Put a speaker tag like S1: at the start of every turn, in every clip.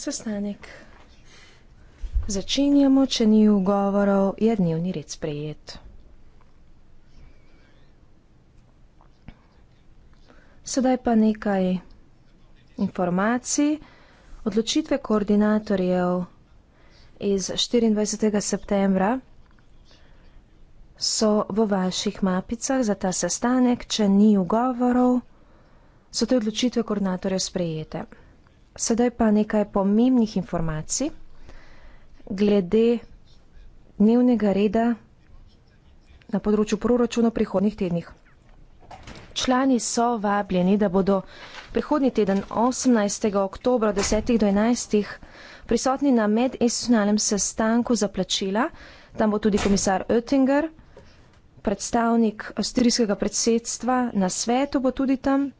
S1: sestanek. Začenjamo, če ni ugovorov, je dnevni red sprejet. Sedaj pa nekaj informacij. Odločitve koordinatorjev iz 24. septembra so v vaših mapicah za ta sestanek, če ni ugovorov, so te odločitve koordinatorjev sprejete. Sedaj pa nekaj pomembnih informacij glede dnevnega reda na področju proračuna v prihodnih tednih. Člani so vabljeni, da bodo prihodnji teden 18. oktober 10. do 11. prisotni na medinstitucionalnem sestanku za plačila. Tam bo tudi komisar Oettinger, predstavnik avstrijskega predsedstva, na svetu bo tudi tam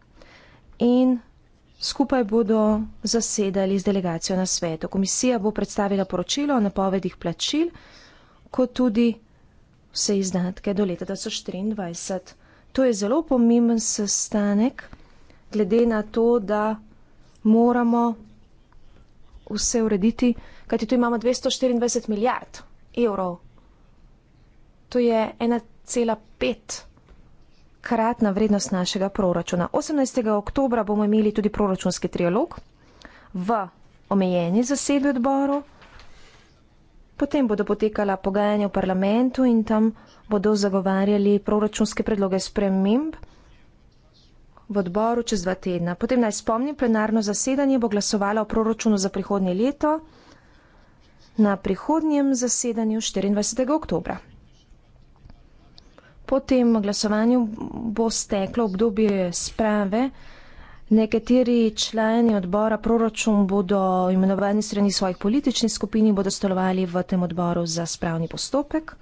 S1: in Skupaj bodo zasedali z delegacijo na svetu. Komisija bo predstavila poročilo o napovedih plačil, kot tudi vse izdatke do leta 2024. To je zelo pomemben sestanek, glede na to, da moramo vse urediti, kajti tu imamo 224 milijard evrov. To je 1,5 milijard kratna vrednost našega proračuna. 18. oktober bomo imeli tudi proračunski trialog v omejeni zasedbi odboru. Potem bodo potekala pogajanja v parlamentu in tam bodo zagovarjali proračunske predloge sprememb v odboru čez dva tedna. Potem naj spomnim, plenarno zasedanje bo glasovalo o proračunu za prihodnje leto na prihodnjem zasedanju 24. oktobra po tem glasovanju bo steklo obdobje sprave. Nekateri člani odbora proračun bodo imenovani strani svojih političnih skupin in bodo stolovali v tem odboru za spravni postopek.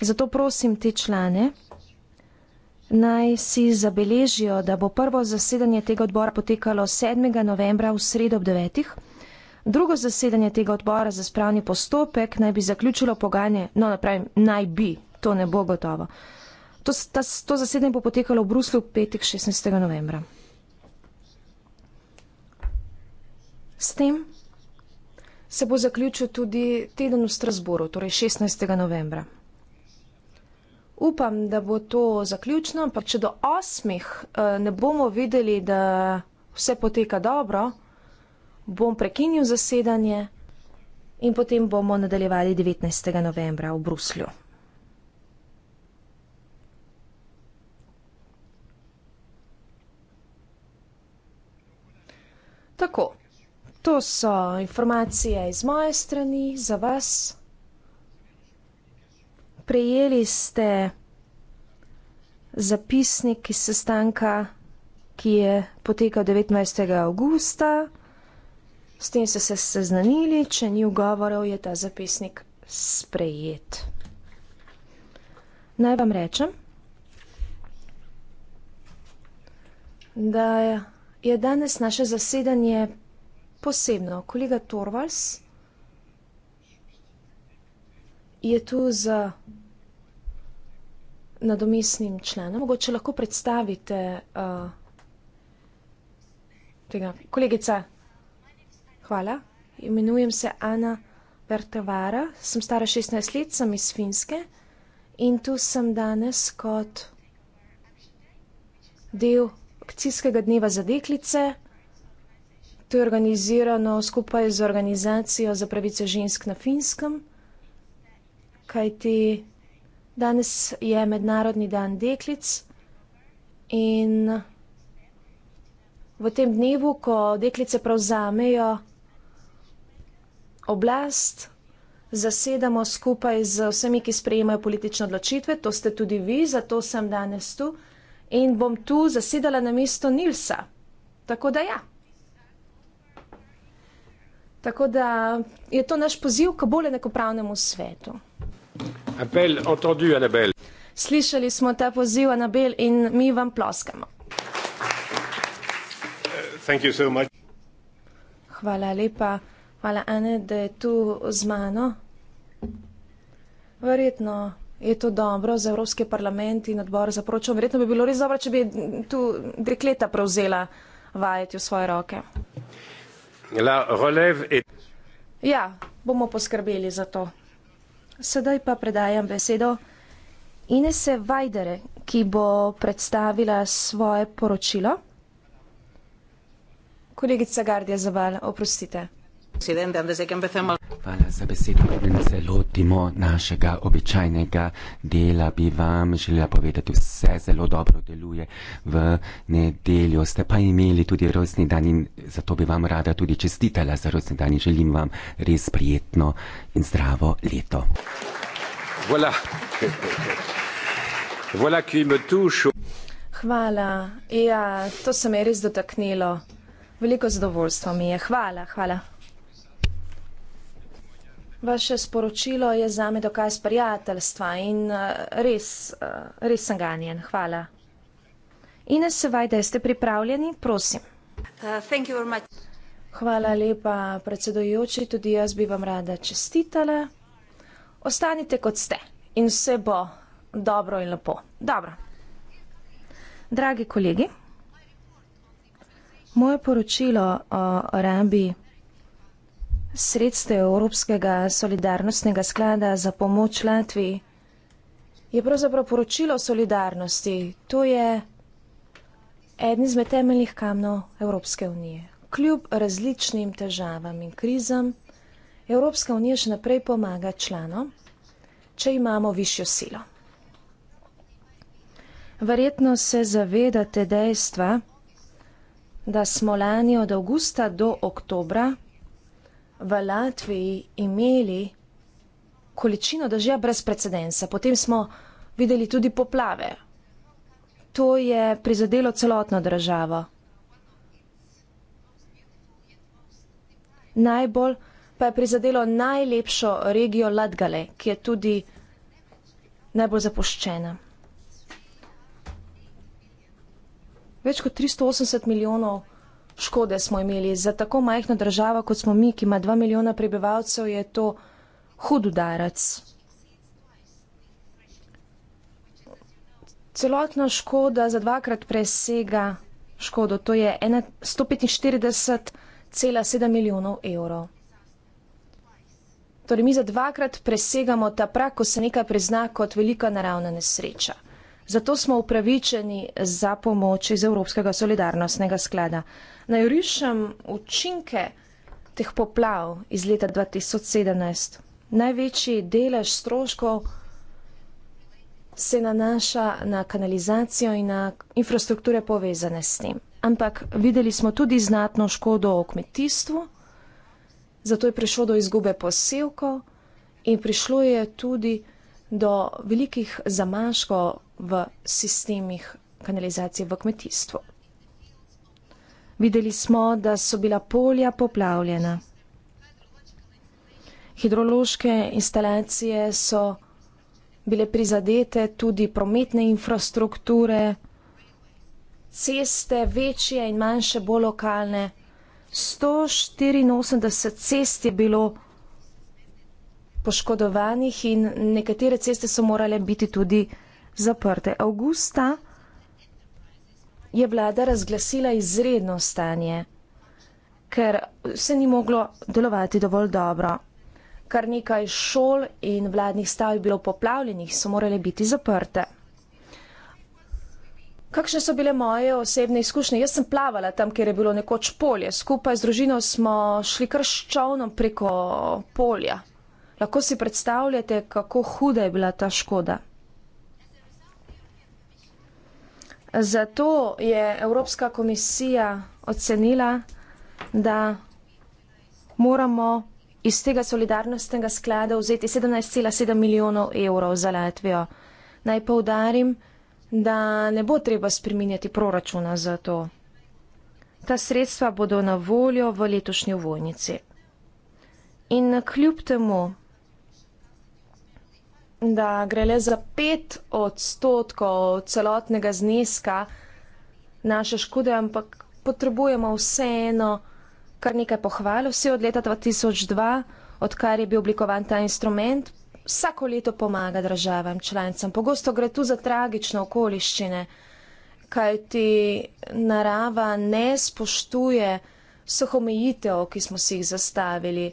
S1: Zato prosim te člane, naj si zabeležijo, da bo prvo zasedanje tega odbora potekalo 7. novembra v sredo ob 9. Drugo zasedanje tega odbora za spravni postopek naj bi zaključilo pogajanje, no, napravim, naj bi to ne bo gotovo. To, ta, to zasedanje bo potekalo v Bruslu v petek 16. novembra. S tem se bo zaključil tudi teden v Strasboru, torej 16. novembra. Upam, da bo to zaključno, ampak če do osmih eh, ne bomo videli, da vse poteka dobro, bom prekinil zasedanje in potem bomo nadaljevali 19. novembra v Bruslju. Tako, to so informacije iz moje strani za vas. Prejeli ste zapisnik iz sestanka, ki je potekal 19. augusta. S tem ste se seznanili, če ni ugovorov, je ta zapisnik sprejet. Naj vam rečem, da je je danes naše zasedanje posebno. Kolega Torvals je tu z nadomestnim članom. Mogoče lahko predstavite uh, tega. Kolegica, hvala. Imenujem se Ana Bertavara, sem stara 16 let, sem iz Finske in tu sem danes kot del akcijskega dneva za deklice. To je organizirano skupaj z organizacijo za pravice žensk na finskem, kajti danes je mednarodni dan deklic in v tem dnevu, ko deklice prevzamejo oblast, zasedamo skupaj z vsemi, ki sprejemajo politične odločitve, to ste tudi vi, zato sem danes tu in bom tu zasedala na mesto Nilsa. Tako da ja. Tako da je to naš poziv k bolj enakopravnemu svetu. Apel
S2: entendu, Anabel.
S1: Slišali smo ta poziv, Anabel, in mi vam ploskamo. Hvala lepa. Hvala, Ane, da je tu z mano. Verjetno Je to dobro za Evropski parlament in odbor za proračun? Verjetno bi bilo res dobro, če bi tu dekleta prevzela vajeti v svoje roke. Et... Ja, bomo poskrbeli za to. Sedaj pa predajam besedo Inese Vajdere, ki bo predstavila svoje poročilo. Kolegica Gardija Zabal, oprostite.
S2: Hvala za besedo, predsednica. Lotimo našega običajnega dela. Bi vam želela povedati, vse zelo dobro deluje v nedeljo. Ste pa imeli tudi rojstni dan in zato bi vam rada tudi čestitala za rojstni dan in želim vam res prijetno in zdravo leto. Voilà.
S3: Voilà
S1: Hvala. Ja, to se mi je res dotaknilo. Veliko zadovoljstvo mi je. Hvala. Hvala. Vaše sporočilo je za me dokaz prijateljstva in uh, res, uh, eh, res sem ganjen. Hvala. Ines, sevaj, da ste pripravljeni, prosim. Uh, Hvala lepa, predsedojoči, tudi jaz bi vam rada čestitala. Ostanite kot ste in vse bo dobro in lepo. Dobro. Dragi kolegi, moje poročilo o rambi sredstev Evropskega solidarnostnega sklada za pomoč Latviji, je pravzaprav poročilo o solidarnosti. To je eden izmed temeljnih kamnov Evropske unije. Kljub različnim težavam in krizam, Evropska unija še naprej pomaga članom, če imamo višjo silo. Verjetno se zavedate dejstva, da smo lani od avgusta do oktobra v Latviji imeli količino dežja brez precedensa. Potem smo videli tudi poplave. To je prizadelo celotno državo. Najbolj pa je prizadelo najlepšo regijo Latgale, ki je tudi najbolj zapuščena. Več kot 380 milijonov škode smo imeli. Za tako majhno državo, kot smo mi, ki ima dva milijona prebivalcev, je to hud udarec. Celotna škoda za dvakrat presega škodo, to je 145,7 milijonov evrov. Torej, mi za dvakrat presegamo ta prak, ko se nekaj prizna kot velika naravna nesreča zato smo upravičeni za pomoč iz Evropskega solidarnostnega sklada. Naj rišem učinke teh poplav iz leta 2017. Največji delež stroškov se nanaša na kanalizacijo in na infrastrukture povezane s tem. Ampak videli smo tudi znatno škodo o kmetijstvu, zato je prišlo do izgube posevkov in prišlo je tudi do velikih zamaškov v sistemih kanalizacije v kmetijstvu. Videli smo, da so bila polja poplavljena. Hidrološke instalacije so bile prizadete, tudi prometne infrastrukture, ceste večje in manjše, bolj lokalne. 184 cest je bilo poškodovanih in nekatere ceste so morale biti tudi zaprte. Augusta je vlada razglasila izredno stanje, ker se ni moglo delovati dovolj dobro. Kar nekaj šol in vladnih stav je bilo poplavljenih, so morale biti zaprte. Kakšne so bile moje osebne izkušnje? Jaz sem plavala tam, kjer je bilo nekoč polje. Skupaj z družino smo šli kar s čovnom preko polja. Lahko si predstavljate, kako huda je bila ta škoda. Zato je Evropska komisija ocenila, da moramo iz tega solidarnostnega sklada vzeti 17,7 milijonov evrov za Latvijo. Naj poudarim, da ne bo treba spreminjati proračuna za to. Ta sredstva bodo na voljo v letošnji vojnici. In kljub temu, da gre le za pet odstotkov celotnega zneska naše škode, ampak potrebujemo vseeno kar nekaj pohval. Vsi od leta 2002, odkar je bil oblikovan ta instrument, vsako leto pomaga državam članicam. Pogosto gre tu za tragične okoliščine, kaj ti narava ne spoštuje vseh omejitev, ki smo si jih zastavili.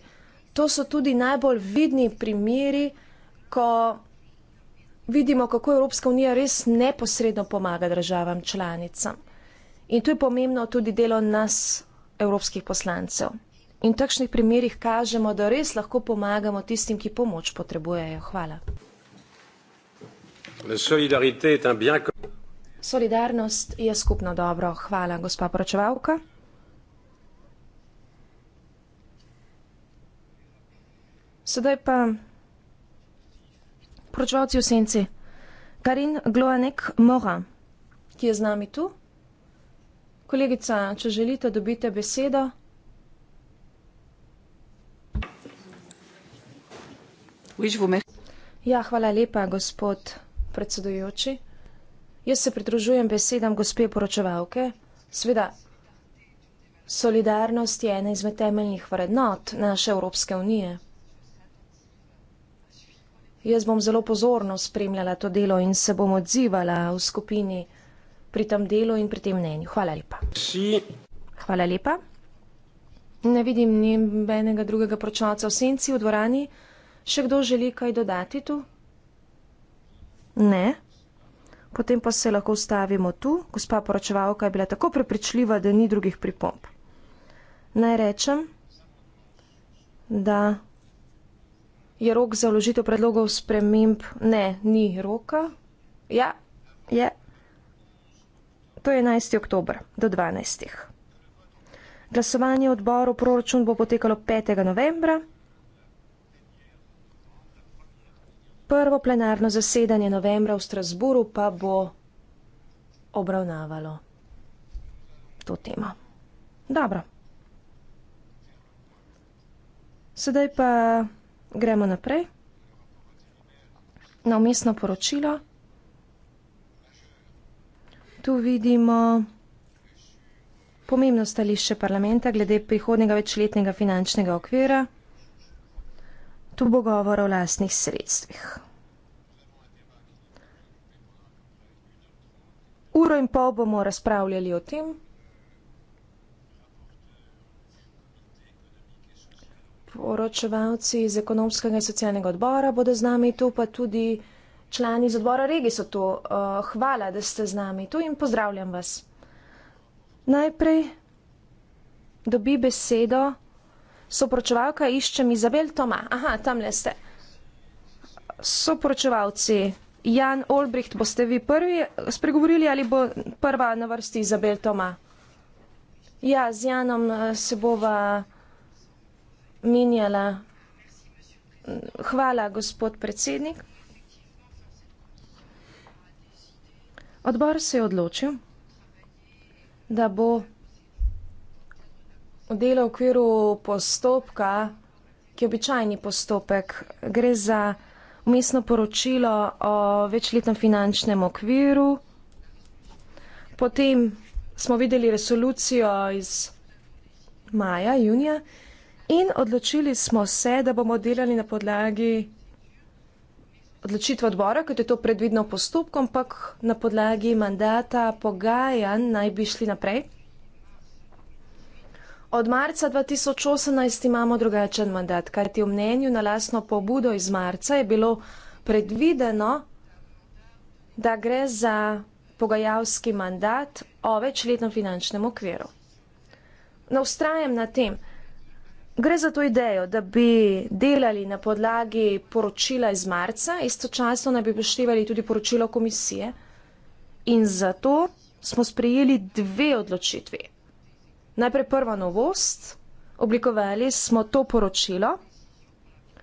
S1: To so tudi najbolj vidni primeri, ko vidimo, kako Evropska unija res neposredno pomaga državam članicam. In tu je pomembno tudi delo nas, evropskih poslancev. In v takšnih primerjih kažemo, da res lahko pomagamo tistim, ki pomoč potrebujejo. Hvala. Solidarnost je skupno dobro. Hvala, gospa poročevalka. Sedaj pa Pročevalci v senci. Karin Gloanek Mora, ki je z nami tu. Kolegica, če želite, dobite besedo. Ja, hvala lepa, gospod predsedujoči. Jaz se pridružujem besedam gospe poročevalke. Sveda, solidarnost je ena izmed temeljnih vrednot naše Evropske unije. Jaz bom zelo pozorno spremljala to delo in se bom odzivala v skupini pri tem delu in pri tem mnenju. Hvala lepa. Si. Hvala lepa. Ne vidim nobenega drugega pročalca v senci v dvorani. Še kdo želi kaj dodati tu? Ne. Potem pa se lahko ustavimo tu. Gospa poročevalka je bila tako prepričljiva, da ni drugih pripomp. Naj rečem, da je rok za vložitev predlogov sprememb, ne, ni roka. Ja, je. To je 11. oktober do 12. Glasovanje odboru proračun bo potekalo 5. novembra. Prvo plenarno zasedanje novembra v Strasburu pa bo obravnavalo to temo. Dobro. Sedaj pa gremo naprej. Na umestno poročilo. Tu vidimo pomembno stališče parlamenta glede prihodnega večletnega finančnega okvira. Tu bo govor o vlastnih sredstvih. Uro in pol bomo razpravljali o tem. oročevalci iz ekonomskega in socialnega odbora bodo z nami, tu pa tudi člani iz odbora regi so tu. Eh, hvala, da ste z nami tu in pozdravljam vas. Najprej dobi besedo soporočevalka iščem Izabel Toma. Aha, tam le ste. Soporočevalci, Jan Olbricht, boste vi prvi spregovorili ali bo prva na vrsti Izabel Toma? Ja, z Janom eh, se bova minjala. Hvala, gospod predsednik. Odbor se je odločil, da bo delo v okviru postopka, ki je običajni postopek, gre za umestno poročilo o večletnem finančnem okviru. Potem smo videli resolucijo iz maja, junija. In odločili smo se, da bomo delali na podlagi odločitve odbora, kot je to predvidno v postopku, ampak na podlagi mandata pogajanj naj bi šli naprej. Od marca 2018 imamo drugačen mandat, kajti v mnenju na lasno pobudo iz marca je bilo predvideno, da gre za pogajalski mandat o večletnem finančnem okviru. Na ustrajem na tem, Gre za to idejo, da bi delali na podlagi poročila iz marca, istočasno naj bi poštevali tudi poročilo komisije. In zato smo sprejeli dve odločitvi. Najprej prva novost, oblikovali smo to poročilo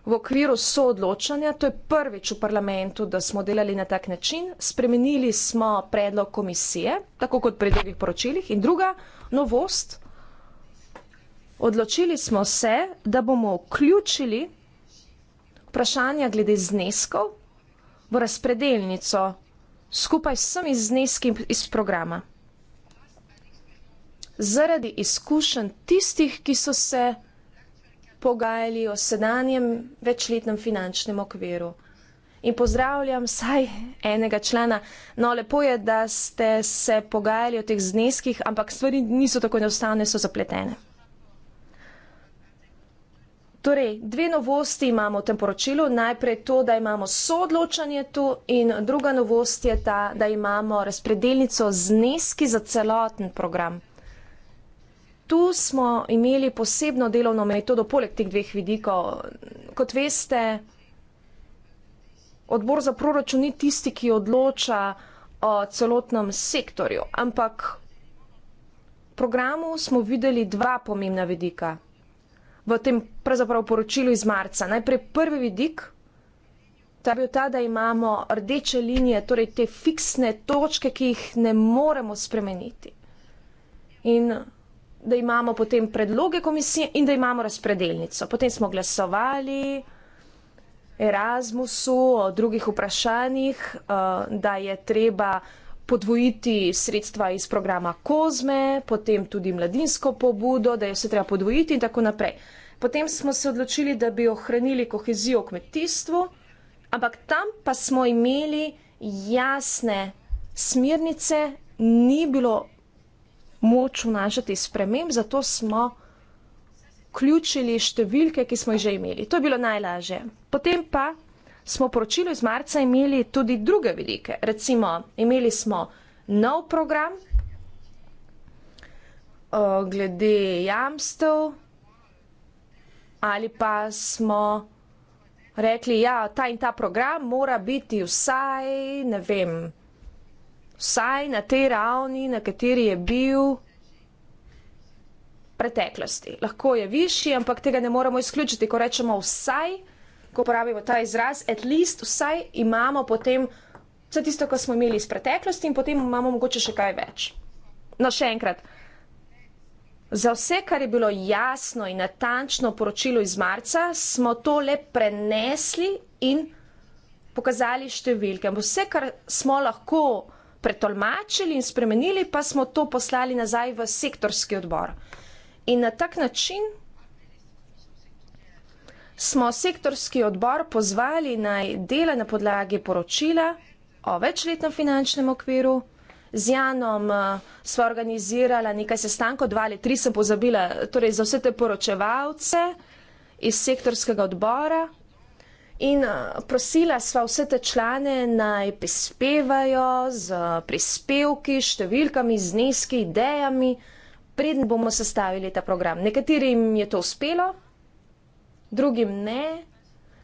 S1: v okviru soodločanja, to je prvič v parlamentu, da smo delali na tak način, spremenili smo predlog komisije, tako kot pri drugih poročilih. In druga novost, Odločili smo se, da bomo vključili vprašanja glede zneskov v razpredelnico skupaj s vsemi zneski iz programa. Zaradi izkušenj tistih, ki so se pogajali o sedanjem večletnem finančnem okviru. In pozdravljam saj enega člana. No, lepo je, da ste se pogajali o teh zneskih, ampak stvari niso tako neustavne, so zapletene. Torej, dve novosti imamo v tem poročilu. Najprej to, da imamo soodločanje tu in druga novost je ta, da imamo razpredelnico zneski za celoten program. Tu smo imeli posebno delovno metodo poleg teh dveh vidikov. Kot veste, odbor za proračun ni tisti, ki odloča o celotnem sektorju, ampak v programu smo videli dva pomembna vidika v tem pravzaprav poročilu iz marca. Najprej prvi vidik, ta je bil ta, da imamo rdeče linije, torej te fiksne točke, ki jih ne moremo spremeniti. In da imamo potem predloge komisije in da imamo razpredelnico. Potem smo glasovali Erasmusu o drugih vprašanjih, eh, da je treba podvojiti sredstva iz programa Kozme, potem tudi mladinsko pobudo, da je vse treba podvojiti in tako naprej. Potem smo se odločili, da bi ohranili kohezijo v kmetijstvu, ampak tam pa smo imeli jasne smernice, ni bilo moč vnažati sprememb, zato smo ključili številke, ki smo jih že imeli. To je bilo najlažje. Potem pa smo poročilo iz marca imeli tudi druge vidike. Recimo, imeli smo nov program eh, glede jamstev ali pa smo rekli, ja, ta in ta program mora biti vsaj, ne vem, vsaj na tej ravni, na kateri je bil preteklosti. Lahko je višji, ampak tega ne moramo izključiti, ko rečemo vsaj, ko uporabimo ta izraz, at least vsaj imamo potem vse tisto, kar smo imeli iz preteklosti in potem imamo mogoče še kaj več. No, še enkrat. Za vse, kar je bilo jasno in natančno poročilo iz marca, smo to le prenesli in pokazali številke. Vse, kar smo lahko pretolmačili in spremenili, pa smo to poslali nazaj v sektorski odbor. In na tak način smo sektorski odbor pozvali naj dela na podlagi poročila o večletnem finančnem okviru. Z Janom eh, smo organizirali nekaj sestankov, dva ali tri sem pozabila, torej za vse te poročevalce iz sektorskega odbora. In eh, prosila sva vse te člane naj prispevajo z prispevki, številkami, zneski, idejami, predn bomo sestavili ta program. Nekaterim je to uspelo, drugim ne.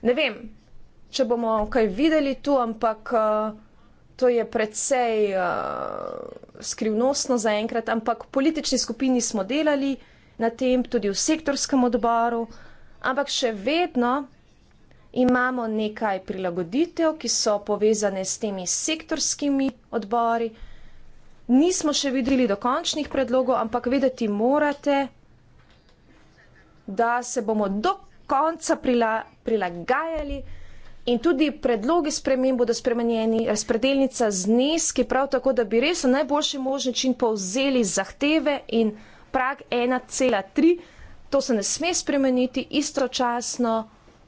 S1: Ne vem, če bomo kaj videli tu, ampak eh, to je precej eh, skrivnostno zaenkrat. Ampak v politični skupini smo delali na tem, tudi v sektorskem odboru, ampak še vedno imamo nekaj prilagoditev, ki so povezane s temi sektorskimi odbori. Nismo še videli dokončnih predlogov, ampak vedeti morate, da se bomo dokončali konca prila, prilagajali in tudi predlogi sprememb bodo spremenjeni, razpredeljnica zneski prav tako, da bi res na najboljši možni čin povzeli zahteve in prag 1,3. To se ne sme spremeniti, istočasno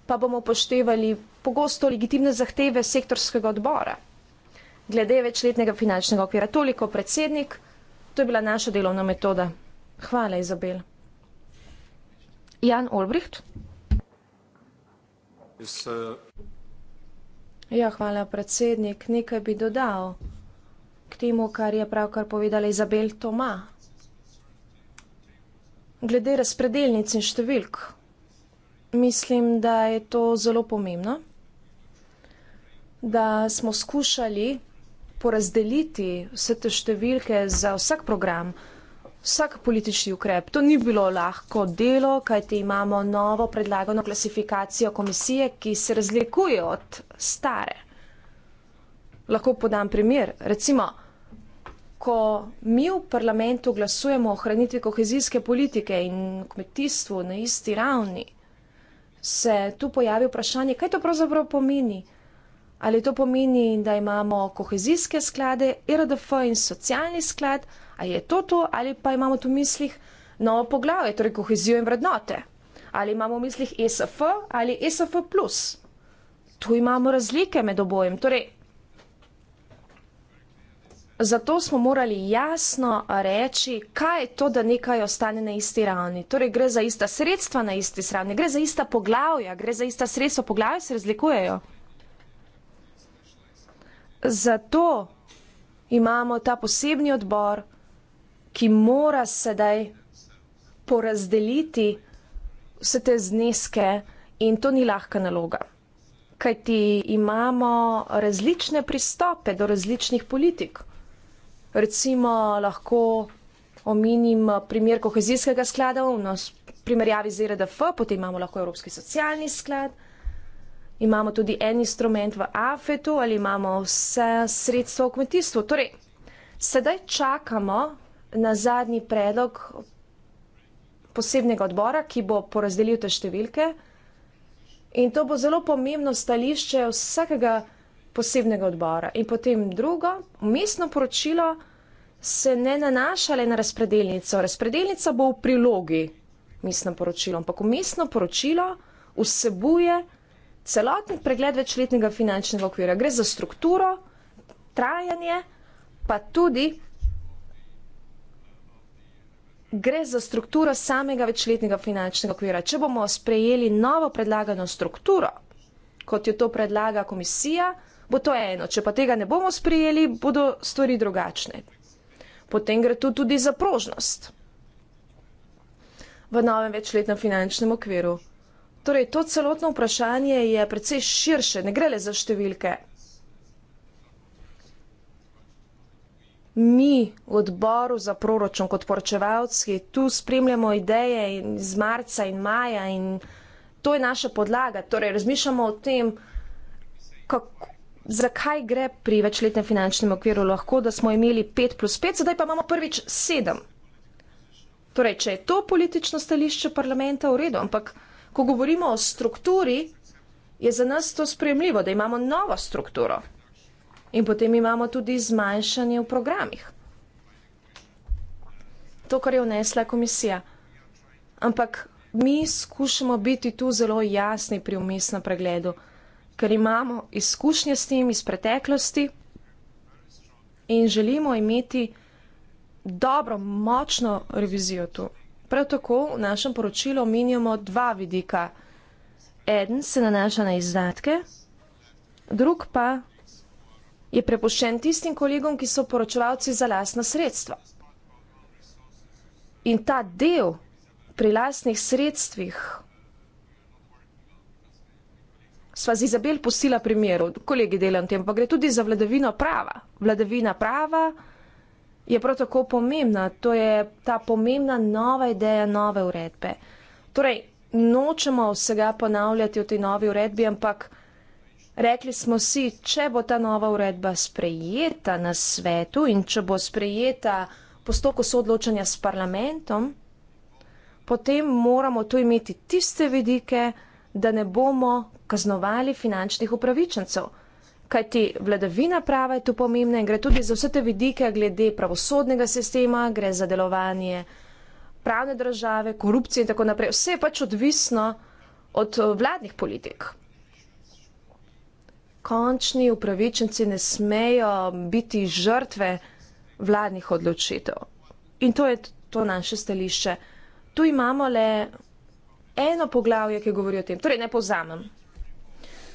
S1: pa bomo poštevali pogosto legitimne zahteve sektorskega odbora. Glede večletnega finančnega okvira, toliko predsednik, to je bila naša delovna metoda. Hvala, Izabel. Jan Olbricht. Uh, ja, hvala predsednik. Nekaj bi dodal k temu, kar je pravkar povedala Izabel Toma. Glede razpredelnic in številk, mislim, da je to zelo pomembno, da smo skušali porazdeliti vse te številke za vsak program, vsak politični ukrep. To ni bilo lahko delo, kajte imamo novo predlagano klasifikacijo komisije, ki se razlikuje od stare. Lahko podam primer. Recimo, ko mi v parlamentu glasujemo o ohranitvi kohezijske politike in kmetijstvu na isti ravni, se tu pojavi vprašanje, kaj to pravzaprav pomeni. Ali to pomeni, da imamo kohezijske sklade, RDF in socialni sklad, ali je to to, ali pa imamo tu v mislih novo poglavje, torej kohezijo in vrednote. Ali imamo v mislih e SF ali e SF. Tu imamo razlike med obojem. Torej, zato smo morali jasno reči, kaj je to, da nekaj ostane na isti ravni. Torej, gre za ista sredstva na isti ravni, gre za ista poglavja, gre za ista sredstva, poglavje se razlikujejo. Zato imamo ta posebni odbor ki mora sedaj porazdeliti vse te zneske in to ni lahka naloga. Kaj ti imamo različne pristope do različnih politik? Recimo lahko omenim primer kohezijskega sklada v nas primerjavi z RDF, potem imamo lahko Evropski socialni sklad, imamo tudi en instrument v AFET-u ali imamo vse sredstva v kmetijstvu. Torej, sedaj čakamo, na zadnji predlog posebnega odbora, ki bo porazdelil te številke. In to bo zelo pomembno stališče vsakega posebnega odbora. In potem drugo, umestno poročilo se ne nanaša le na razpredelnico. Razpredelnica bo v prilogi umestno poročilo, ampak umestno poročilo vsebuje celotni pregled večletnega finančnega okvira. Gre za strukturo, trajanje, pa tudi gre za strukturo samega večletnega finančnega okvira. Če bomo sprejeli novo predlagano strukturo, kot jo to predlaga komisija, bo to eno. Če pa tega ne bomo sprejeli, bodo stvari drugačne. Potem gre tu tudi za prožnost v novem večletnem finančnem okviru. Torej, to celotno vprašanje je precej širše, ne gre le za številke. mi v odboru za proračun kot poročevalci tu spremljamo ideje iz marca in maja in to je naša podlaga. Torej, razmišljamo o tem, kako, zakaj gre pri večletnem finančnem okviru lahko, da smo imeli 5 plus 5, zdaj pa imamo prvič 7. Torej, če je to politično stališče parlamenta v redu, ampak ko govorimo o strukturi, je za nas to spremljivo, da imamo novo strukturo. In potem imamo tudi zmanjšanje v programih. To, kar je vnesla komisija. Ampak mi skušamo biti tu zelo jasni pri umestnem pregledu, ker imamo izkušnje s tem iz preteklosti in želimo imeti dobro, močno revizijo tu. Prav tako v našem poročilu omenjamo dva vidika. Eden se nanaša na izdatke, drug pa je prepuščen tistim kolegom, ki so poročevalci za lasna sredstva. In ta del pri lasnih sredstvih sva z Izabel posila primeru, kolegi delajo v tem, pa gre tudi za vladavino prava. Vladavina prava je prav tako pomembna, to je ta pomembna nova ideja nove uredbe. Torej, nočemo vsega ponavljati v tej novi uredbi, ampak. Rekli smo si, če bo ta nova uredba sprejeta na svetu in če bo sprejeta postopko soodločanja s parlamentom, potem moramo tu imeti tiste vidike, da ne bomo kaznovali finančnih upravičencev. Kajti vladavina prava je tu pomembna in gre tudi za vse te vidike glede pravosodnega sistema, gre za delovanje pravne države, korupcije in tako naprej. Vse je pač odvisno od eh, vladnih politik končni upravičenci ne smejo biti žrtve vladnih odločitev. In to je to naše stališče. Tu imamo le eno poglavje, ki govori o tem. Torej, ne povzamem.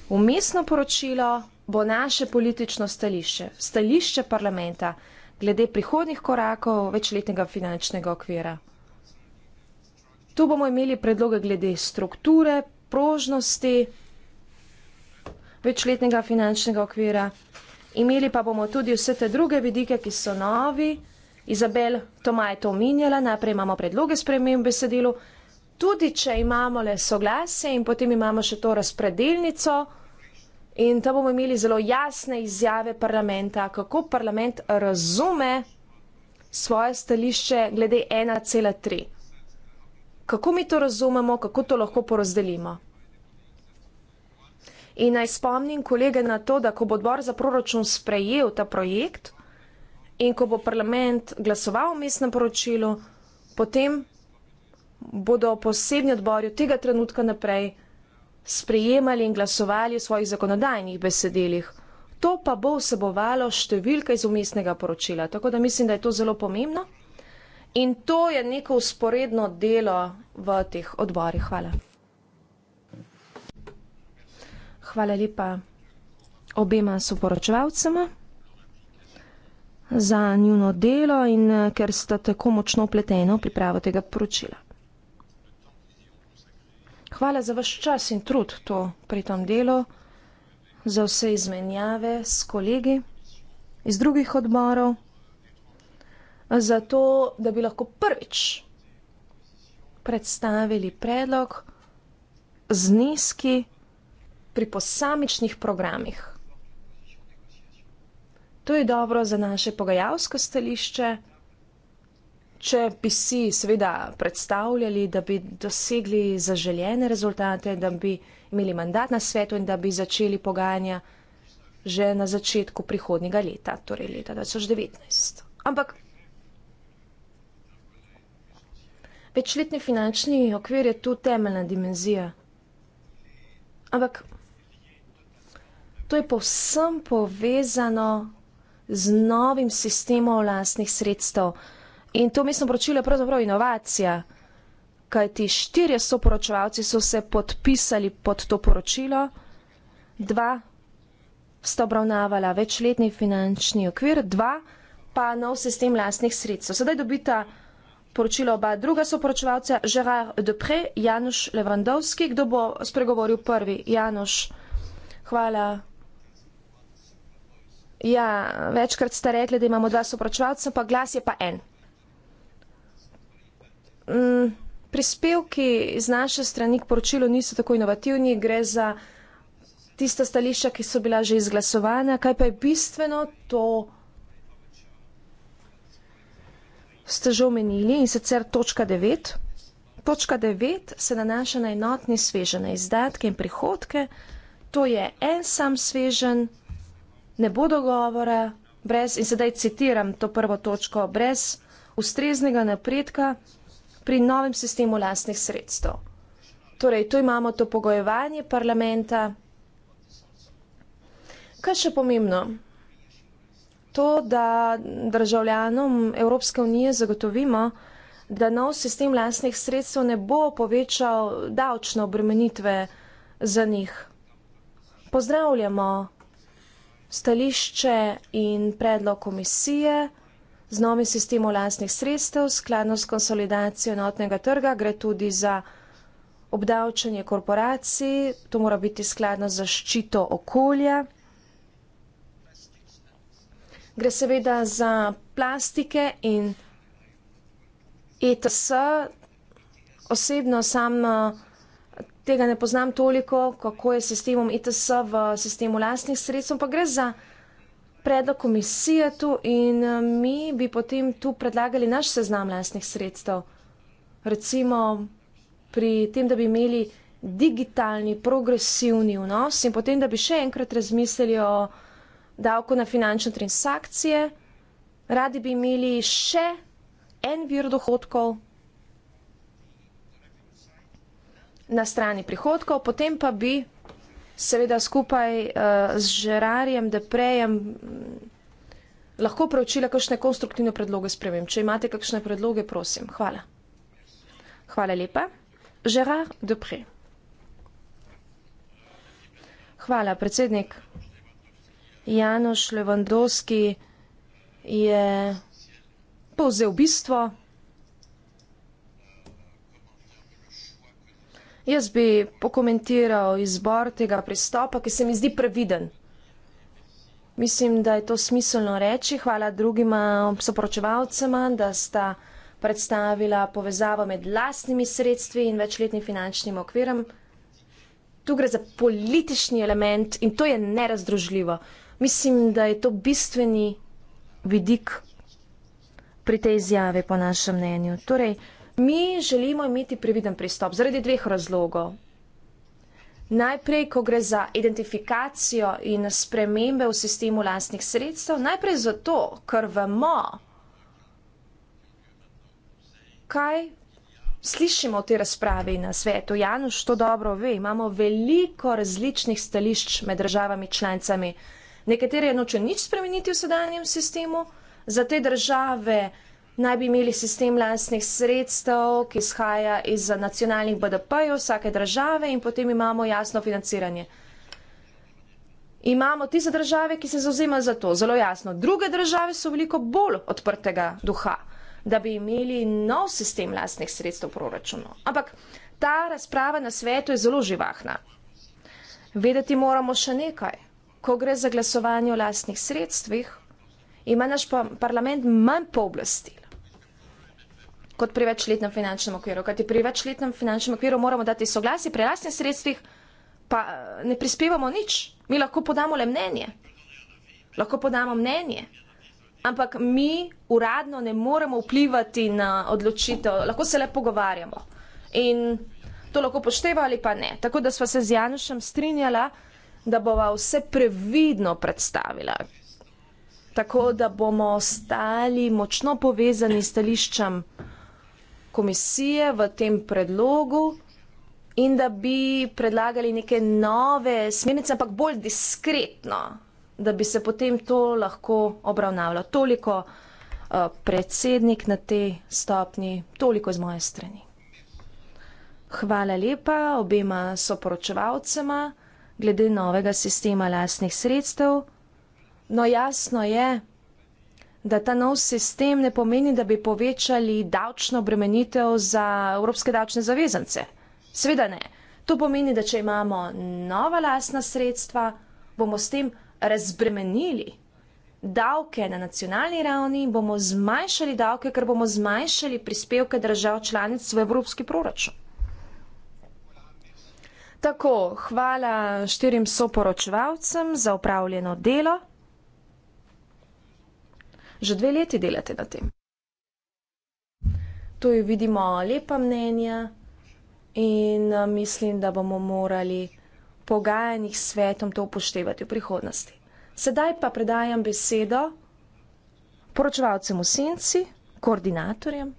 S1: Umestno poročilo bo naše politično stališče, stališče parlamenta glede prihodnih korakov večletnega finančnega okvira. Tu bomo imeli predloge glede strukture, prožnosti, večletnega finančnega okvira. Imeli pa bomo tudi vse te druge vidike, ki so novi. Izabel Toma je to omenjala, najprej imamo predloge sprememb besedilu, tudi če imamo le soglase in potem imamo še to razpredelnico in tam bomo imeli zelo jasne izjave parlamenta, kako parlament razume svoje stališče glede 1,3. Kako mi to razumemo, kako to lahko porazdelimo? In naj spomnim kolege na to, da ko bo odbor za proračun sprejel ta projekt in ko bo parlament glasoval o mestnem poročilu, potem bodo posebni odbori od tega trenutka naprej sprejemali in glasovali v svojih zakonodajnih besedilih. To pa bo vsebovalo številka iz umestnega poročila, tako da mislim, da je to zelo pomembno. In to je neko usporedno delo v teh odborih. Hvala. Hvala lepa obema soporočevalcema za njuno delo in eh, ker sta tako močno upleteno pripravo tega poročila. Hvala za vaš čas in trud to pri tem delu, za vse izmenjave s kolegi iz drugih odborov, za to, da bi lahko prvič predstavili predlog zneski, pri posamičnih programih. To je dobro za naše pogajalsko stališče. Če bi si seveda predstavljali, da bi dosegli zaželjene rezultate, da bi imeli mandat na svetu in da bi začeli pogajanja že na začetku prihodnjega leta, torej leta 2019. Ampak večletni finančni okvir je tu temeljna dimenzija. Ampak To je povsem povezano z novim sistemom vlastnih sredstev. In to mestno poročilo je pravzaprav inovacija, kajti štirje soporočevalci so se podpisali pod to poročilo, dva sta obravnavala večletni finančni okvir, dva pa nov sistem vlastnih sredstev. Sedaj dobita poročilo oba druga soporočevalca, Gerard Depre, Januš Levandovski, kdo bo spregovoril prvi? Januš, hvala. Ja, večkrat ste rekli, da imamo dva soprašovalca, pa glas je pa en. Mm, prispevki z naše strani k poročilu niso tako inovativni, gre za tista stališča, ki so bila že izglasovana. Kaj pa je bistveno, to ste že omenili in sicer točka 9. Točka 9 se nanaša na enotni sveže, na izdatke in prihodke. To je en sam svežen ne bo dogovora brez, in sedaj citiram to prvo točko, brez ustreznega napredka pri novem sistemu lastnih sredstev. Torej, tu imamo to pogojevanje parlamenta. Kaj še pomembno? To, da državljanom Evropske unije zagotovimo, da nov sistem lastnih sredstev ne bo povečal davčne obremenitve za njih. Pozdravljamo stališče in predlog komisije z novim sistemom lastnih sredstev, skladno s konsolidacijo enotnega trga, gre tudi za obdavčanje korporacij, to mora biti skladno zaščito okolja. Gre seveda za plastike in ETS. Osebno samo tega ne poznam toliko, kako je s sistemom ITS v sistemu lastnih sredstv, pa gre za predlog komisije tu in eh, mi bi potem tu predlagali naš seznam lastnih sredstev. Recimo pri tem, da bi imeli digitalni, progresivni vnos in potem, da bi še enkrat razmislili o davku na finančne transakcije, radi bi imeli še en vir dohodkov na strani prihodkov, potem pa bi seveda skupaj uh, z Žerarjem, Deprejem mm, lahko preučila kakšne konstruktivne predloge spremem. Če imate kakšne predloge, prosim. Hvala. Hvala lepa. Žerar Depre. Hvala, predsednik. Janoš Levandovski je povzel bistvo. Jaz bi pokomentiral izbor tega pristopa, ki se mi zdi previden. Mislim, da je to smiselno reči. Hvala drugima soporočevalcema, da sta predstavila povezavo med lastnimi sredstvi in večletnim finančnim okvirom. Tu gre za politični element in to je nerazdružljivo. Mislim, da je to bistveni vidik pri tej izjavi, po našem mnenju. Torej, Mi želimo imeti previden pristop zaradi dveh razlogov. Najprej, ko gre za identifikacijo in spremembe v sistemu lastnih sredstev, najprej zato, ker vemo, kaj slišimo v tej razpravi na svetu. Januš to dobro ve, imamo veliko različnih stališč med državami članicami. Nekatere je noče nič spremeniti v sedanjem sistemu, za te države naj bi imeli sistem lastnih sredstev, ki izhaja iz nacionalnih BDP-jev vsake države in potem imamo jasno financiranje. Imamo tiste države, ki se zauzemajo za to, zelo jasno. Druge države so veliko bolj odprtega duha, da bi imeli nov sistem lastnih sredstev v proračunu. Ampak ta razprava na svetu je zelo živahna. Vedeti moramo še nekaj. Ko gre za glasovanje o lastnih sredstvih, ima naš parlament manj pooblastil kot pri večletnem finančnem okviru. Kajti pri večletnem finančnem okviru moramo dati soglasje, pri lastnih sredstvih pa eh, ne prispevamo nič. Mi lahko podamo le mnenje. Lahko podamo mnenje. Ampak mi uradno ne moremo vplivati na odločitev, lahko se le pogovarjamo. In to lahko pošteva ali pa ne. Tako da smo se z Janušem strinjala, da bova vse previdno predstavila. Tako da bomo ostali močno povezani s stališčem komisije v tem predlogu in da bi predlagali neke nove smernice, ampak bolj diskretno, da bi se potem to lahko obravnavalo. Toliko uh, predsednik na te stopni, toliko z moje strani. Hvala lepa obema soporočevalcema glede novega sistema lasnih sredstev. No jasno je, da ta nov sistem ne pomeni, da bi povečali davčno obremenitev za evropske davčne zavezance. Sveda ne. To pomeni, da če imamo nova lasna sredstva, bomo s tem razbremenili davke na nacionalni ravni, bomo zmanjšali davke, ker bomo zmanjšali prispevke držav članic v evropski proračun. Tako, hvala štirim soporočevalcem za upravljeno delo že dve leti delate na tem. Tu vidimo lepa mnenja in eh, mislim, da bomo morali pogajanjih s svetom to upoštevati v prihodnosti. Sedaj pa predajam besedo poročevalcem v senci, koordinatorjem,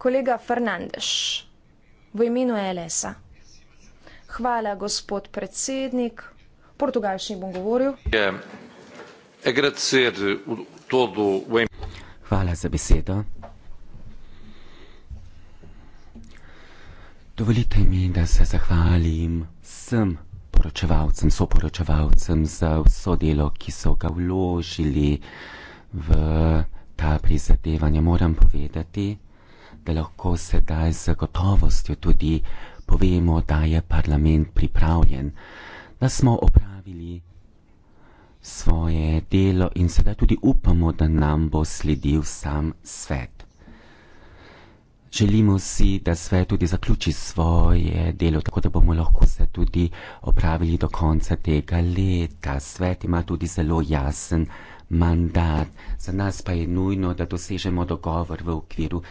S1: kolega Fernandeš v imenu LSA. Hvala, gospod predsednik. Portugalski bom govoril. Yeah. Ja,
S2: Hvala za besedo. Dovolite mi, da se zahvalim vsem poročevalcem, soporočevalcem za vso delo, ki so ga vložili v ta prizadevanje. Moram povedati, da lahko sedaj z gotovostjo tudi povemo, da je parlament pripravljen, da smo opravili svoje delo in sedaj tudi upamo, da nam bo sledil sam svet. Želimo si, da svet tudi zaključi svoje delo, tako da bomo lahko se tudi opravili do konca tega leta. Svet ima tudi zelo jasen mandat. Za nas pa je nujno, da dosežemo dogovor v okviru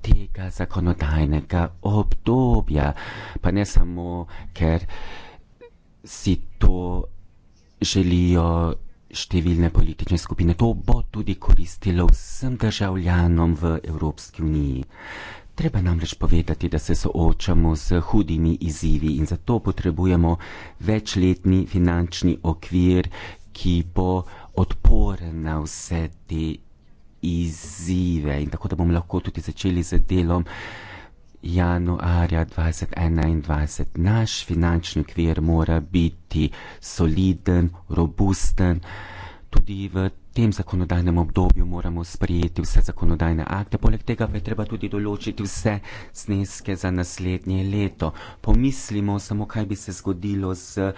S2: tega zakonodajnega obdobja, pa ne samo, ker si to želijo številne politične skupine. To bo tudi koristilo vsem državljanom v Evropski uniji. Treba namreč povedati, da se soočamo z hudimi izzivi in zato potrebujemo večletni finančni okvir, ki bo odporen na vse te izzive in tako da bomo lahko tudi začeli z delom januarja 2021. Naš finančni okvir mora biti soliden, robusten. Tudi v tem zakonodajnem obdobju moramo sprijeti vse zakonodajne akte. Poleg tega pa je treba tudi določiti vse zneske za naslednje leto. Pomislimo samo, kaj bi se zgodilo z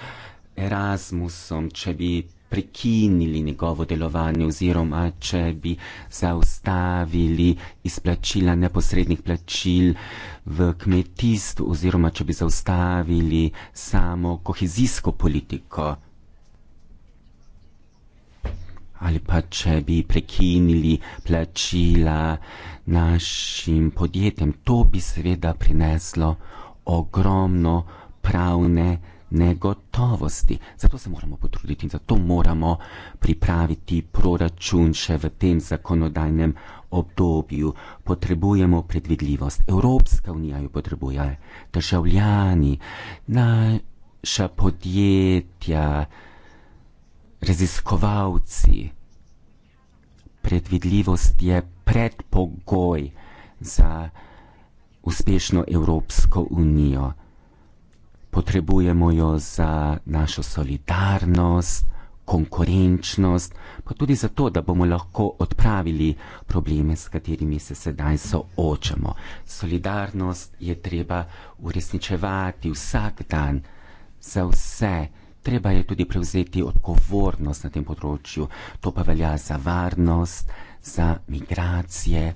S2: Erasmusom, če bi prekinili njegovo delovanje oziroma če bi zaustavili izplačila neposrednih plačil v kmetijstvu oziroma če bi zaustavili samo kohezijsko politiko ali pa če bi prekinili plačila našim podjetjem, to bi seveda prineslo ogromno pravne negotovosti. Zato se moramo potruditi in zato moramo pripraviti proračun še v tem zakonodajnem obdobju. Potrebujemo predvidljivost. Evropska unija jo potrebuje, državljani, naša podjetja, raziskovalci. Predvidljivost je predpogoj za uspešno Evropsko unijo potrebujemo jo za našo solidarnost, konkurenčnost, pa tudi zato, da bomo lahko odpravili probleme, s katerimi se sedaj soočamo. Solidarnost je treba uresničevati vsak dan za vse. Treba je tudi prevzeti odgovornost na tem področju. To pa velja za varnost, za migracije.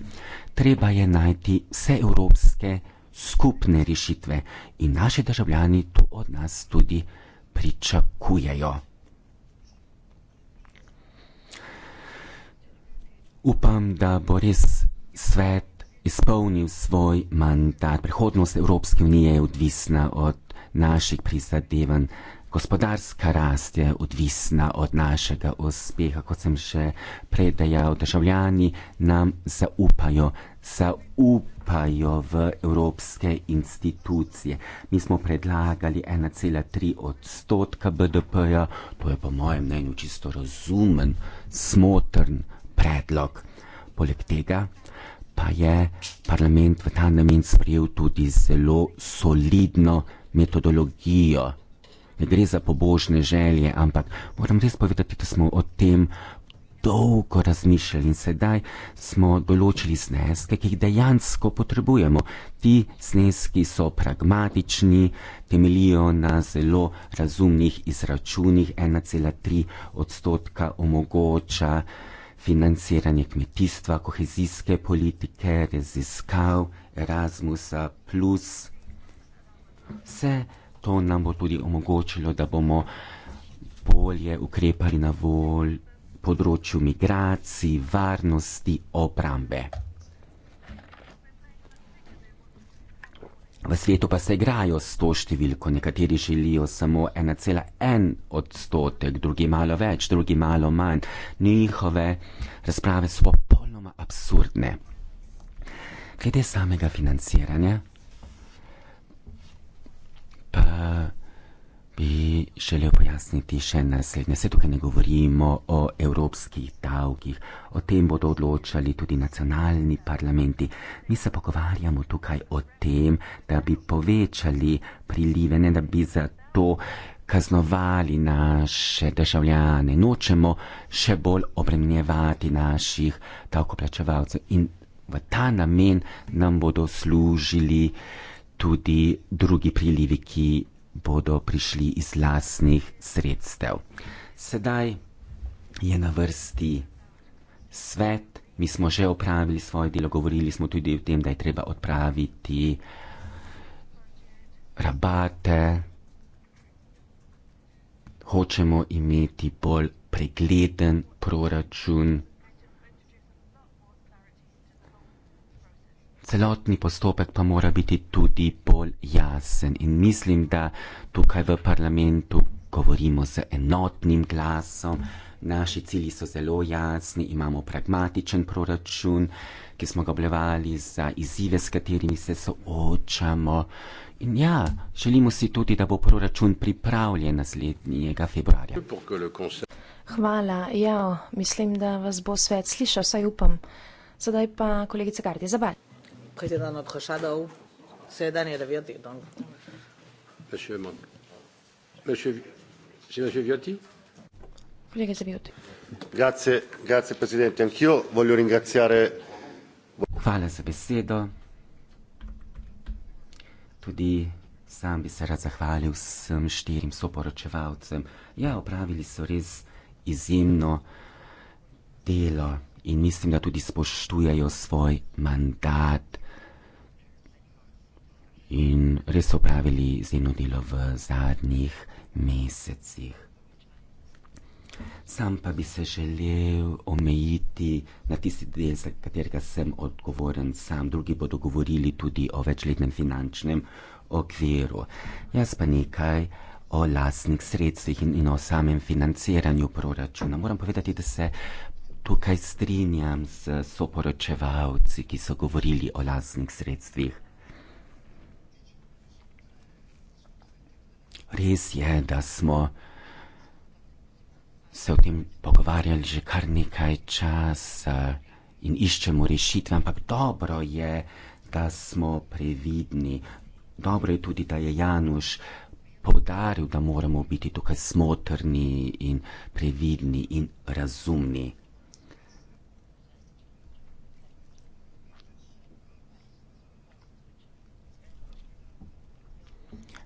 S2: Treba je najti vse evropske skupne rešitve in naši državljani to od nas tudi pričakujejo. Upam, da bo res svet izpolnil svoj mandat. Prihodnost Evropske unije je odvisna od naših prizadevanj gospodarska rast je odvisna od našega uspeha. Kot sem že prej dejal, državljani nam zaupajo, zaupajo v evropske institucije. Mi smo predlagali 1,3 odstotka BDP-ja, to je po mojem mnenju čisto razumen, smotrn predlog. Poleg tega pa je parlament v ta namen sprejel tudi zelo solidno metodologijo ne gre za pobožne želje, ampak moram res povedati, da smo o tem dolgo razmišljali in sedaj smo določili zneske, ki jih dejansko potrebujemo. Ti zneski so pragmatični, temelijo na zelo razumnih izračunih, 1,3 odstotka omogoča financiranje kmetijstva, kohezijske politike, raziskav, Erasmusa, plus vse to nam bo tudi omogočilo, da bomo bolje ukrepali na volj področju migracij, varnosti, obrambe. V svetu pa se igrajo s to številko, nekateri želijo samo 1,1 odstotek, drugi malo več, drugi malo manj. Njihove razprave so popolnoma absurdne. Glede samega financiranja, želel pojasniti še naslednje. Se tukaj ne govorimo o evropskih davkih, o tem bodo odločali tudi nacionalni parlamenti. Mi se pogovarjamo tukaj o tem, da bi povečali prilive, ne da bi zato kaznovali naše državljane. Nočemo še bolj obremenjevati naših davkoplačevalcev in v ta namen nam bodo služili tudi drugi prilivi, ki bodo prišli iz lastnih sredstev. Sedaj je na vrsti svet, mi smo že opravili svoje delo, govorili smo tudi o tem, da je treba odpraviti rabate. Hočemo imeti bolj pregleden proračun. celotni postopek pa mora biti tudi bolj jasen. In mislim, da tukaj v parlamentu govorimo z enotnim glasom. Naši cilji so zelo jasni, imamo pragmatičen proračun, ki smo ga oblevali za izzive, s katerimi se soočamo. In ja, želimo si tudi, da bo proračun pripravljen naslednjega februarja.
S1: Hvala, ja, mislim, da vas bo svet slišal, saj upam. Sedaj pa kolegica Gardi, zabavaj. Président notre Shadow, c'est Daniel Viotti. Donc. No. Monsieur Monk. Monsieur, c'est Monsieur Viotti
S2: Grazie, grazie Presidente, anch'io voglio ringraziare. Hvala za besedo. Tudi sam bi se rad zahvalil vsem štirim soporočevalcem. Ja, opravili so res izjemno delo in mislim, da tudi spoštujejo svoj mandat in res opravili zeno delo v zadnjih mesecih. Sam pa bi se želel omejiti na tisti del, za katerega sem odgovoren sam. Drugi bodo govorili tudi o večletnem finančnem okviru. Jaz pa nekaj o lastnih sredstvih in, in o samem financiranju proračuna. Moram povedati, da se tukaj strinjam z soporočevalci, ki so govorili o lastnih sredstvih. Res je, da smo se o tem pogovarjali že kar nekaj časa in iščemo rešitve, ampak dobro je, da smo previdni. Dobro je tudi, da je Januš povdaril, da moramo biti tukaj smotrni in previdni in razumni.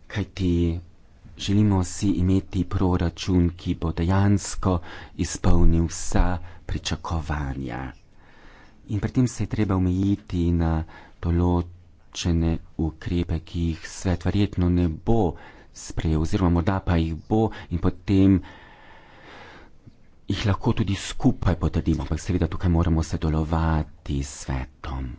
S2: Kaj ti? Želimo si imeti proračun, ki bo dejansko izpolnil vsa pričakovanja. In pri tem se je treba omejiti na določene ukrepe, ki jih svet verjetno ne bo sprejel, oziroma morda pa jih bo in potem jih lahko tudi skupaj potrdimo. Ampak seveda tukaj moramo sodelovati s svetom.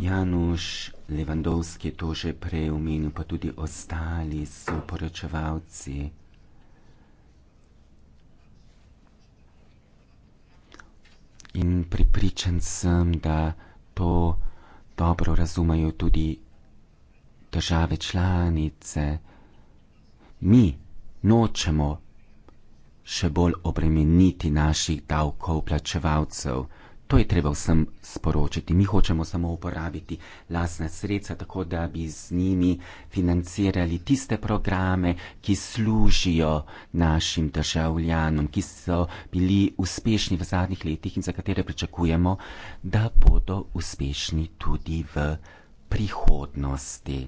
S2: Januš Levandovski to že prej omenil, pa tudi ostali so poročevalci. In pripričan sem, da to dobro razumejo tudi države članice. Mi nočemo še bolj obremeniti naših davkov plačevalcev. To je treba vsem sporočiti. Mi hočemo samo uporabiti lastne sredstva, tako da bi z njimi financirali tiste programe, ki služijo našim državljanom, ki so bili uspešni v zadnjih letih in za katere pričakujemo, da bodo uspešni tudi v prihodnosti.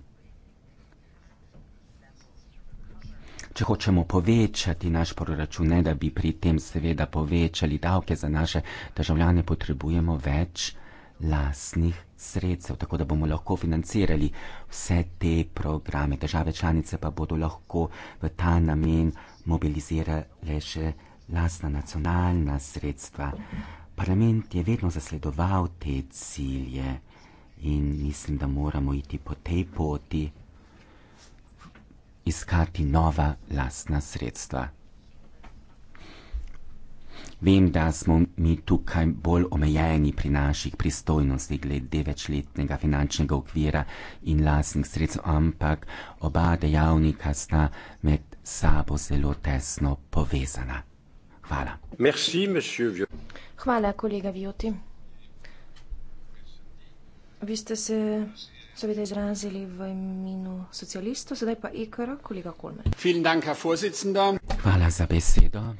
S2: če hočemo povečati naš proračun, ne da bi pri tem seveda povečali davke za naše državljane, potrebujemo več lasnih sredstev, tako da bomo lahko financirali vse te programe. Države članice pa bodo lahko v ta namen mobilizirale še lasna nacionalna sredstva. Parlament je vedno zasledoval te cilje in mislim, da moramo iti po tej poti, iskati nova lastna sredstva. Vem, da smo mi tukaj bolj omejeni pri naših pristojnostih glede večletnega finančnega okvira in lastnih sredstev, ampak oba dejavnika sta med sabo zelo tesno povezana. Hvala. Merci,
S1: Hvala, kolega Vjoti. Vi ste se so bitte izrazili v imenu socialistov, sedaj pa IKR, kolega Kolmen.
S2: Dank, Hvala za besedo.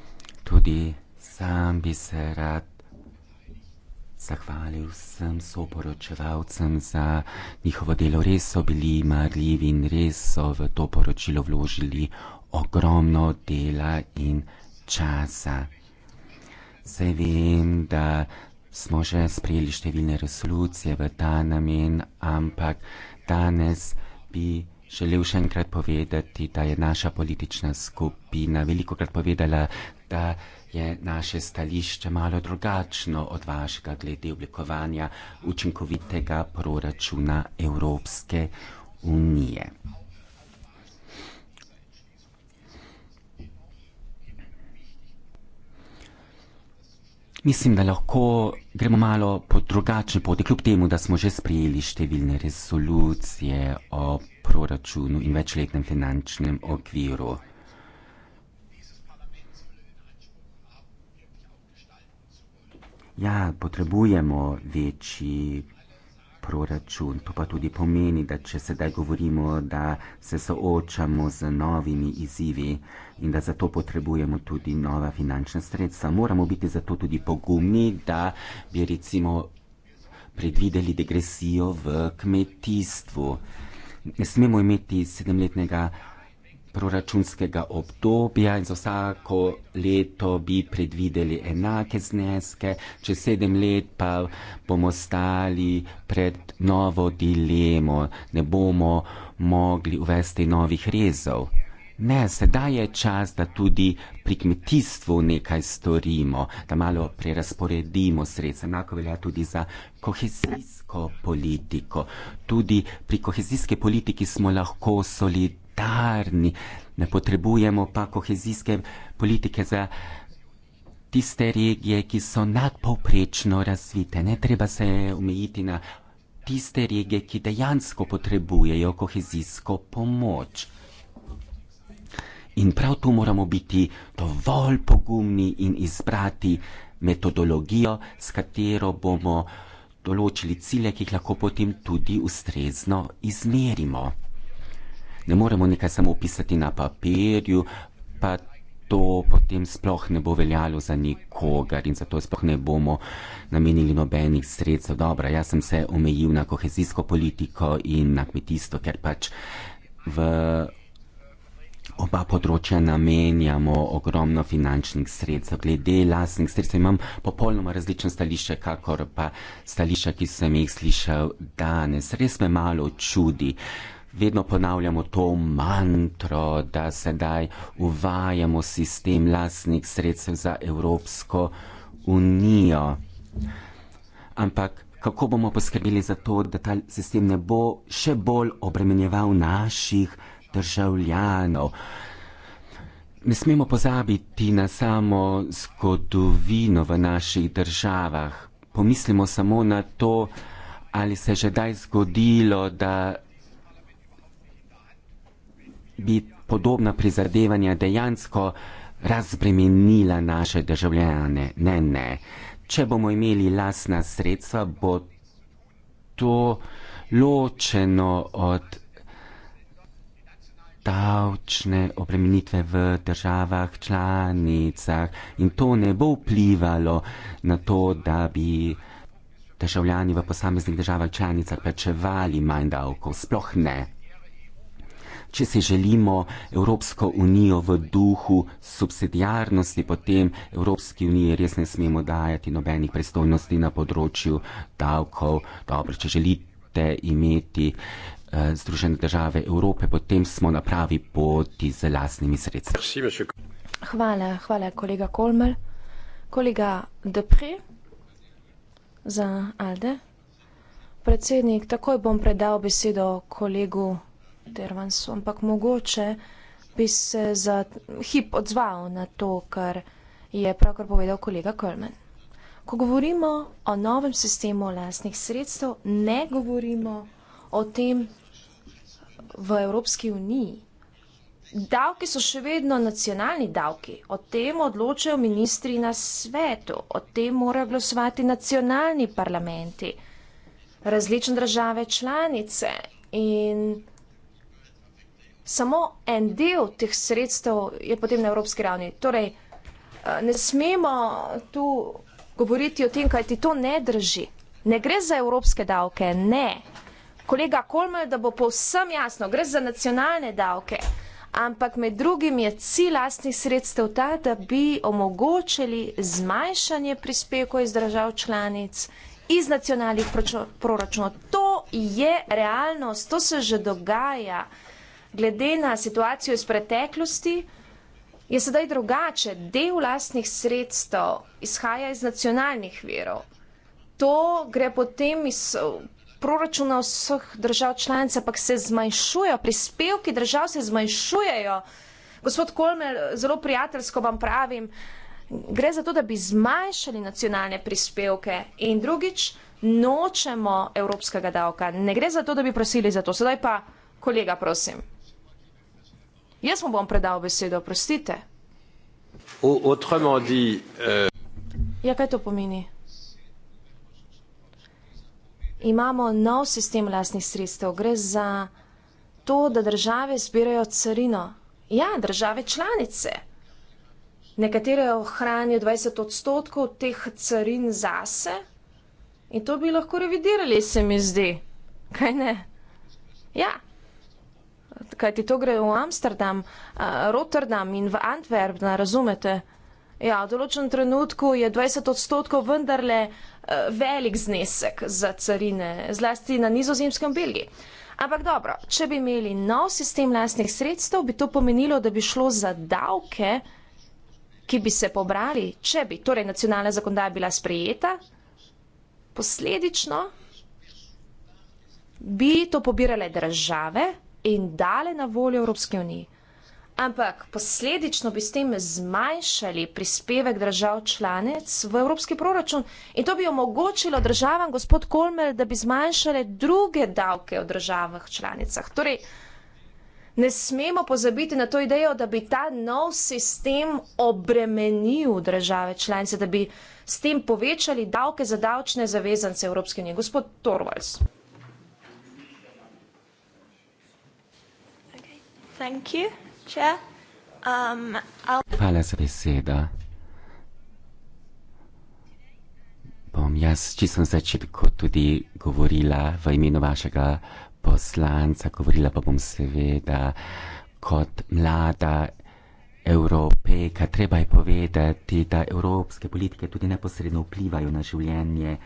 S2: Tudi sam bi se rad zahvalil vsem soporočevalcem za njihovo delo. Res so bili marljivi in res so v to poročilo vložili ogromno dela in časa. Zdaj vem, da smo že sprejeli številne resolucije v ta namen, ampak danes bi želel še enkrat povedati, da je naša politična skupina veliko krat povedala, da je naše stališče malo drugačno od vašega glede oblikovanja učinkovitega proračuna Evropske unije. Mislim, da lahko gremo malo po drugačni poti, kljub temu, da smo že sprejeli številne rezolucije o proračunu in večletnem finančnem okviru. Ja, potrebujemo večji proračun. To pa tudi pomeni, da če sedaj govorimo, da se soočamo z novimi izzivi in da zato potrebujemo tudi nova finančna sredstva, moramo biti zato tudi pogumni, da bi recimo predvideli degresijo v kmetijstvu. Ne smemo imeti sedemletnega proračunskega obdobja in za vsako leto bi predvideli enake zneske, čez sedem let pa bomo stali pred novo dilemo, ne bomo mogli uvesti novih rezov. Ne, sedaj je čas, da tudi pri kmetijstvu nekaj storimo, da malo prerasporedimo sredstva. Enako velja tudi za kohezijsko politiko. Tudi pri kohezijski politiki smo lahko solidarni solidarni, ne potrebujemo pa kohezijske politike za tiste regije, ki so nadpovprečno razvite. Ne treba se omejiti na tiste regije, ki dejansko potrebujejo kohezijsko pomoč. In prav tu moramo biti dovolj pogumni in izbrati metodologijo, s katero bomo določili cilje, ki jih lahko potem tudi ustrezno izmerimo ne moremo nekaj samo opisati na papirju, pa to potem sploh ne bo veljalo za nikogar in zato sploh ne bomo namenili nobenih sredstev. Dobro, jaz sem se omejil na kohezijsko politiko in na kmetijstvo, ker pač v oba področja namenjamo ogromno finančnih sredstev. Glede lastnih sredstev imam popolnoma različne stališče, kakor pa stališča, ki sem jih slišal danes. Res me malo čudi. Uh, vedno ponavljamo to mantro, da sedaj uvajamo sistem lasnih sredstev za Evropsko unijo. Ampak kako bomo poskrbeli za to, da ta sistem ne bo še bolj obremenjeval naših državljanov? Ne smemo pozabiti na samo zgodovino v naših državah. Pomislimo samo na to, ali se je že daj zgodilo, da bi podobna prizadevanja dejansko razbremenila naše državljane. Ne, ne. Če bomo imeli lasna sredstva, bo to ločeno od davčne obremenitve v državah, članicah in to ne bo vplivalo na to, da bi državljani v posameznih državah, članicah plačevali manj davkov. Sploh ne če si želimo Evropsko unijo v duhu subsidijarnosti, potem Evropski uniji res ne smemo dajati nobenih pristojnosti na področju davkov. Dobro, če želite imeti eh, Združene države Evrope, potem smo na pravi poti z lastnimi sredstvi.
S1: Hvala, hvala, kolega Kolmer. Kolega Depri za Alde. Predsednik, takoj bom predal besedo kolegu Tervansu, ampak mogoče bi se za hip odzval na to, kar je pravkar povedal kolega Kolmen. Ko govorimo o novem sistemu lastnih sredstev, ne govorimo o tem v Evropski uniji. Davki so še vedno nacionalni davki, o tem odločajo ministri na svetu, o tem morajo glasovati nacionalni parlamenti, različne države članice in samo en del teh sredstev je potem na evropski ravni. Torej, eh, ne smemo tu govoriti o tem, kaj ti to ne drži. Ne gre za evropske davke, ne. Kolega Kolmer, da bo povsem jasno, gre za nacionalne davke, ampak med drugim je cilj lastnih sredstev ta, da bi omogočili zmanjšanje prispevkov iz držav članic, iz nacionalnih proračunov. To je realnost, to se že dogaja glede na situacijo iz preteklosti, je sedaj drugače. Del vlastnih sredstev izhaja iz nacionalnih verov. To gre potem iz eh, proračuna vseh držav članic, ampak se zmanjšujejo, prispevki držav se zmanjšujejo. Gospod Kolmer, zelo prijateljsko vam pravim, gre za to, da bi zmanjšali nacionalne prispevke in drugič nočemo evropskega davka. Ne gre za to, da bi prosili za to. Sedaj pa, kolega, prosim. Jaz mu bom predal besedo, prostite.
S2: Euh,
S1: ja, kaj to pomeni? Imamo nov sistem vlastnih sredstev. Gre za to, da države zbirajo carino. Ja, države članice. Nekatere ohranijo 20 odstotkov teh carin zase in to bi lahko revidirali, se mi zdi. Kaj ne? Ja kaj ti to gre v Amsterdam, eh, Rotterdam in v Antwerp, da razumete. Ja, v določenem trenutku je 20 odstotkov vendarle eh, velik znesek za carine, zlasti na nizozemskem Belgiji. Ampak dobro, če bi imeli nov sistem lastnih sredstev, bi to pomenilo, da bi šlo za davke, ki bi se pobrali, če bi torej nacionalna zakonodaja bila sprejeta, posledično bi to pobirale države, in dale na voljo Evropske unije. Ampak posledično bi s tem zmanjšali prispevek držav članic v evropski proračun in to bi omogočilo državam, gospod Kolmer, da bi zmanjšale druge davke v državah članicah. Torej, ne smemo pozabiti na to idejo, da bi ta nov sistem obremenil države članice, da bi s tem povečali davke za davčne zavezance Evropske unije. Gospod Torvalds. Thank you, Chair. Um, I'll... Hvala
S2: za besedo. Bom jaz, če sem začetku tudi govorila v imenu vašega poslanca, govorila pa bom seveda kot mlada Evropejka. Treba je povedati, da evropske politike tudi neposredno vplivajo na življenje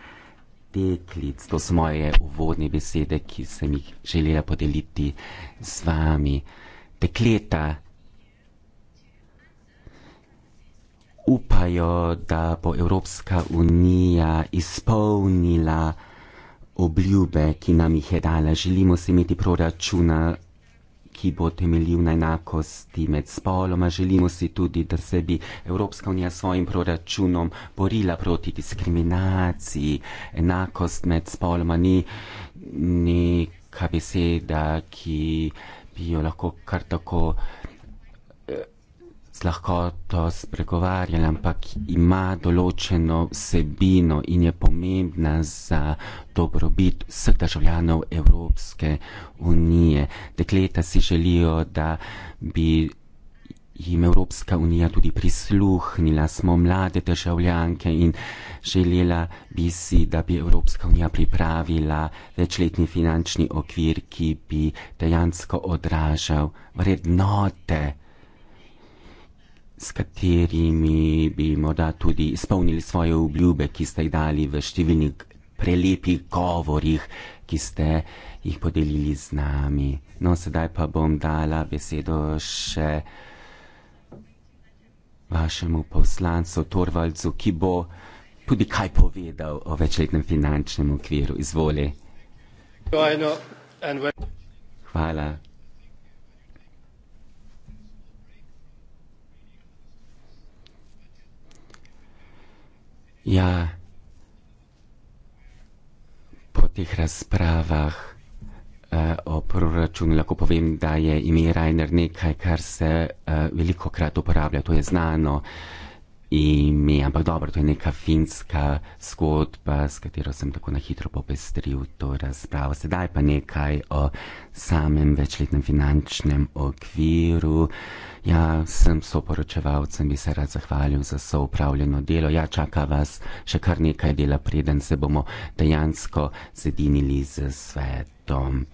S2: deklic. To so moje uvodne besede, ki sem jih želela podeliti z vami dekleta upajo, da bo Evropska unija izpolnila obljube, ki nam jih je dala. Želimo si imeti proračuna, ki bo temeljil na enakosti med spoloma. Želimo si tudi, da se bi Evropska unija svojim proračunom borila proti diskriminaciji. Enakost med spoloma ni neka beseda, ki bi jo lahko kar tako eh, z lahkoto spregovarjali, ampak ima določeno vsebino in je pomembna za dobrobit vseh državljanov Evropske unije. Dekleta si želijo, da bi jim Evropska unija tudi prisluhnila. Smo mlade državljanke in želela bi si, da bi Evropska unija pripravila večletni finančni okvir, ki bi dejansko odražal vrednote, s katerimi bi morda tudi izpolnili svoje obljube, ki ste jih dali v številnih prelepih govorih, ki ste jih podelili z nami. No, sedaj pa bom dala besedo še vašemu poslancu Torvaldzu, ki bo tudi kaj povedal o večletnem finančnem okviru. Izvoli. Hvala. Ja, po teh razpravah Eh, o proračunu lahko povem, da je ime Rajner nekaj, kar se eh, veliko krat uporablja, to je znano ime, ampak dobro, to je neka finska skotba, s katero sem tako na hitro popestril to razpravo. Sedaj pa nekaj o samem večletnem finančnem okviru. Ja, sem soporočevalcem, bi se rad zahvalil za soupravljeno delo. Ja, čaka vas še kar nekaj dela, preden se bomo dejansko sedinili z svetom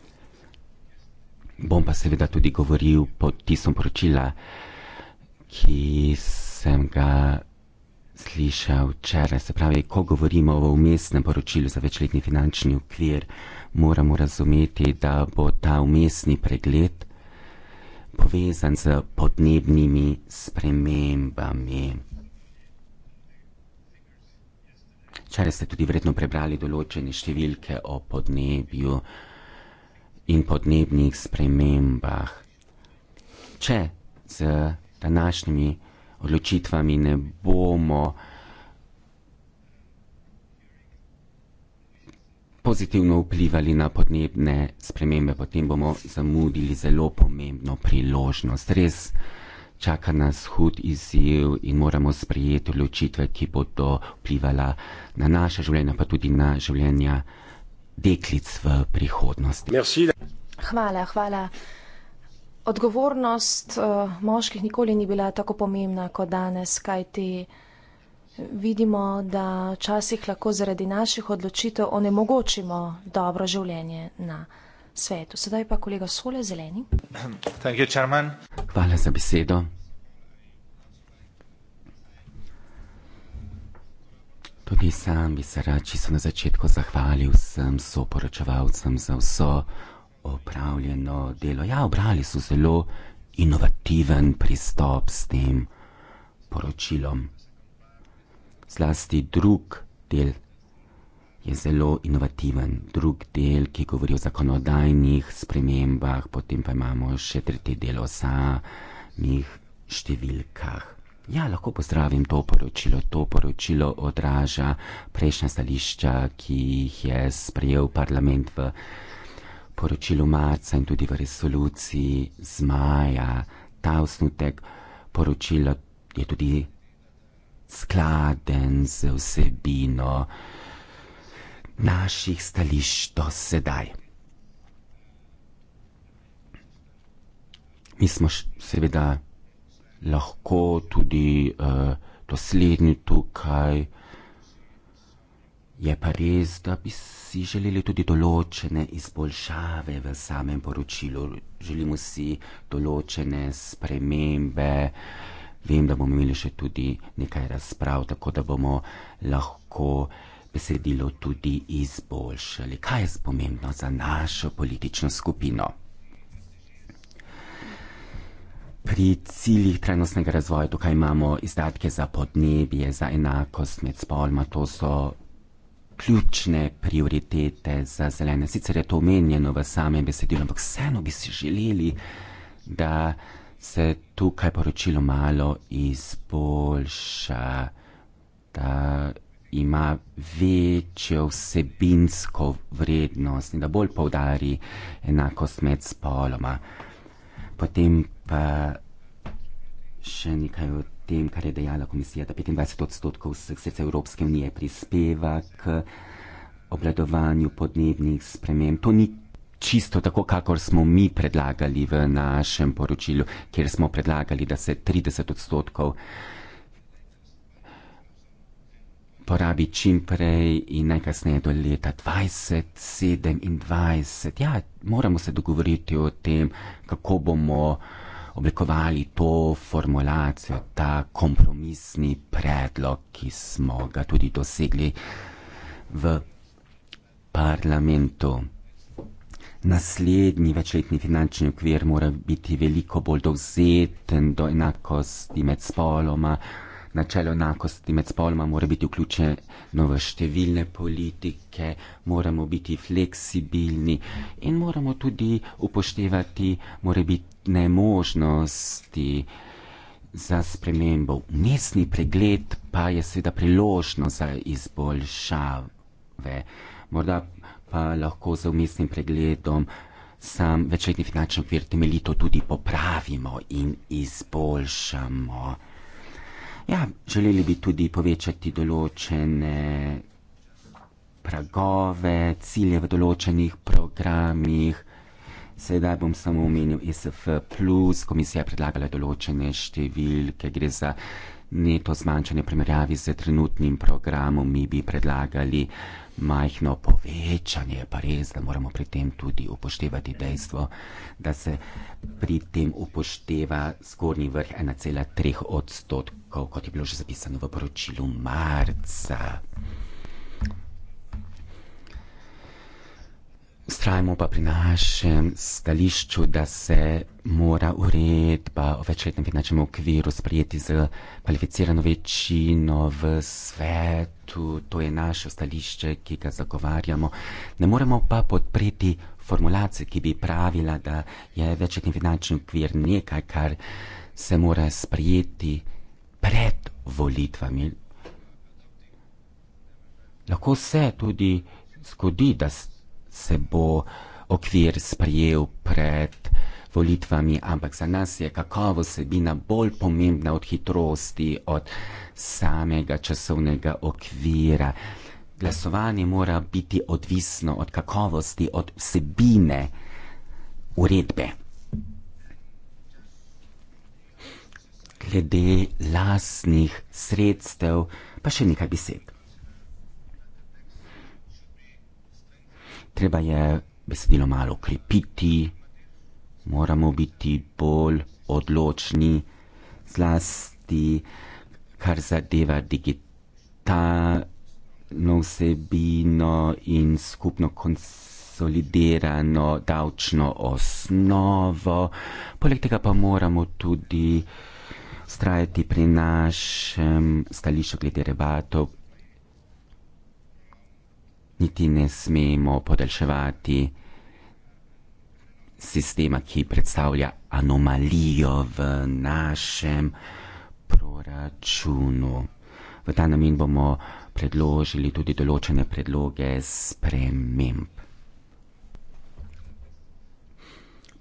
S2: bom pa seveda tudi govoril pod tistom poročila, ki sem ga slišal včeraj. Se pravi, ko govorimo o umestnem poročilu za večletni finančni okvir, moramo razumeti, da bo ta umestni pregled povezan z podnebnimi spremembami. Včeraj ste tudi vredno prebrali določene številke o podnebju in podnebnih spremembah. Če z današnjimi odločitvami ne bomo pozitivno vplivali na podnebne spremembe, potem bomo zamudili zelo pomembno priložnost. Res čaka nas hud izziv in moramo sprejeti odločitve, ki bodo vplivala na naše življenje, pa tudi na življenja deklic v prihodnosti.
S1: Hvala, hvala. Odgovornost uh, moških nikoli ni bila tako pomembna kot danes, kajti vidimo, da včasih lahko zaradi naših odločitev onemogočimo dobro življenje na svetu. Sedaj pa kolega Sule Zeleni.
S2: Hvala za besedo. Tudi sam bi se rad čisto na začetku zahvalil vsem soporočevalcem za vso opravljeno delo. Ja, obrali so zelo inovativen pristop s tem poročilom. Zlasti drug del je zelo inovativen, drug del, ki govori o zakonodajnih spremembah, potem pa imamo še tretji del o samih številkah. Ja, lahko pozdravim to poročilo. To poročilo odraža prejšnja stališča, ki jih je sprejel parlament v poročilu marca in tudi v resoluciji z maja. Ta osnutek poročila je tudi skladen z vsebino naših stališč do sedaj. Mi smo seveda lahko tudi uh, dosledni tukaj. Je pa res, da bi si želeli tudi določene izboljšave v samem poročilu. Želimo si določene spremembe. Vem, da bomo imeli še tudi nekaj razprav, tako da bomo lahko besedilo tudi izboljšali. Kaj je spomembno za našo politično skupino? Pri ciljih trajnostnega razvoja tukaj imamo izdatke za podnebje, za enakost med spolma. To so ključne prioritete za zelene. Sicer je to omenjeno v samem besedilu, ampak vseeno bi si želeli, da se tukaj poročilo malo izboljša, da ima večjo vsebinsko vrednost in da bolj povdari enakost med spoloma potem pa še nekaj o tem, kar je dejala komisija, da 25 odstotkov vseh sredstev Evropske unije prispeva k obladovanju podnebnih sprememb. To ni čisto tako, kakor smo mi predlagali v našem poročilu, kjer smo predlagali, da se 30 odstotkov uh, porabi čim prej in najkasneje do leta 2027. Ja, moramo se dogovoriti o tem, kako bomo oblikovali to formulacijo, ta kompromisni predlog, ki smo ga tudi dosegli v parlamentu. Naslednji večletni finančni okvir mora biti veliko bolj dovzeten do enakosti med spoloma, načelo enakosti med spoloma mora biti vključeno v številne politike, moramo biti fleksibilni in moramo tudi upoštevati morebitne možnosti za spremembo. Mestni pregled pa je seveda priložno za izboljšave. Morda pa lahko z umestnim pregledom sam večletni finančni okvir temeljito tudi popravimo in izboljšamo. Ja, želeli bi tudi povečati določene pragove, cilje v določenih programih. Sedaj bom samo omenil ISF, e komisija je predlagala določene številke, gre za neto zmanjšanje primerjavi z trenutnim programom, mi bi predlagali uh, majhno povečanje, pa res, da moramo pri tem tudi upoštevati dejstvo, da se pri tem upošteva zgornji vrh 1,3 odstotkov, kot je bilo že zapisano v poročilu marca. vprašajmo pa pri našem stališču, da se mora uredba o večletnem finančnem okviru sprijeti z kvalificirano večino v svetu. To je naše stališče, ki ga zagovarjamo. Ne moremo pa podpreti formulacije, ki bi pravila, da je večletni finančni okvir nekaj, kar se mora sprijeti pred volitvami. Lahko se tudi zgodi, da ste se bo okvir sprejel pred volitvami, ampak za nas je kakovo sebina bolj pomembna od hitrosti, od samega časovnega okvira. Glasovanje mora biti odvisno od kakovosti, od vsebine uredbe. Glede lasnih sredstev, pa še nekaj besed. treba je besedilo malo krepiti, moramo biti bolj odločni, zlasti kar zadeva digitalno vsebino in skupno konsolidirano davčno osnovo. Poleg tega pa moramo tudi. Pri našem stališču glede rebatov niti ne smemo podaljševati sistema, ki predstavlja anomalijo v našem proračunu. V ta namen bomo predložili tudi določene predloge sprememb.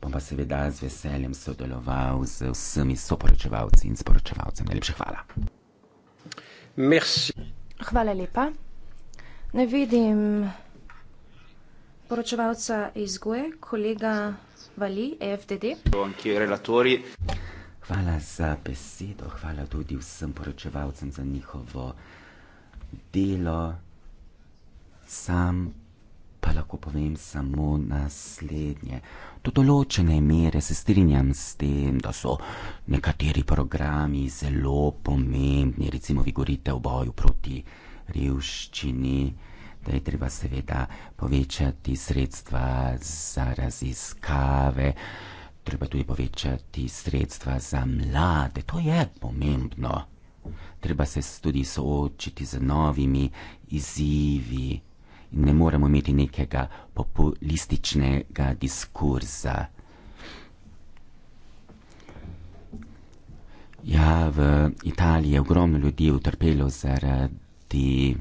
S2: Bom pa seveda z veseljem sodeloval z vsemi soporočevalci in sporočevalcem. Najlepša hvala. Merci.
S1: Hvala lepa. Ne vidim poročevalca iz GUE, kolega Vali, EFDD.
S2: Hvala za besedo, hvala tudi vsem poročevalcem za njihovo delo. Sam pa lahko povem samo naslednje. Do določene mere se strinjam s tem, da so nekateri programi zelo pomembni, recimo vi govorite o boju proti revščini, da je treba seveda povečati sredstva za raziskave, treba tudi povečati sredstva za mlade, to je pomembno. Treba se tudi soočiti z novimi izzivi in ne moremo imeti nekega populističnega diskurza. Ja, v Italiji je ogromno ljudi utrpelo zaradi zaradi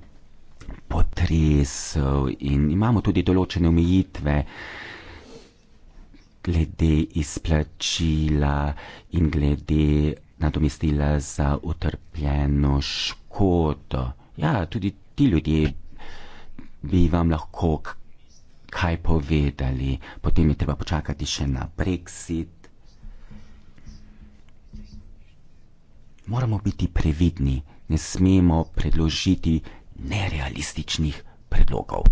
S2: potresov in imamo tudi določene omejitve glede izplačila in glede nadomestila za utrpljeno škodo. Ja, tudi ti ljudje bi vam lahko kaj povedali, potem je treba počakati še na Brexit. Moramo biti previdni ne smemo predložiti nerealističnih predlogov.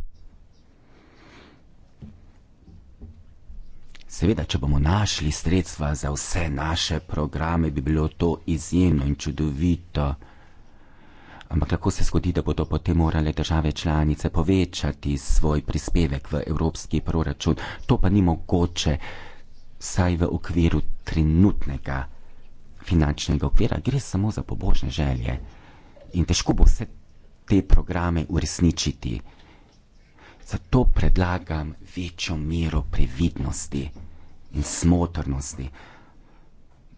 S2: Seveda, če bomo našli sredstva za vse naše programe, bi bilo to izjemno in čudovito. Ampak lahko se zgodi, da bodo potem morale države članice povečati svoj prispevek v evropski proračun. To pa ni mogoče, saj v okviru trenutnega finančnega okvira gre samo za pobožne želje in težko bo vse te programe uresničiti. Zato predlagam večjo mero previdnosti in smotrnosti.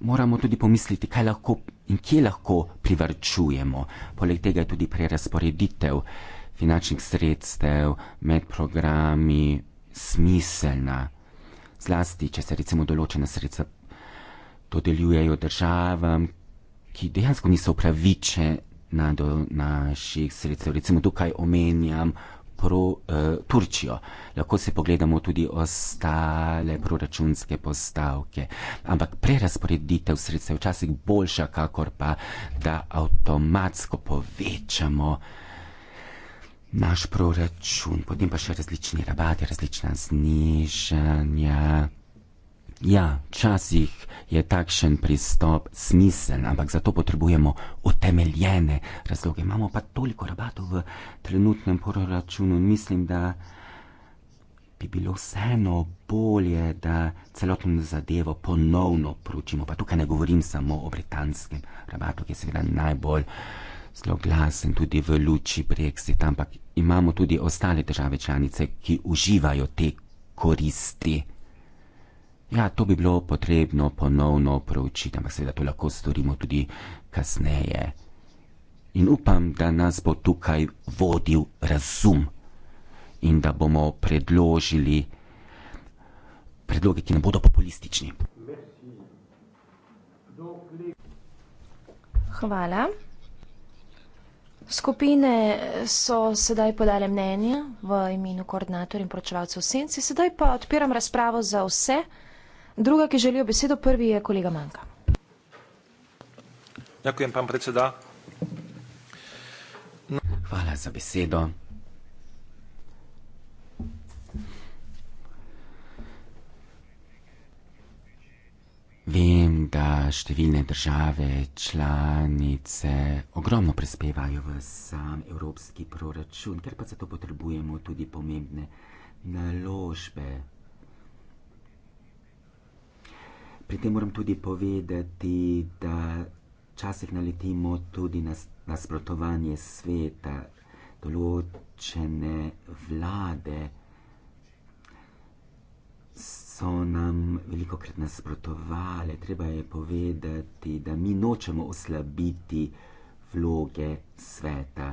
S2: Moramo tudi pomisliti, kaj lahko in kje lahko privrčujemo. Poleg tega je tudi prerasporeditev finančnih sredstev med programi smiselna. Zlasti, če se recimo določena sredstva dodeljujejo državam, ki dejansko niso upravičene na do naših sredstev. Recimo tukaj omenjam pro, eh, Turčijo. Lahko se pogledamo tudi ostale proračunske postavke. Ampak prerasporeditev sredstev je včasih boljša, kakor pa da avtomatsko povečamo naš proračun. Potem pa še različni rabati, različna znižanja. Ja, včasih je takšen pristop smiseln, ampak za to potrebujemo utemeljene razloge. Imamo pa toliko rabatov v trenutnem proračunu in mislim, da bi bilo vseeno bolje, da celotno zadevo ponovno proučimo. Pa tukaj ne govorim samo o britanskem rabatu, ki je seveda najbolj zelo glasen tudi v luči Brexit, ampak imamo tudi ostale države članice, ki uživajo te koristi. Ja, to bi bilo potrebno ponovno proučiti, ampak seveda to lahko storimo tudi kasneje. In upam, da nas bo tukaj vodil razum in da bomo predložili predloge, ki ne bodo populistični.
S1: Hvala. Skupine so sedaj podale mnenje v imenu koordinatorja in poročevalcev v senci, sedaj pa odpiram razpravo za vse. Druga, ki želijo besedo, prvi je kolega Manka.
S2: Dakujem, pan predseda. No. Hvala za besedo. Vem, da številne države članice ogromno prispevajo v sam evropski proračun, ker pa zato potrebujemo tudi pomembne naložbe Pri tem moram tudi povedati, da včasih naletimo tudi na nasprotovanje sveta, določene vlade so nam veliko krat nasprotovale. Treba je povedati, da mi nočemo oslabiti vloge sveta.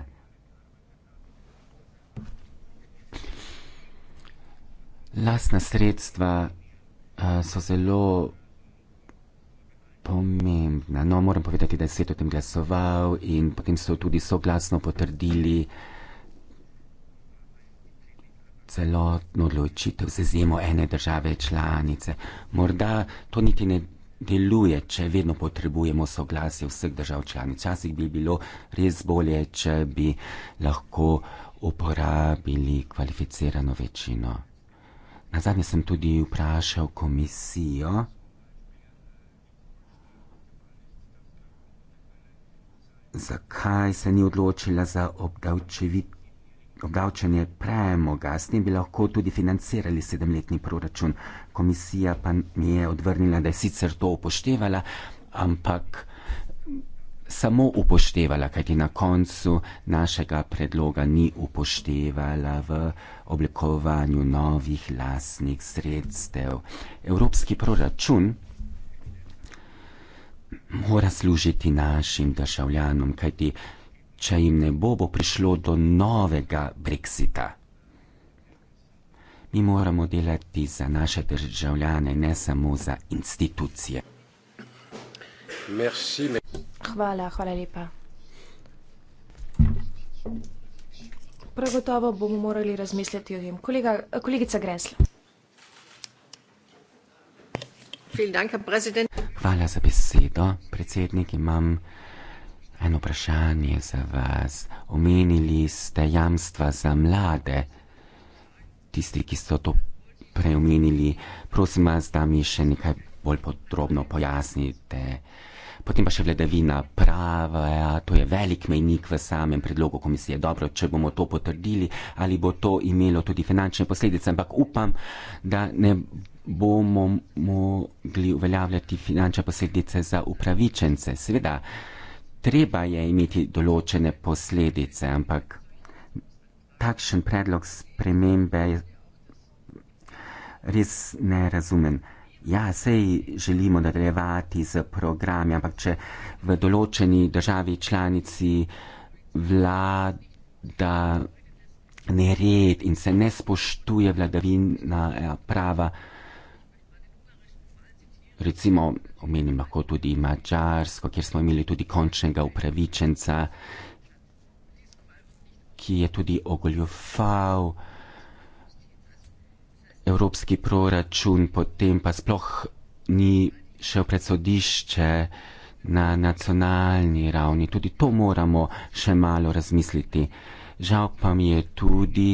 S2: Lastna sredstva uh, so zelo pomembna. No, moram povedati, da je svet o tem glasoval in potem so tudi soglasno potrdili celotno odločitev, z izjemo ene države članice. Morda to niti ne deluje, če vedno potrebujemo soglasje vseh držav članic. Včasih bi bilo res bolje, če bi lahko uporabili kvalificirano večino. Na zadnje sem tudi vprašal komisijo, zakaj se ni odločila za obdavčevit. Obdavčanje premoga, s tem bi lahko tudi financirali sedemletni proračun. Komisija pa mi je odvrnila, da je sicer to upoštevala, ampak samo upoštevala, kajti na koncu našega predloga ni upoštevala v oblikovanju novih lasnih sredstev. Evropski proračun mora služiti našim državljanom, kajti če jim ne bo, bo prišlo do novega Brexita. Mi moramo delati za naše državljane, ne samo za institucije. Merci.
S1: Hvala, hvala lepa. Prav gotovo bomo morali razmisliti o tem. Kolegica Gresla. Hvala, predsednik
S2: hvala za besedo, predsednik. Imam eno vprašanje za vas. Omenili ste jamstva za mlade, tisti, ki so to prej omenili. Prosim vas, da mi še nekaj bolj podrobno pojasnite. Potem pa še vladavina prava, ja, to je velik mejnik v samem predlogu komisije. Dobro, če bomo to potrdili, ali bo to imelo tudi finančne posledice, ampak upam, da ne bo bomo mogli uveljavljati finančne posledice za upravičence. Seveda, treba je imeti določene posledice, ampak takšen predlog spremembe je res nerazumen. Ja, sej želimo nadaljevati z programi, ampak če v določeni državi članici vlada nered in se ne spoštuje vladavina prava, Recimo, omenim lahko tudi Mačarsko, kjer smo imeli tudi končnega upravičenca, ki je tudi ogoljufal evropski proračun, potem pa sploh ni šel pred sodišče na nacionalni ravni. Tudi to moramo še malo razmisliti. Žal pa mi je tudi,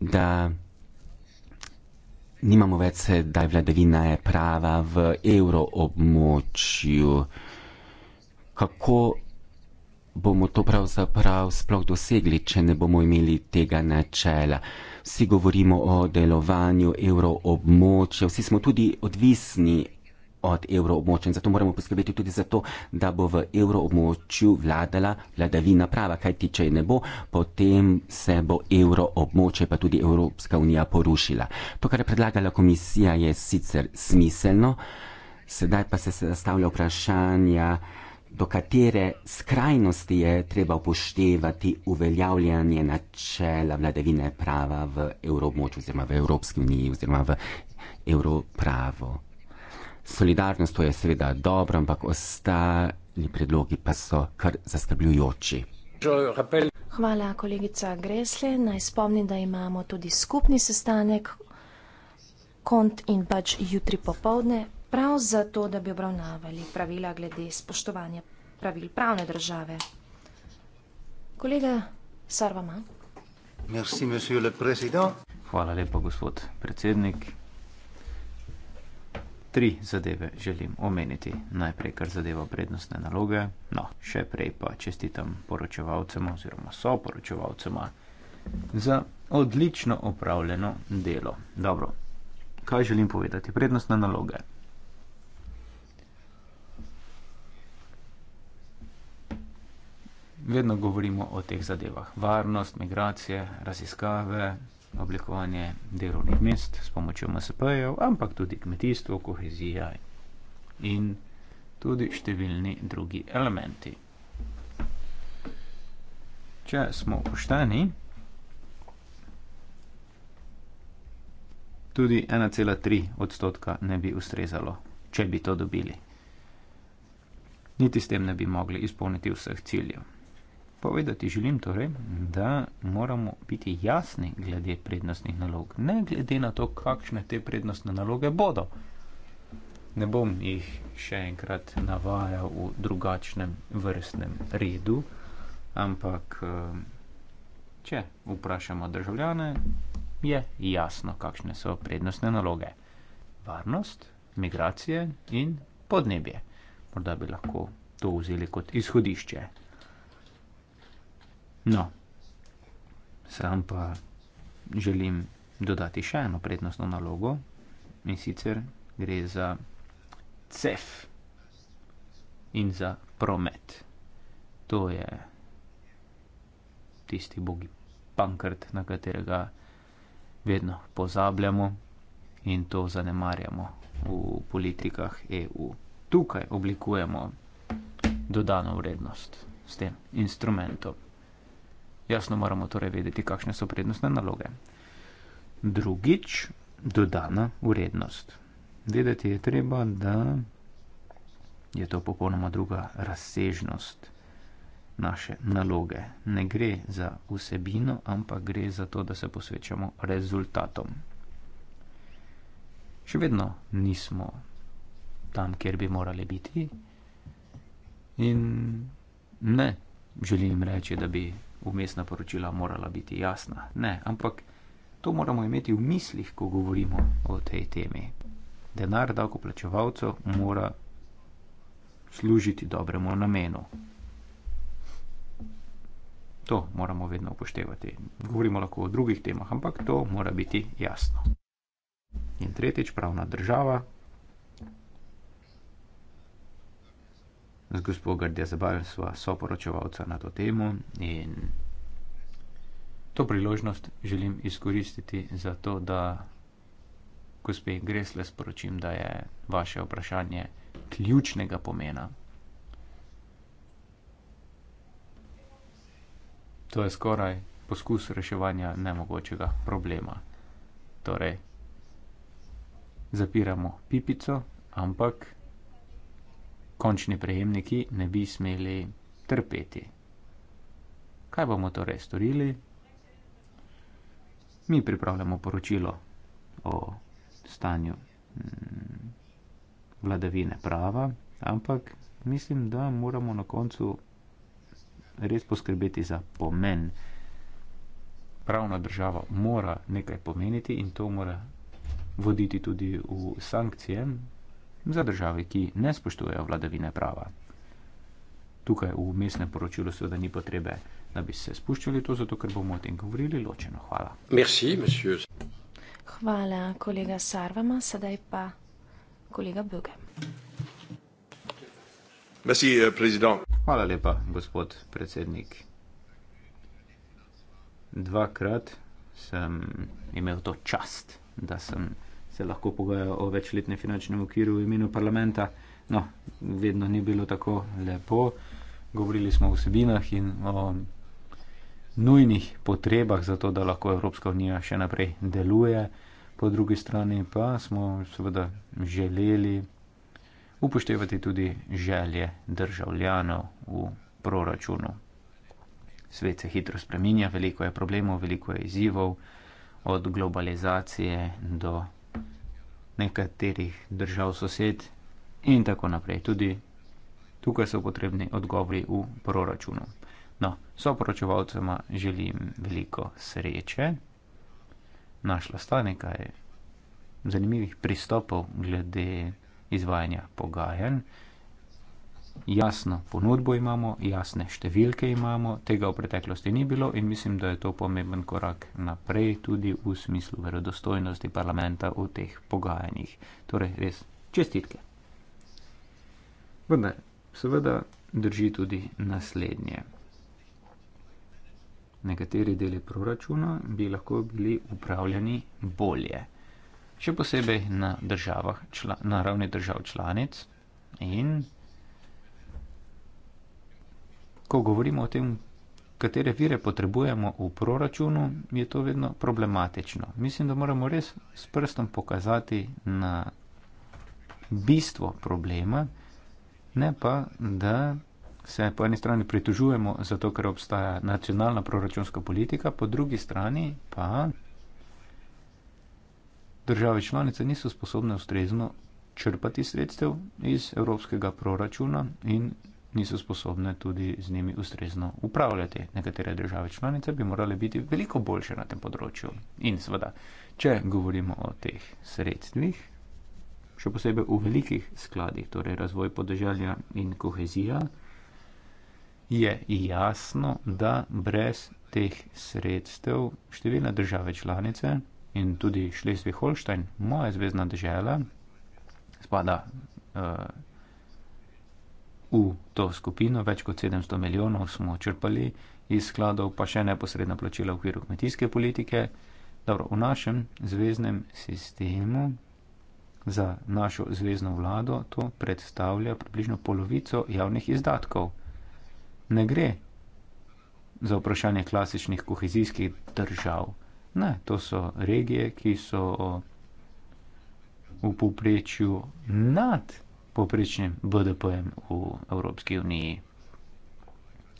S2: da nimamo več, da je vladavina je prava v evroobmočju. Kako bomo to pravzaprav sploh dosegli, če ne bomo imeli tega načela? Vsi govorimo o delovanju evroobmočja, vsi smo tudi odvisni od evroobmočja. Zato moramo poskrbeti tudi za to, da bo v evroobmočju vladala vladavina prava, kajti če je ne bo, potem se bo evroobmočje pa tudi Evropska unija porušila. To, kar je predlagala komisija, je sicer smiselno, sedaj pa se zastavlja vprašanja, do katere skrajnosti je treba upoštevati uveljavljanje načela vladavine prava v evroobmočju oziroma v Evropski uniji oziroma v evropravo solidarnost to je seveda dobro, ampak ostali predlogi pa so kar zaskrbljujoči.
S1: Hvala, kolegica Gresle. Naj spomnim, da imamo tudi skupni sestanek kont in pač jutri popovdne, prav zato, da bi obravnavali pravila glede spoštovanja pravil pravne države. Kolega Sarvama.
S3: Merci, monsieur le président. Hvala lepa, gospod predsednik tri zadeve želim omeniti. Najprej, kar zadeva prednostne naloge, no, še prej pa čestitam poročevalcem oziroma soporočevalcem za odlično opravljeno delo. Dobro, kaj želim povedati? Prednostne naloge. Vedno govorimo o teh zadevah. Varnost, migracije, raziskave, oblikovanje delovnih mest s pomočjo MSP-jev, ampak tudi kmetijstvo, kohezija in tudi številni drugi elementi. Če smo pošteni, tudi 1,3 odstotka ne bi ustrezalo, če bi to dobili. Niti s tem ne bi mogli izpolniti vseh ciljev. Povedati želim torej, da moramo biti jasni glede prednostnih nalog, ne glede na to, kakšne te prednostne naloge bodo. Ne bom jih še enkrat navajal v drugačnem vrstnem redu, ampak eh, če vprašamo državljane, je jasno, kakšne so prednostne naloge. Varnost, migracije in podnebje. Morda bi lahko to vzeli kot izhodišče. No, sam pa želim dodati še eno prednostno nalogo in sicer gre za CEF in za promet. To je tisti bogi pankrt, na katerega vedno pozabljamo in to zanemarjamo v politikah EU. Tukaj oblikujemo dodano vrednost s tem instrumentom. Jasno moramo torej vedeti, kakšne so prednostne naloge. Drugič, dodana vrednost. Vedeti je treba, da je to popolnoma druga razsežnost naše naloge. Ne gre za vsebino, ampak gre za to, da se posvečamo rezultatom. Še vedno nismo tam, kjer bi morali biti. In ne želim reči, da bi umestna poročila morala biti jasna. Ne, ampak to moramo imeti v mislih, ko govorimo o tej temi. Denar davkoplačevalcev mora služiti dobremu namenu. To moramo vedno upoštevati. Govorimo lahko o drugih temah, ampak to mora biti jasno. In tretjič, pravna država z gospod Gardija zabavim sva soporočevalca na to temo in to priložnost želim izkoristiti za to, da gospe Gresle sporočim, da je vaše vprašanje ključnega pomena. To je skoraj poskus reševanja nemogočega problema. Torej, zapiramo pipico, ampak končni prejemniki ne bi smeli trpeti. Kaj bomo torej storili? Mi pripravljamo poročilo o stanju mm, vladavine prava, ampak mislim, da moramo na koncu res poskrbeti za pomen. Pravna država mora nekaj pomeniti in to mora voditi tudi v sankcije, za države, ki ne spoštujejo vladavine prava. Tukaj v umestnem poročilu seveda ni potrebe, da bi se spuščali to, zato ker bomo o tem govorili ločeno. Hvala. Merci,
S1: Hvala, kolega Sarvama. Sedaj pa kolega Böge.
S3: Euh, Hvala lepa, gospod predsednik. Dvakrat sem imel to čast, da sem se lahko pogajajo o večletnem finančnem okviru v imenu parlamenta. No, vedno ni bilo tako lepo. Govorili smo o vsebinah in o nujnih potrebah za to, da lahko Evropska unija še naprej deluje. Po drugi strani pa smo seveda želeli upoštevati tudi želje državljanov v proračunu. Svet se hitro spreminja, veliko je problemov, veliko je izzivov, od globalizacije do nekaterih držav sosed in tako naprej. Tudi tukaj so potrebni odgovori v proračunu. No, so poročevalcema želim veliko sreče. Našla sta nekaj zanimivih pristopov glede izvajanja pogajanj. Jasno ponudbo imamo, jasne številke imamo, tega v preteklosti ni bilo in mislim, da je to pomemben korak naprej tudi v smislu verodostojnosti parlamenta v teh pogajanjih. Torej, res čestitke. Vendar, seveda drži tudi naslednje. Nekateri deli proračuna bi lahko bili upravljeni bolje, še posebej na, državah, čla, na ravni držav članic in ko govorimo o tem, katere vire potrebujemo v proračunu, je to vedno problematično. Mislim, da moramo res s prstom pokazati na bistvo problema, ne pa, da se po eni strani pritožujemo zato, ker obstaja nacionalna proračunska politika, po drugi strani pa države članice niso sposobne ustrezno črpati sredstev iz evropskega proračuna in niso sposobne tudi z njimi ustrezno upravljati. Nekatere države članice bi morale biti veliko boljše na tem področju. In seveda, če govorimo o teh sredstvih, še posebej v velikih skladih, torej razvoj podeželja in kohezija, je jasno, da brez teh sredstev številne države članice in tudi Šlesvi Holštajn, moja zvezdna država, spada. Uh, v to skupino, več kot 700 milijonov smo črpali iz skladov, pa še neposredna plačila v okviru kmetijske politike. Dobro, v našem zvezdnem sistemu za našo zvezdno vlado to predstavlja približno polovico javnih izdatkov. Ne gre za vprašanje klasičnih kohezijskih držav. Ne, to so regije, ki so v povprečju nad povprečnim BDP-jem v Evropski uniji.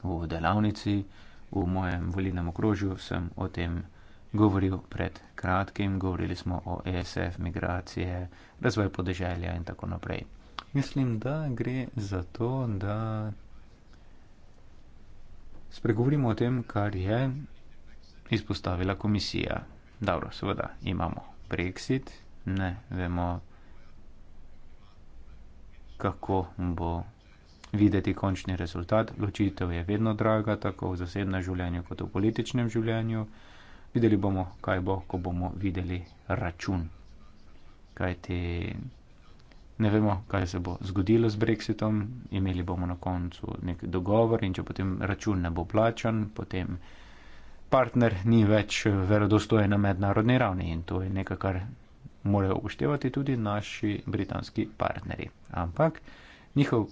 S3: V delavnici v mojem volilnem okrožju sem o tem govoril pred kratkim, govorili smo o ESF, migracije, razvoj podeželja in tako naprej. Mislim, da gre za to, da spregovorimo o tem, kar je izpostavila komisija. Dobro, seveda imamo Brexit, ne vemo, kako bo videti končni rezultat. Ločitev je vedno draga, tako v zasebnem življenju kot v političnem življenju. Videli bomo, kaj bo, ko bomo videli račun. Kaj ti ne vemo, kaj se bo zgodilo z Brexitom, imeli bomo na koncu nek dogovor in če potem račun ne bo plačan, potem partner ni več verodostojen na mednarodni ravni in to je nekaj, kar morajo upoštevati tudi naši britanski partnerji. Ampak njihov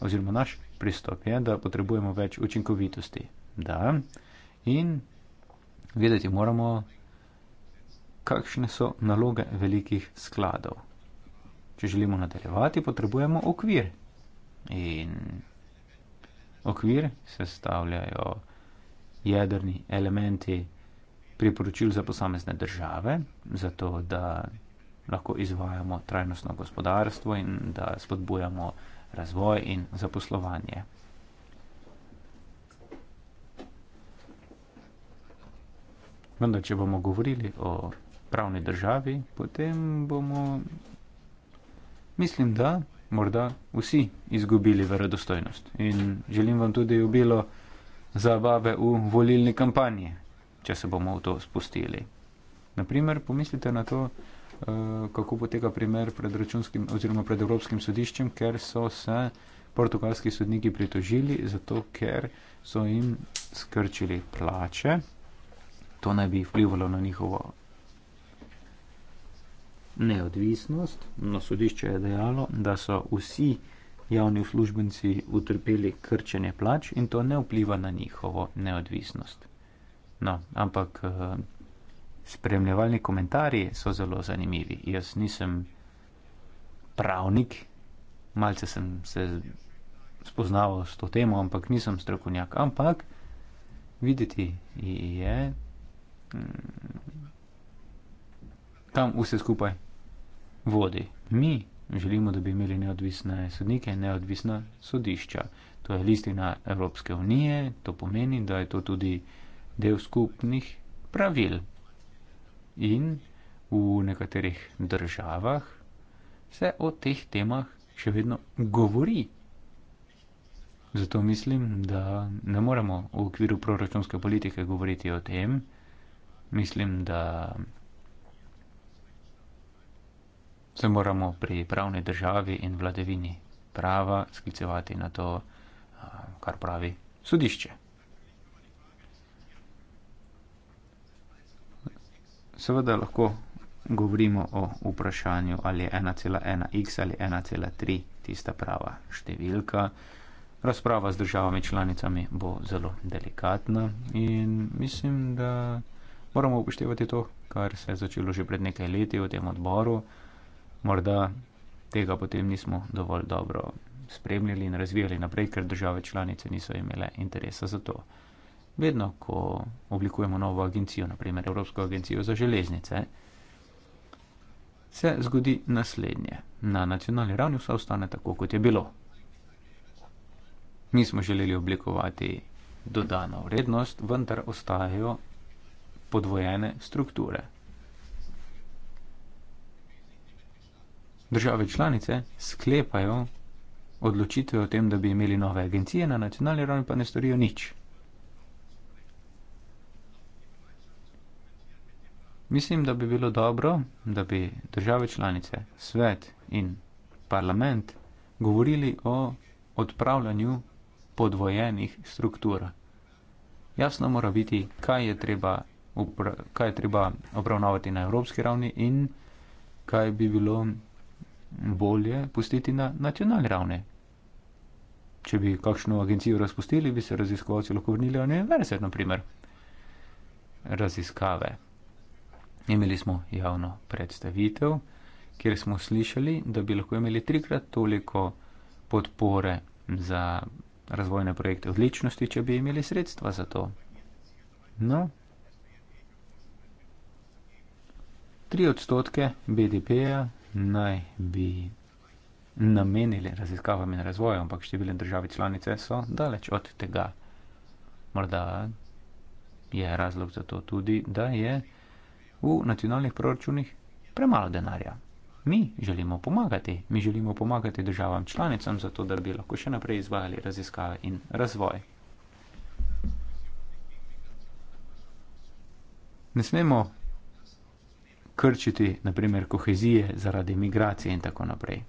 S3: oziroma naš pristop je, da potrebujemo več učinkovitosti. Da, in vedeti moramo, kakšne so naloge velikih skladov. Če želimo nadaljevati, potrebujemo okvir. In okvir sestavljajo jedrni elementi priporočil za posamezne države, zato da lahko izvajamo trajnostno gospodarstvo in da spodbujamo razvoj in zaposlovanje. Vendar, če bomo govorili o pravni državi, potem bomo, mislim, da morda vsi izgubili verodostojnost. In želim vam tudi obilo zabave v volilni kampanji, če se bomo v to spustili. Naprimer, pomislite na to, Eh, kako poteka primer pred, pred Evropskim sodiščem, ker so se portugalski sodniki pritožili, zato ker so jim skrčili plače. To naj bi vplivalo na njihovo neodvisnost. No, sodišče je dejalo, da so vsi javni uslužbenci utrpeli krčenje plač in to ne vpliva na njihovo neodvisnost. No, ampak. Uh, spremljevalni komentarji so zelo zanimivi. Jaz nisem pravnik, malce sem se spoznal s to temo, ampak nisem strokovnjak. Ampak videti je, mm, kam vse skupaj vodi. Mi želimo, da bi imeli neodvisne sodnike, neodvisna sodišča. To je listina Evropske unije, to pomeni, da je to tudi del skupnih pravil, in v nekaterih državah se o teh temah še vedno govori. Zato mislim, da ne moramo v okviru proračunske politike govoriti o tem. Mislim, da se moramo pri pravni državi in vladavini prava sklicevati na to, kar pravi sodišče. seveda lahko govorimo o vprašanju, ali je 1,1x ali 1,3 tista prava številka. Razprava z državami članicami bo zelo delikatna in mislim, da moramo upoštevati to, kar se je začelo že pred nekaj leti v tem odboru. Morda tega potem nismo dovolj dobro spremljali in razvijali naprej, ker države članice niso imele interesa za to. Vedno, ko oblikujemo novo agencijo, naprimer Evropsko agencijo za železnice, se zgodi naslednje. Na nacionalni ravni vse ostane tako, kot je bilo. Mi smo želeli oblikovati dodano vrednost, vendar ostajajo podvojene strukture. Države članice sklepajo odločitve o tem, da bi imeli nove agencije, na nacionalni ravni pa ne storijo nič. Mislim, da bi bilo dobro, da bi države članice, svet in parlament govorili o odpravljanju podvojenih struktur. Jasno mora biti, kaj je treba, kaj je treba obravnavati na evropski ravni in kaj bi bilo bolje pustiti na nacionalni ravni. Če bi kakšno agencijo razpustili, bi se raziskovalci lahko vrnili na univerze, na primer. Raziskave. Imeli smo javno predstavitev, kjer smo slišali, da bi lahko imeli trikrat toliko podpore za razvojne projekte odličnosti, če bi imeli sredstva za to. No, tri odstotke BDP-ja naj bi namenili raziskavam in razvoju, ampak številne države članice so daleč od tega. Morda je razlog za to tudi, da je v nacionalnih proračunih premalo denarja. Mi želimo pomagati, mi želimo pomagati državam članicam, zato da bi lahko še naprej izvajali raziskave in razvoj. Ne smemo krčiti, naprimer, kohezije zaradi migracije in tako naprej.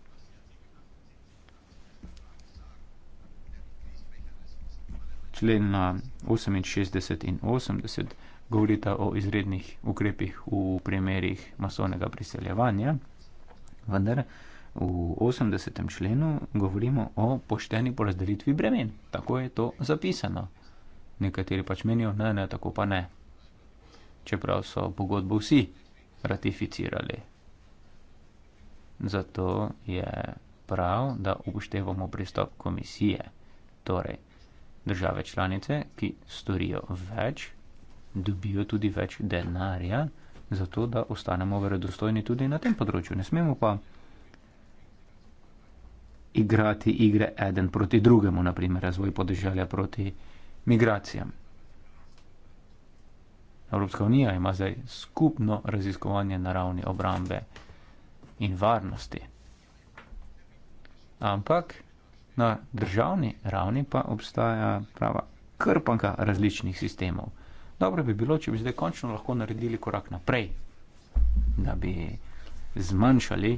S3: Člen na 68 in 80 govorita o izrednih ukrepih v primerih masovnega priseljevanja, vendar v 80. členu govorimo o pošteni porazdelitvi bremen. Tako je to zapisano. Nekateri pač menijo, ne, ne, tako pa ne. Čeprav so pogodbo vsi ratificirali. Zato je prav, da upoštevamo pristop komisije, torej države članice, ki storijo več dobijo tudi več denarja, zato da ostanemo verodostojni tudi na tem področju. Ne smemo pa igrati igre eden proti drugemu, naprimer razvoj podeželja proti migracijam. Evropska unija ima zdaj skupno raziskovanje na ravni obrambe in varnosti. Ampak na državni ravni pa obstaja prava krpanka različnih sistemov. Dobro bi bilo, če bi zdaj končno lahko naredili korak naprej, da bi zmanjšali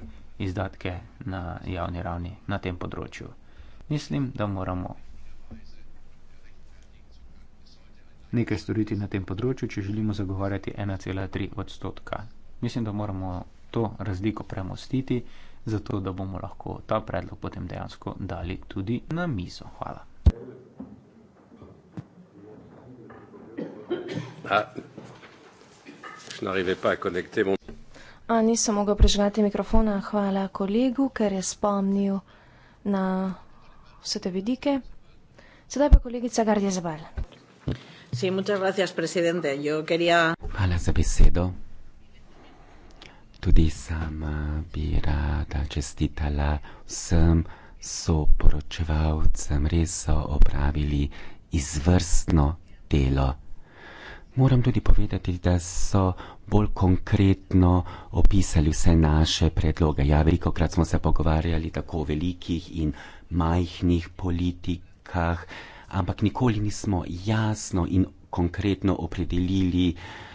S3: izdatke na javni ravni na tem področju. Mislim, da moramo nekaj storiti na tem področju, če želimo zagovarjati 1,3 odstotka. Mislim, da moramo to razliko premostiti, zato da bomo lahko ta predlog potem dejansko dali tudi na mizo. Hvala. Ah.
S2: Je n'arrivais pas à connecter mon.
S1: A, nisem mogel prižgati mikrofona, hvala kolegu, ker je spomnil na vse te vidike. Sedaj pa kolegica Gardija Zabal.
S2: Hvala za besedo. Tudi sama bi rada čestitala vsem soporočevalcem, res so opravili izvrstno delo. Moram tudi povedati, da so bolj konkretno opisali vse naše predloge. Ja, veliko krat smo se pogovarjali tako o velikih in majhnih politikah, ampak nikoli nismo jasno in konkretno opredelili, uh,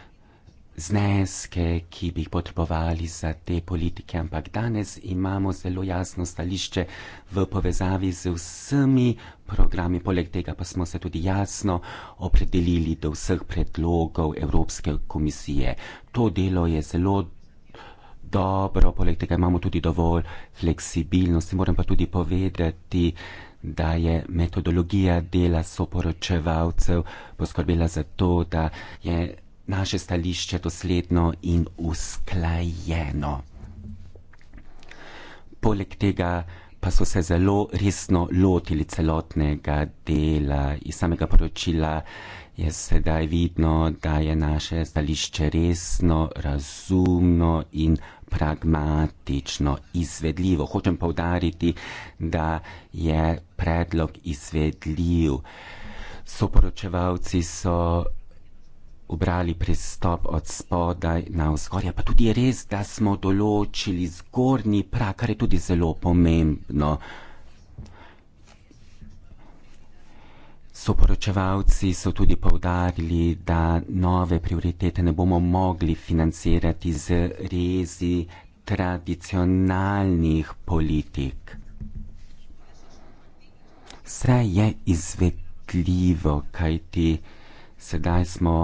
S2: zneske, ki bi jih potrebovali za te politike, ampak danes imamo zelo jasno stališče v povezavi z vsemi programi, poleg tega pa smo se tudi jasno opredelili do vseh predlogov Evropske komisije. To delo je zelo dobro, poleg tega imamo tudi dovolj fleksibilnosti, moram pa tudi povedati, da je metodologija dela soporočevalcev poskrbela za to, da je naše stališče dosledno in usklajeno. Poleg tega pa so se zelo resno lotili celotnega dela iz samega poročila. Je sedaj vidno, da je naše stališče resno, razumno in pragmatično, izvedljivo. Hočem povdariti, da je predlog izvedljiv. Soporočevalci so ubrali pristop od spodaj na vzgor. Pa tudi je res, da smo določili zgornji prak, kar je tudi zelo pomembno. Soporočevalci so tudi povdarili, da nove prioritete ne bomo mogli financirati z rezi tradicionalnih politik. Vse je izvedljivo, kajti sedaj smo.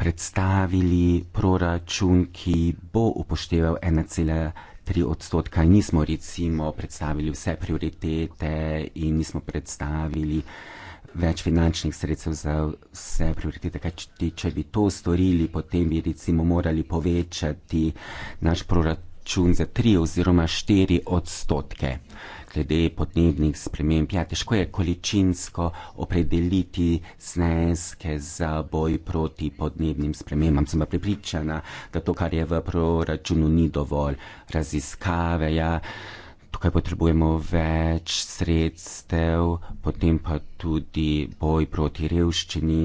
S2: predstavili proračun, ki bo upošteval 1,3 odstotka. Nismo recimo predstavili vse prioritete in nismo predstavili več finančnih sredstev za vse prioritete. Kajti, če bi to storili, potem bi recimo morali povečati naš proračun za 3 oziroma 4 odstotke. Uh, glede podnebnih sprememb. Ja, težko je količinsko opredeliti zneske za boj proti podnebnim spremembam. Sem pa pripričana, da to, kar je v proračunu, ni dovolj raziskave. Ja. Tukaj potrebujemo več sredstev, potem pa tudi boj proti revščini.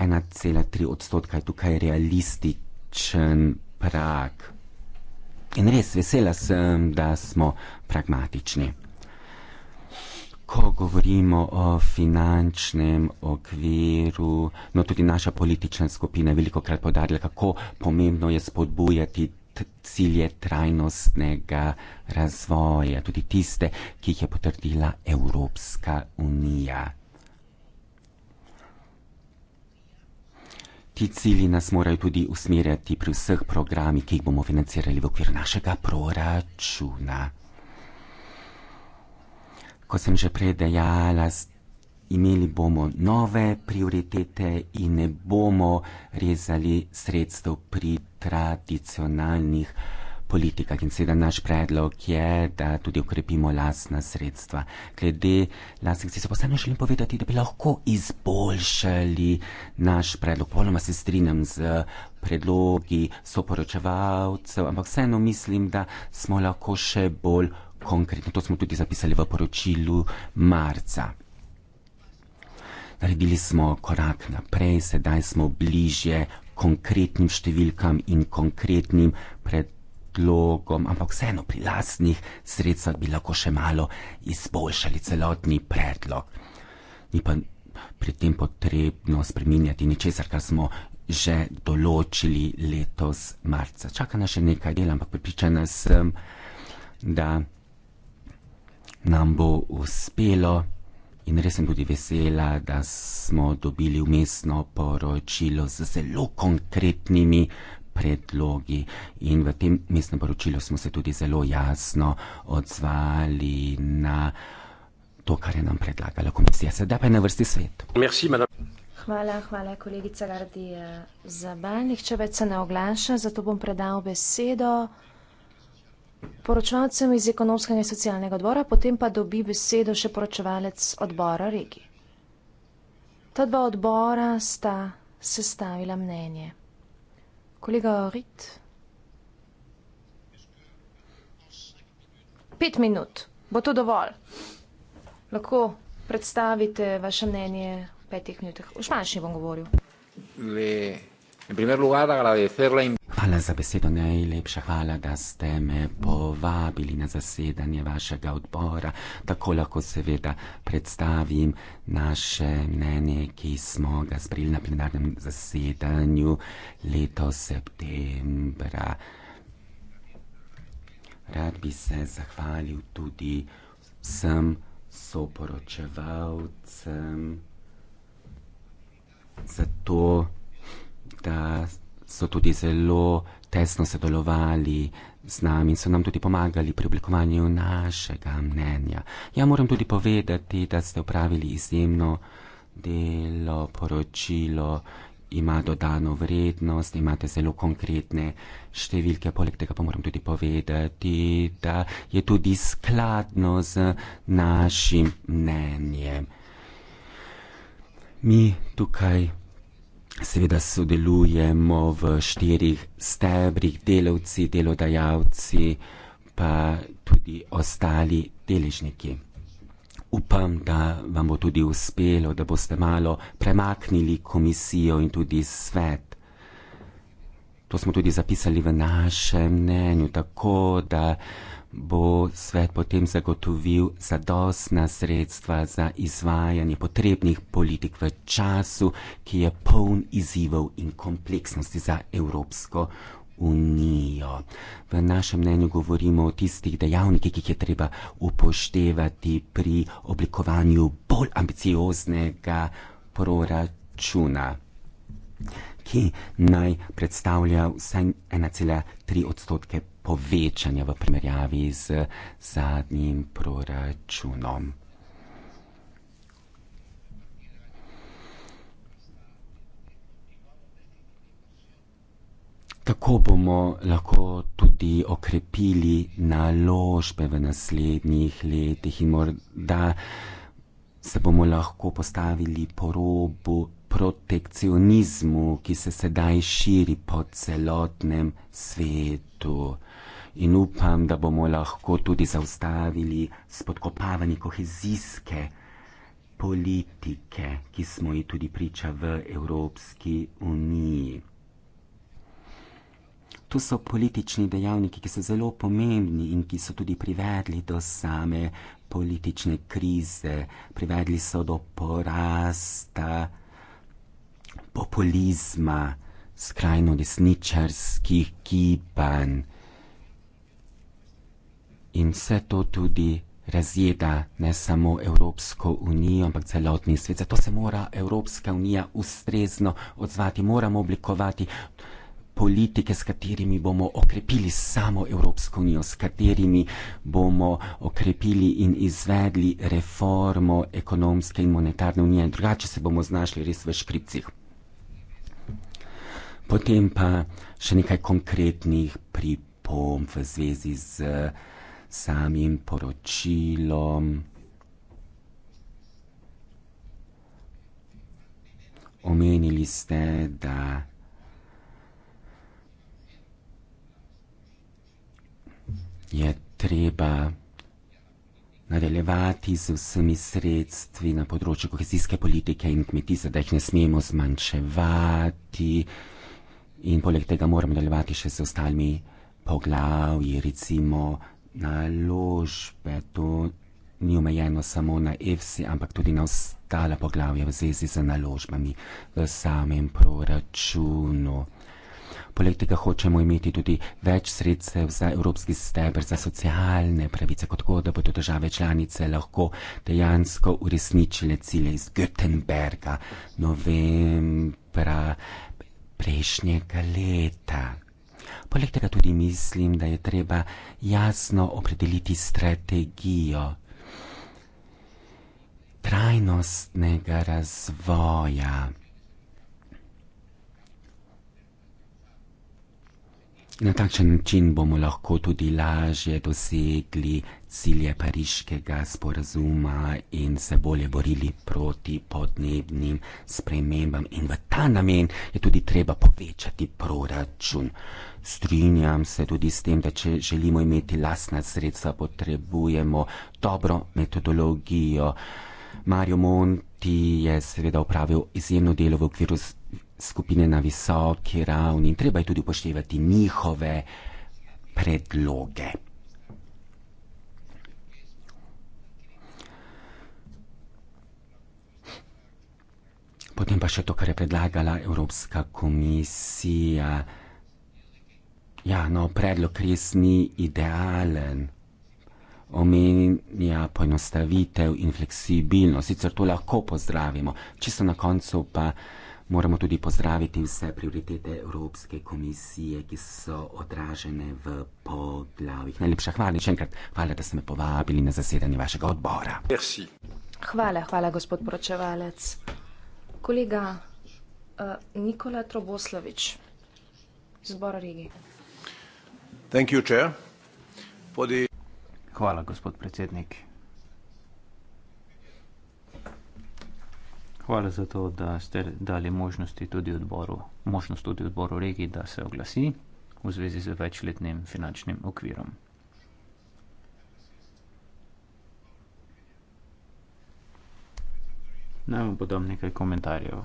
S2: 1,3 odstotka je tukaj realističen prak. In res vesela sem, da smo pragmatični. Ko govorimo o finančnem okviru, no tudi naša politična skupina je veliko krat podarila, kako pomembno je spodbujati cilje trajnostnega razvoja, tudi tiste, ki jih je potrdila Evropska unija. Ti cilji nas morajo tudi usmerjati pri vseh programih, ki jih bomo financirali v okviru našega proračuna kot sem že prej dejala, imeli bomo nove prioritete in ne bomo rezali sredstev pri tradicionalnih politikah. In seveda naš predlog je, da tudi ukrepimo lasna sredstva. Glede lasnih sredstev, posebno želim povedati, da bi lahko izboljšali naš predlog. Poloma se strinjam z predlogi soporočevalcev, ampak vseeno mislim, da smo lahko še bolj konkretno, to smo tudi zapisali v poročilu marca. Naredili smo korak naprej, sedaj smo bliže konkretnim številkam in konkretnim predlogom, ampak vseeno pri lasnih sredstvah bi lahko še malo izboljšali celotni predlog. Ni pa pri tem potrebno spreminjati ničesar, kar smo že določili letos marca. Čaka nas še nekaj dela, ampak pripričana sem, da nam bo uspelo. In res sem tudi vesela, da smo dobili umestno poročilo z zelo konkretnimi predlogi. In v tem umestnem poročilu smo se tudi zelo jasno odzvali na to, kar je nam predlagala komisija. Sedaj pa je na vrsti svet. Merci,
S1: hvala, hvala, kolegica Gardija Zabalnih. Če več se ne oglaša, zato bom predal besedo poročevalcem iz ekonomskega in socialnega odbora, potem pa dobi besedo še poročevalec odbora regi. Ta dva odbora sta sestavila mnenje. Kolega Rit. Pet minut, bo to dovolj. Lahko predstavite vaše mnenje v petih minutah. V španščini bom govoril.
S2: Le. En primer lugar, agradecerle. Hvala za besedo, najlepša hvala, da ste me povabili na zasedanje vašega odbora. Tako lahko seveda predstavim naše mnenje, ki smo ga sprejeli na plenarnem zasedanju leto septembra. Rad bi se zahvalil tudi vsem soporočevalcem za to, da so tudi zelo tesno sodelovali z nami in so nam tudi pomagali pri oblikovanju našega mnenja. Ja, moram tudi povedati, da ste upravili izjemno delo, poročilo ima dodano vrednost, imate zelo konkretne številke, poleg tega pa moram tudi povedati, da je tudi skladno z našim mnenjem. Mi tukaj Seveda sodelujemo v štirih stebrih, delavci, delodajalci, pa tudi ostali deležniki. Upam, da vam bo tudi uspelo, da boste malo premaknili komisijo in tudi svet. To smo tudi zapisali v našem mnenju, tako da bo svet potem zagotovil zadostna sredstva za izvajanje potrebnih politik v času, ki je poln izzivov in kompleksnosti za Evropsko unijo. V našem mnenju govorimo o tistih dejavnikih, ki jih je treba upoštevati pri oblikovanju bolj ambicioznega proračuna ki naj predstavlja vsaj 1,3 odstotke povečanja v primerjavi z zadnjim proračunom. Tako bomo lahko tudi okrepili naložbe v naslednjih letih in morda se bomo lahko postavili po robu protekcionizmu, ki se sedaj širi po celotnem svetu in upam, da bomo lahko tudi zaustavili spodkopavanje kohezijske politike, ki smo ji tudi priča v Evropski uniji. Tu so politični dejavniki, ki so zelo pomembni in ki so tudi privedli do same politične krize, privedli so do porasta populizma, skrajno desničarskih gibanj in vse to tudi razjeda ne samo Evropsko unijo, ampak celotni svet. Zato se mora Evropska unija ustrezno odzvati, moramo oblikovati politike, s katerimi bomo okrepili samo Evropsko unijo, s katerimi bomo okrepili in izvedli reformo ekonomske in monetarne unije. Drugače se bomo znašli res v škripcih. Potem pa še nekaj konkretnih pripomb v zvezi z uh, samim poročilom. Omenili ste, da je treba nadaljevati z vsemi sredstvi na področju kohezijske politike in kmetice, da jih ne smemo zmanjševati in poleg tega moramo nadaljevati še z ostalimi poglavji, recimo naložbe, to ni omejeno samo na EFSI, ampak tudi na ostale poglavje v zvezi z naložbami v samem proračunu. Poleg tega hočemo imeti tudi več sredstev za Evropski steber za socialne pravice, kot tako, da bodo države članice lahko dejansko uresničile cilje iz Gutenberga novembra prejšnjega leta. Poleg tega tudi mislim, da je treba jasno opredeliti strategijo trajnostnega razvoja. In na takšen način bomo lahko tudi lažje dosegli cilje pariškega sporazuma in se bolje borili proti podnebnim spremembam. In v ta namen je tudi treba povečati proračun. Strinjam se tudi s tem, da če želimo imeti lasna sredstva, potrebujemo dobro metodologijo. Mario Monti je seveda upravil izjemno delo v okviru skupine na visoki ravni in treba je tudi upoštevati njihove predloge. Potem pa še to, kar je predlagala Evropska komisija. Ja, no, predlog res ni idealen. Omenja poenostavitev in fleksibilnost, sicer to lahko pozdravimo. Čisto na koncu pa uh, Moramo tudi pozdraviti vse prioritete Evropske komisije, ki so odražene v poglavjih. Najlepša hvala in še enkrat hvala, da ste me povabili na zasedanje vašega odbora. Merci.
S1: Hvala, hvala, gospod poročevalec. Kolega uh, Nikola Troboslovič, zbor Rigi. Thank you, chair. Podi...
S3: Hvala, gospod predsednik. Hvala za to, da ste dali tudi odboru, možnost tudi odboru regij, da se oglasi v zvezi z večletnim finančnim okvirom. Naj vam podam nekaj komentarjev.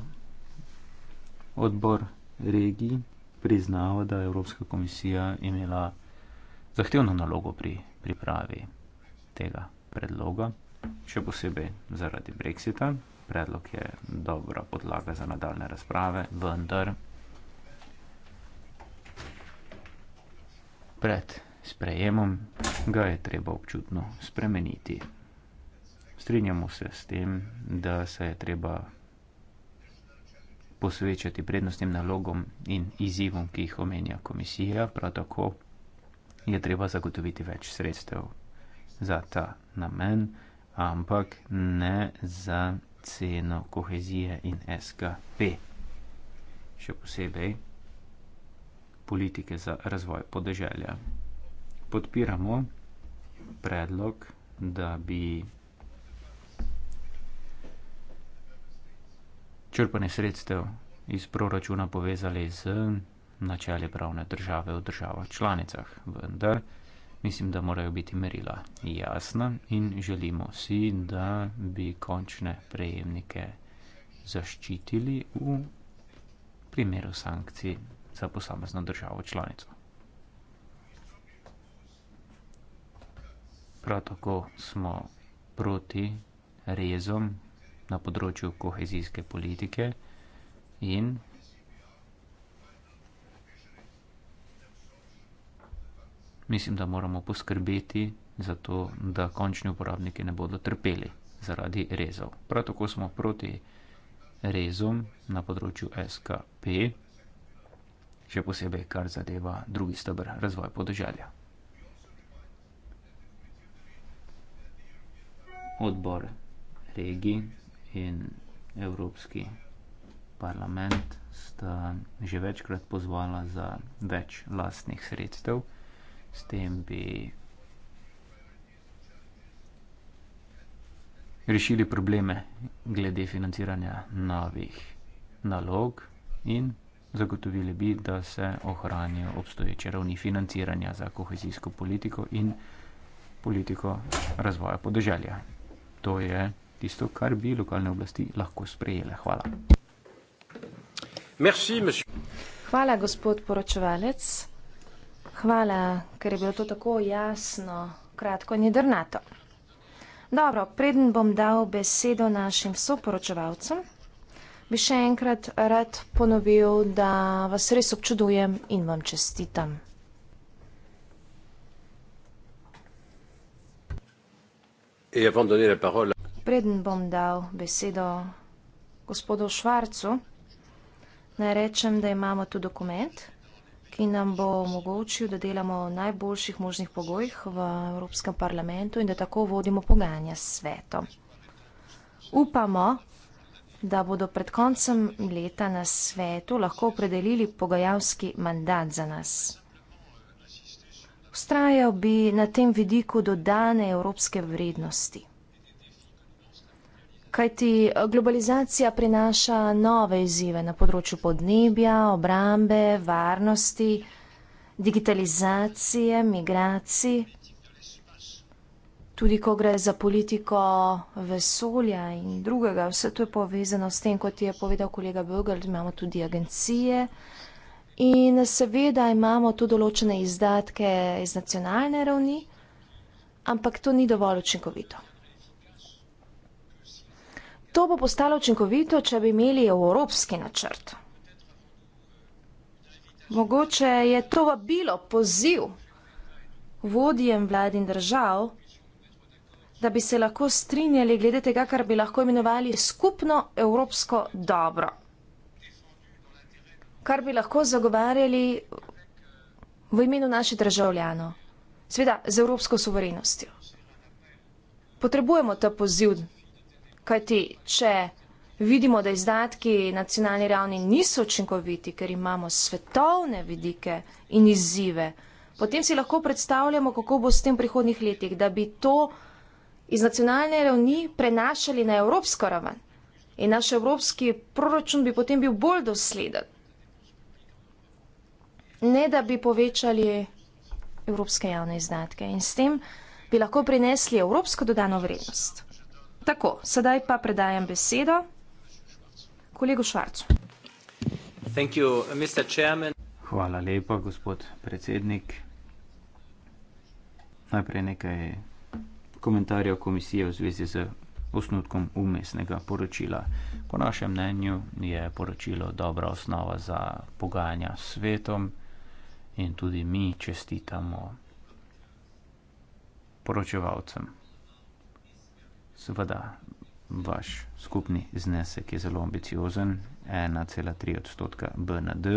S3: Odbor regij priznava, da je Evropska komisija imela zahtevno nalogo pri pripravi tega predloga, še posebej zaradi Brexita predlog je dobra podlaga za nadaljne razprave, vendar pred sprejemom ga je treba občutno spremeniti. Strinjamo se s tem, da se je treba posvečati prednostnim nalogom in izzivom, ki jih omenja komisija, prav tako je treba zagotoviti več sredstev za ta namen, ampak ne za ceno kohezije in SKP, še posebej politike za razvoj podeželja. Podpiramo predlog, da bi črpanje sredstev iz proračuna povezali z načeli pravne države v državah članicah, vendar. Mislim, da morajo biti merila jasna in želimo si, da bi končne prejemnike zaščitili v primeru sankcij za posamezno državo članico. Prav tako smo proti rezom na področju kohezijske politike in mislim, da moramo poskrbeti za to, da končni uporabniki ne bodo trpeli zaradi rezov. Prav tako smo proti rezom na področju SKP, še posebej kar zadeva drugi stebr razvoja podeželja. Odbor regij in Evropski parlament sta že večkrat pozvala za več lastnih sredstev s tem bi rešili probleme glede financiranja novih nalog in zagotovili bi, da se ohranijo obstoječe ravni financiranja za kohezijsko politiko in politiko razvoja podeželja. To je tisto, kar bi lokalne oblasti lahko sprejele. Hvala.
S2: Merci,
S1: Hvala, gospod poročevalec. Hvala, ker je bilo to tako jasno, kratko in jedrnato. Dobro, preden bom dal besedo našim soporočevalcem, bi še enkrat rad ponovil, da vas res občudujem in vam čestitam. Preden bom dal besedo gospodu Švarcu, naj rečem, da imamo tu dokument in nam bo omogočil, da delamo v najboljših možnih pogojih v Evropskem parlamentu in da tako vodimo pogajanja s svetom. Upamo, da bodo pred koncem leta na svetu lahko opredelili pogajalski mandat za nas. Ustrajal bi na tem vidiku dodane evropske vrednosti. Kajti eh, globalizacija prinaša nove izzive na področju podnebja, obrambe, varnosti, digitalizacije, migracij. Tudi, ko gre za politiko vesolja in drugega, vse to je povezano s tem, kot je povedal kolega Bögel, imamo tudi agencije in seveda imamo tudi določene izdatke iz nacionalne ravni, ampak to ni dovolj učinkovito. To bo postalo učinkovito, če bi imeli evropski načrt. Mogoče je to vabilo, poziv vodijem vladin držav, da bi se lahko strinjali glede tega, kar bi lahko imenovali skupno evropsko dobro, kar bi lahko zagovarjali v imenu naše državljano, sveda z evropsko suverenostjo. Potrebujemo ta poziv kajti če vidimo, da izdatki nacionalni ravni niso učinkoviti, ker imamo svetovne vidike in izzive, potem si lahko predstavljamo, kako bo s tem prihodnih letih, da bi to iz nacionalne ravni prenašali na evropsko raven. In naš evropski proračun bi potem bil bolj dosleden. Ne, da bi povečali evropske javne izdatke in s tem bi lahko prinesli evropsko dodano vrednost. Tako, sedaj pa predajam besedo kolegu Švarcu.
S3: Hvala lepa, gospod predsednik. Najprej nekaj komentarjev komisije v zvezi z osnutkom umestnega poročila. Po našem mnenju je poročilo dobra osnova za pogajanja s svetom in tudi mi čestitamo poročevalcem seveda vaš skupni znesek je zelo ambiciozen, 1,3 odstotka BND,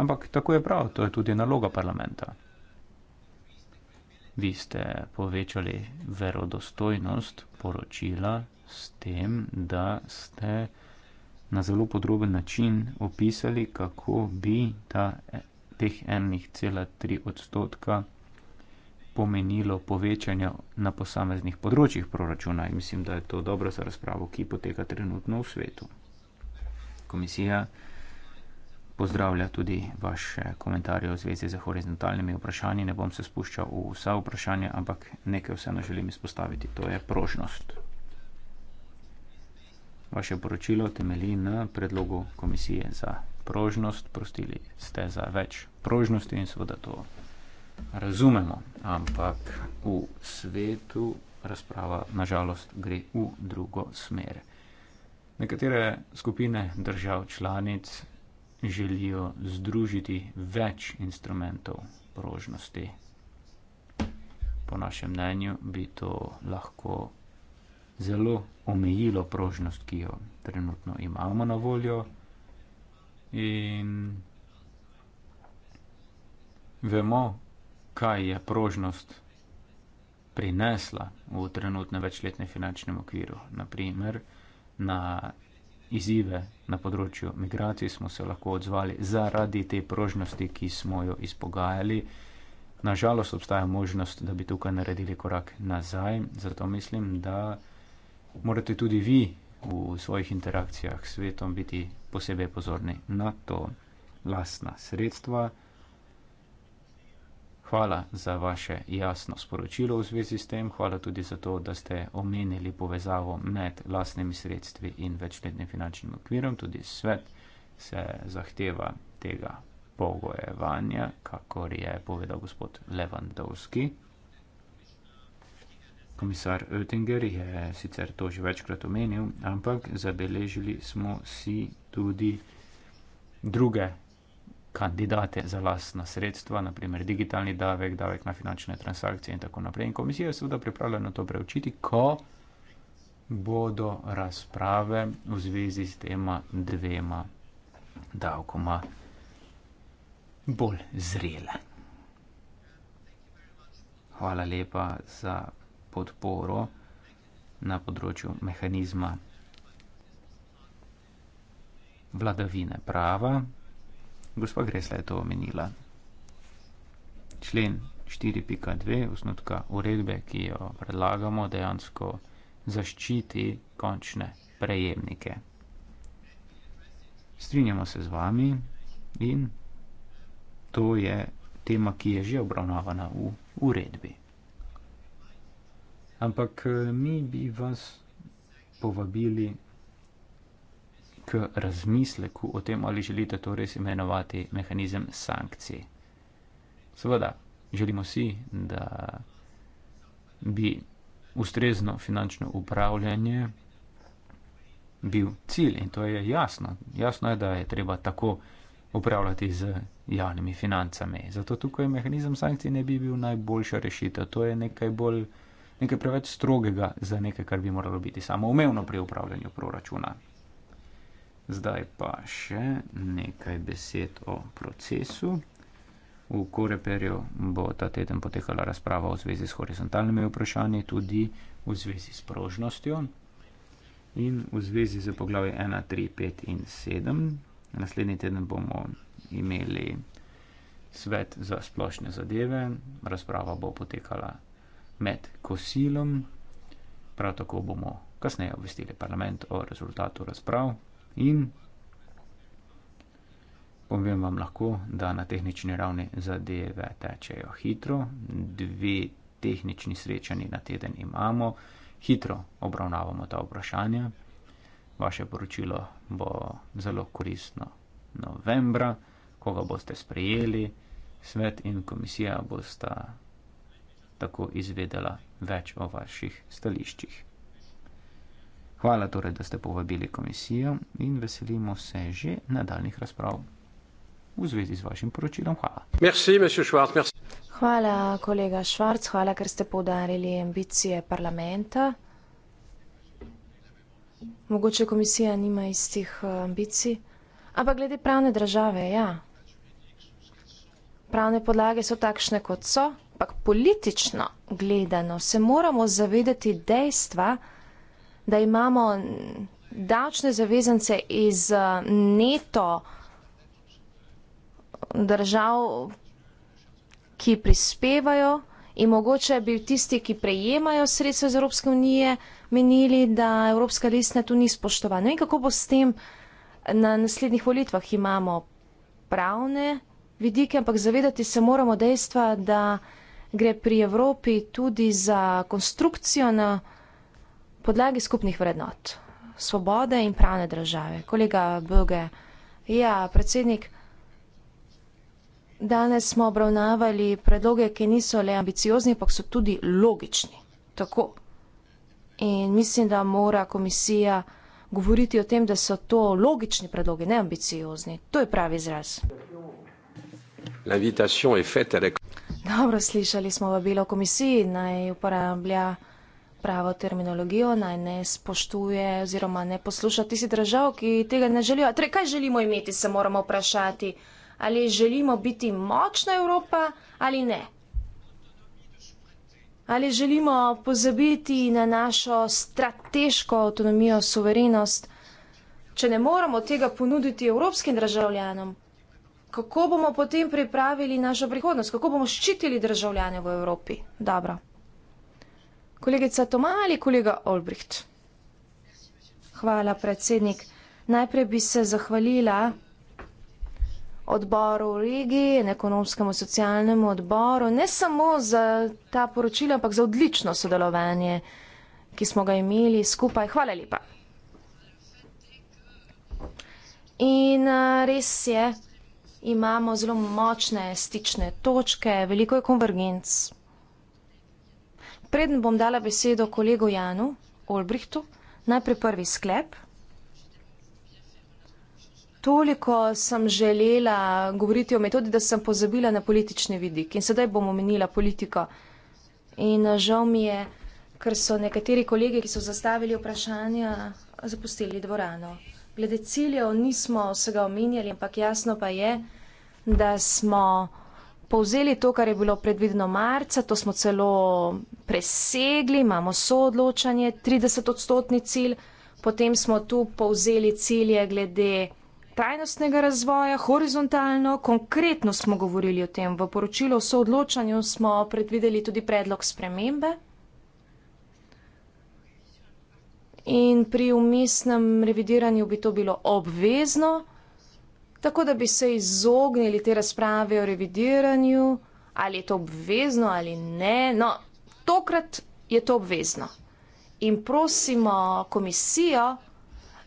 S3: ampak tako je prav, to je tudi naloga parlamenta. Vi ste povečali verodostojnost poročila s tem, da ste na zelo podroben način opisali, kako bi ta, teh 1,3 odstotka BND pomenilo povečanja na posameznih področjih proračuna in mislim, da je to dobro za razpravo, ki poteka trenutno v svetu. Komisija pozdravlja tudi vaše komentarje v zvezi z horizontalnimi vprašanji. Ne bom se spuščal v vsa vprašanja, ampak nekaj vseeno želim izpostaviti, to je prožnost. Vaše poročilo temelji na predlogu komisije za prožnost, prostili ste za več prožnosti in seveda to razumemo. Ampak v svetu razprava nažalost gre v drugo smer. Nekatere skupine držav članic želijo združiti več instrumentov prožnosti. Po našem mnenju bi to lahko zelo omejilo prožnost, ki jo trenutno imamo na voljo in vemo, kaj je prožnost prinesla v trenutnem večletnem finančnem okviru. Naprimer, na izzive na področju migracij smo se lahko odzvali zaradi te prožnosti, ki smo jo izpogajali. Nažalost, obstaja možnost, da bi tukaj naredili korak nazaj, zato mislim, da morate tudi vi v svojih interakcijah s svetom biti posebej pozorni na to. Lastna sredstva. Hvala za vaše jasno sporočilo v zvezi s tem. Hvala tudi za to, da ste omenili povezavo med lastnimi sredstvi in večletnim finančnim okvirom. Tudi svet se zahteva tega pogojevanja, kakor je povedal gospod Levandovski. Komisar Oettinger je sicer to že večkrat omenil, ampak zabeležili smo si tudi druge kandidate za lastna sredstva, naprimer digitalni davek, davek na finančne transakcije in tako naprej. In komisija je seveda pripravljena to preučiti, ko bodo razprave v zvezi s tema dvema davkoma bolj zrele. Hvala lepa za podporo na področju mehanizma vladavine prava gospa Gresla je to omenila. Člen 4.2 osnutka uredbe, ki jo predlagamo, dejansko zaščiti končne prejemnike. Strinjamo se z vami in to je tema, ki je že obravnavana v uredbi. Ampak eh, mi bi vas povabili k razmisleku o tem, ali želite to res imenovati mehanizem sankcij. Seveda, želimo si, da bi ustrezno finančno upravljanje bil cilj in to je jasno. Jasno je, da je treba tako upravljati z javnimi financami. Zato tukaj mehanizem sankcij ne bi bil najboljša rešitev. To je nekaj bolj. Nekaj preveč strogega za nekaj, kar bi moralo biti samoumevno pri upravljanju proračuna. Zdaj pa še nekaj besed o procesu. V Koreperju bo ta teden potekala razprava v zvezi s horizontalnimi vprašanji, tudi v zvezi s prožnostjo in v zvezi z poglavje 1, 3, 5 in 7. Naslednji teden bomo imeli svet za splošne zadeve, razprava bo potekala med kosilom, prav tako bomo kasneje obvestili parlament o rezultatu razprav in povem vam lahko, da na tehnični ravni zadeve tečejo hitro, dve tehnični srečani na teden imamo, hitro obravnavamo ta vprašanja, vaše poročilo bo zelo koristno novembra, ko ga boste sprejeli, svet in komisija bosta tako izvedela več o vaših stališčih. Hvala torej, da ste povabili komisijo in veselimo se že nadaljnih razprav v zvezi z vašim poročilom. Hvala. Merci, Schwarz, merci.
S1: Hvala, kolega Švarc, hvala, ker ste povdarili ambicije parlamenta. Mogoče komisija nima istih eh, ambicij, ampak glede pravne države, ja. Pravne podlage so takšne, kot so, ampak politično gledano se moramo zavedati dejstva, da da imamo davčne zavezance iz eh, neto držav, ki prispevajo in mogoče bi tisti, ki prejemajo sredstva iz Evropske unije, menili, da Evropska listna tu ni spoštovana. In kako bo s tem na naslednjih volitvah? Imamo pravne vidike, ampak zavedati se moramo dejstva, da gre pri Evropi tudi za konstrukcijo na volitvah, podlagi skupnih vrednot, svobode in pravne države. Kolega Bilge, ja, predsednik, danes smo obravnavali predloge, ki niso le ambiciozni, ampak so tudi logični. Tako. In mislim, da mora komisija govoriti o tem, da so to logični predlogi, ne ambiciozni. To je pravi izraz. Dobro, slišali smo vabilo komisiji, naj uporablja pravo terminologijo, naj ne spoštuje oziroma ne posluša tisti držav, ki tega ne želijo. Torej, kaj želimo imeti, se moramo vprašati. Ali želimo biti močna Evropa ali ne? Ali želimo pozabiti na našo strateško avtonomijo, suverenost, če ne moramo tega ponuditi evropskim državljanom? Kako bomo potem pripravili našo prihodnost? Kako bomo ščitili državljane v Evropi? Dobro. Kolegica Toma ali kolega Olbricht? Hvala, predsednik. Najprej bi se zahvalila odboru Rigi in ekonomskemu socialnemu odboru, ne samo za ta poročila, ampak za odlično sodelovanje, ki smo ga imeli skupaj. Hvala lepa. In eh, res je, imamo zelo močne stične točke, veliko je konvergenc preden bom dala besedo kolegu Janu Olbrihtu, najprej prvi sklep. Toliko sem želela govoriti o metodi, da sem pozabila na politični vidik in sedaj bom omenila politiko. In eh, žal mi je, ker so nekateri kolegi, ki so zastavili vprašanja, zapustili dvorano. Glede ciljev nismo vsega omenjali, ampak jasno pa je, da smo povzeli to, kar je bilo predvideno marca, to smo celo presegli, imamo soodločanje, 30 odstotni cilj, potem smo tu povzeli cilje glede trajnostnega razvoja, horizontalno, konkretno smo govorili o tem. V poročilu o soodločanju smo predvideli tudi predlog spremembe. In pri umestnem revidiranju bi to bilo obvezno tako da bi se izognili te razprave o revidiranju, ali je to obvezno ali ne. No, tokrat je to obvezno. In prosimo komisijo,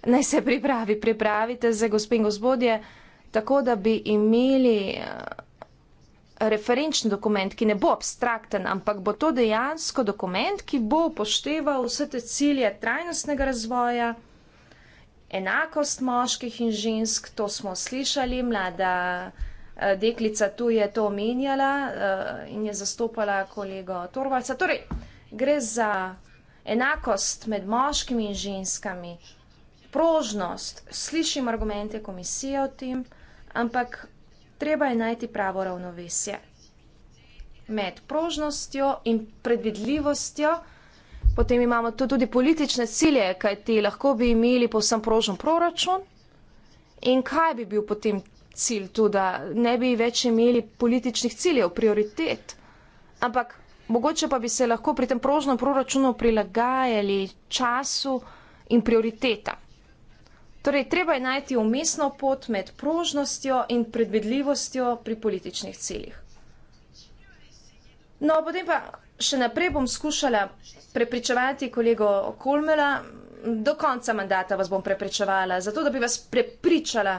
S1: naj se pripravi, pripravite za gospe in gospodje, tako da bi imeli eh, referenčen dokument, ki ne bo abstrakten, ampak bo to dejansko dokument, ki bo upošteval vse te cilje trajnostnega razvoja enakost moških in žensk, to smo slišali, mlada eh, deklica tu je to omenjala eh, in je zastopala kolego Torvalca. Torej, gre za enakost med moškimi in ženskami, prožnost, slišim argumente komisije o tem, ampak treba je najti pravo ravnovesje med prožnostjo in predvidljivostjo, Potem imamo tudi politične cilje, kaj ti lahko bi imeli povsem prožen proračun. In kaj bi bil potem cilj tu, da ne bi več imeli političnih ciljev, prioritet. Ampak mogoče pa bi se lahko pri tem prožnem proračunu prilagajali času in prioriteta. Torej, treba je najti umestno pot med prožnostjo in predvidljivostjo pri političnih ciljih. No, potem pa še naprej bom skušala prepričevati kolego Kolmela, do konca mandata vas bom prepričevala, zato da bi vas prepričala,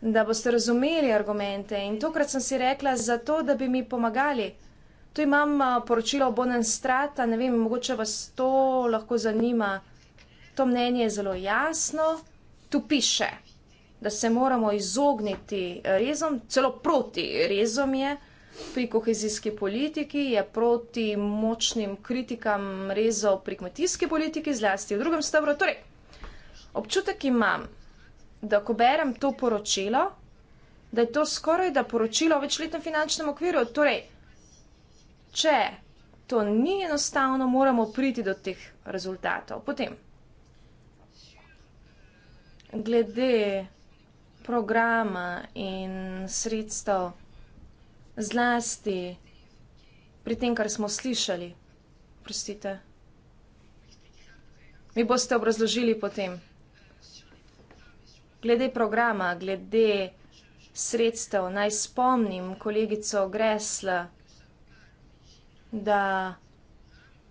S1: da boste razumeli argumente. In tokrat sem si rekla, zato da bi mi pomagali. Tu imam poročilo Bonan Strata, ne vem, mogoče vas to lahko zanima. To mnenje je zelo jasno. Tu piše, da se moramo izogniti rezom, celo proti rezom je pri kohezijski politiki, je proti močnim kritikam rezal pri kmetijski politiki, zlasti v drugem stavru. Torej, občutek imam, da ko berem to poročilo, da je to skoraj da poročilo o večletnem finančnem okviru. Torej, če to ni enostavno, moramo priti do teh rezultatov. Potem, glede programa in sredstev zlasti pri tem, kar smo slišali. Prostite. Mi boste obrazložili potem. Glede programa, glede sredstev, naj spomnim kolegico Gresla, da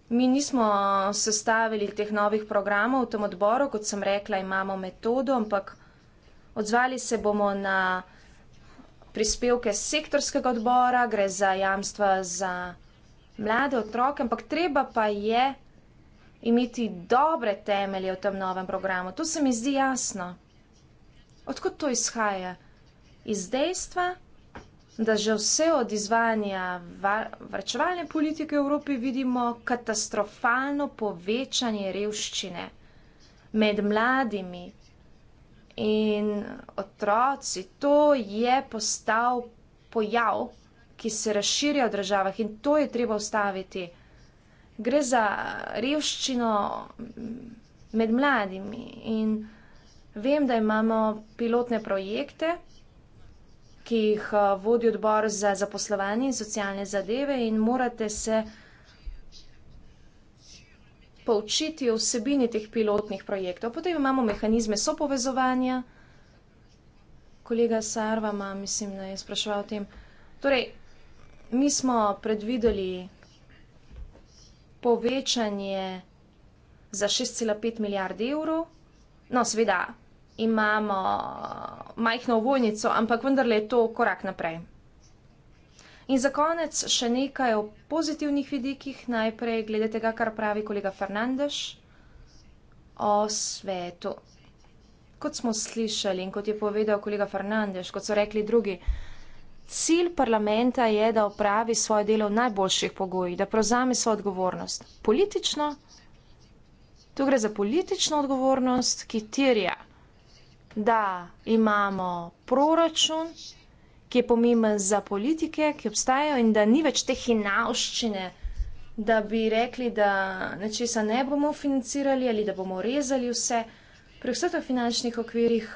S1: mi nismo sestavili teh novih programov v tem odboru, kot sem rekla, imamo metodo, ampak odzvali se bomo na prispevke sektorskega odbora, gre za jamstva za mlade otroke, ampak treba pa je imeti dobre temelje v tem novem programu. To se mi zdi jasno. Odkud to izhaja? Iz dejstva, da že vse od izvajanja vrčevalne politike v Evropi vidimo katastrofalno povečanje revščine med mladimi, In otroci, to je postal pojav, ki se razširja v državah in to je treba ustaviti. Gre za revščino mm, med mladimi in vem, da imamo pilotne projekte, ki jih eh, vodi odbor za zaposlovanje in socialne zadeve in morate se vsega, poučiti o vsebini teh pilotnih projektov. Potem imamo mehanizme sopovezovanja. Kolega Sarva ima, mislim, da je spraševal o tem. Torej, mi smo predvideli povečanje za 6,5 milijard evrov. No, seveda, imamo majhno vojnico, ampak vendarle je to korak naprej. In za konec še nekaj o pozitivnih vidikih, najprej glede tega, kar pravi kolega Fernandez o svetu. Kot smo slišali in kot je povedal kolega Fernandez, kot so rekli drugi, cilj parlamenta je, da opravi svoje delo v najboljših pogojih, da prevzame svojo odgovornost. Politično, tu gre za politično odgovornost, ki tirja, da imamo proračun ki je pomemben za politike, ki obstajajo in da ni več te hinavščine, da bi rekli, da nečesa ne bomo financirali ali da bomo rezali vse. Pri vseh teh finančnih okvirih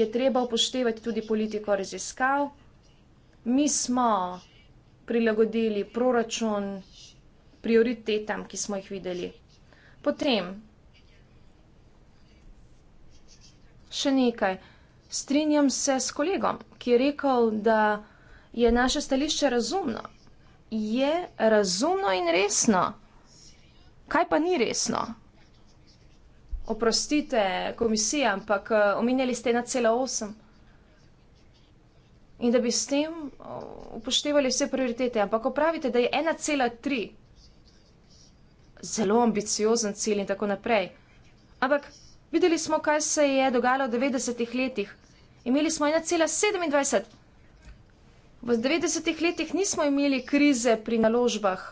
S1: je treba upoštevati tudi politiko raziskav. Mi smo prilagodili proračun prioritetam, ki smo jih videli. Potem, še nekaj. Strinjam se s kolegom, ki je rekel, da je naše stališče razumno. Je razumno in resno. Kaj pa ni resno? Oprostite, komisija, ampak eh, omenjali ste 1,8. In da bi s tem eh, upoštevali vse prioritete, ampak opravite, da je 1,3. Zelo ambiciozen cilj in tako naprej. Ampak Videli smo, kaj se je dogajalo v 90-ih letih. Imeli smo 1,27. V 90-ih letih nismo imeli krize pri naložbah.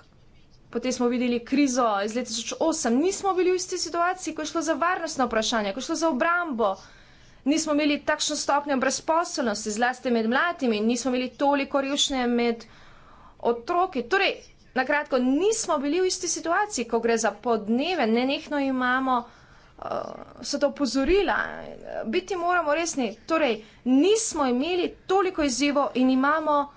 S1: Potem smo videli krizo iz leta 2008. Nismo bili v isti situaciji, ko je šlo za varnostno vprašanje, ko je šlo za obrambo. Nismo imeli takšno stopnjo brezposobnosti, zlasti med mladimi, nismo imeli toliko rušne med otroki. Torej, na kratko, nismo bili v isti situaciji, ko gre za podneve. Nenehno imamo uh, so to opozorila. Eh, biti moramo resni. Torej, nismo imeli toliko izzivov in imamo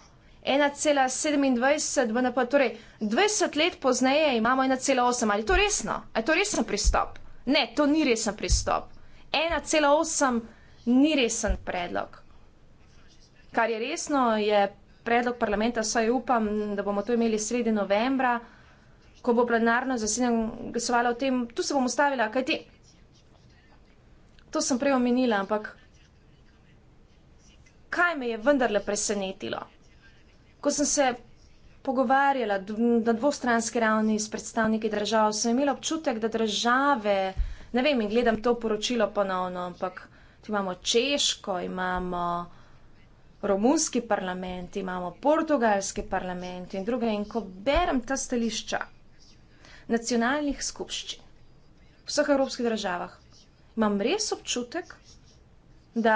S1: 1,27 BNP, torej 20 let pozneje imamo 1,8. Ali to resno? Ali to resen pristop? Ne, to ni resen pristop. 1,8 ni resen predlog. Kar je resno, je predlog parlamenta, saj upam, da bomo to imeli sredi novembra, ko bo plenarno zasedanje glasovalo o tem, tu se bom ustavila, kaj ti. Te to sem prej omenila, ampak kaj me je vendarle presenetilo? Ko sem se pogovarjala na dvostranski ravni s predstavniki držav, sem imela občutek, da države, ne vem, in gledam to poročilo ponovno, ampak imamo Češko, imamo Romunski parlament, imamo Portugalski parlament in druge. In ko berem ta stališča nacionalnih skupščin v vseh evropskih državah, imam res občutek, da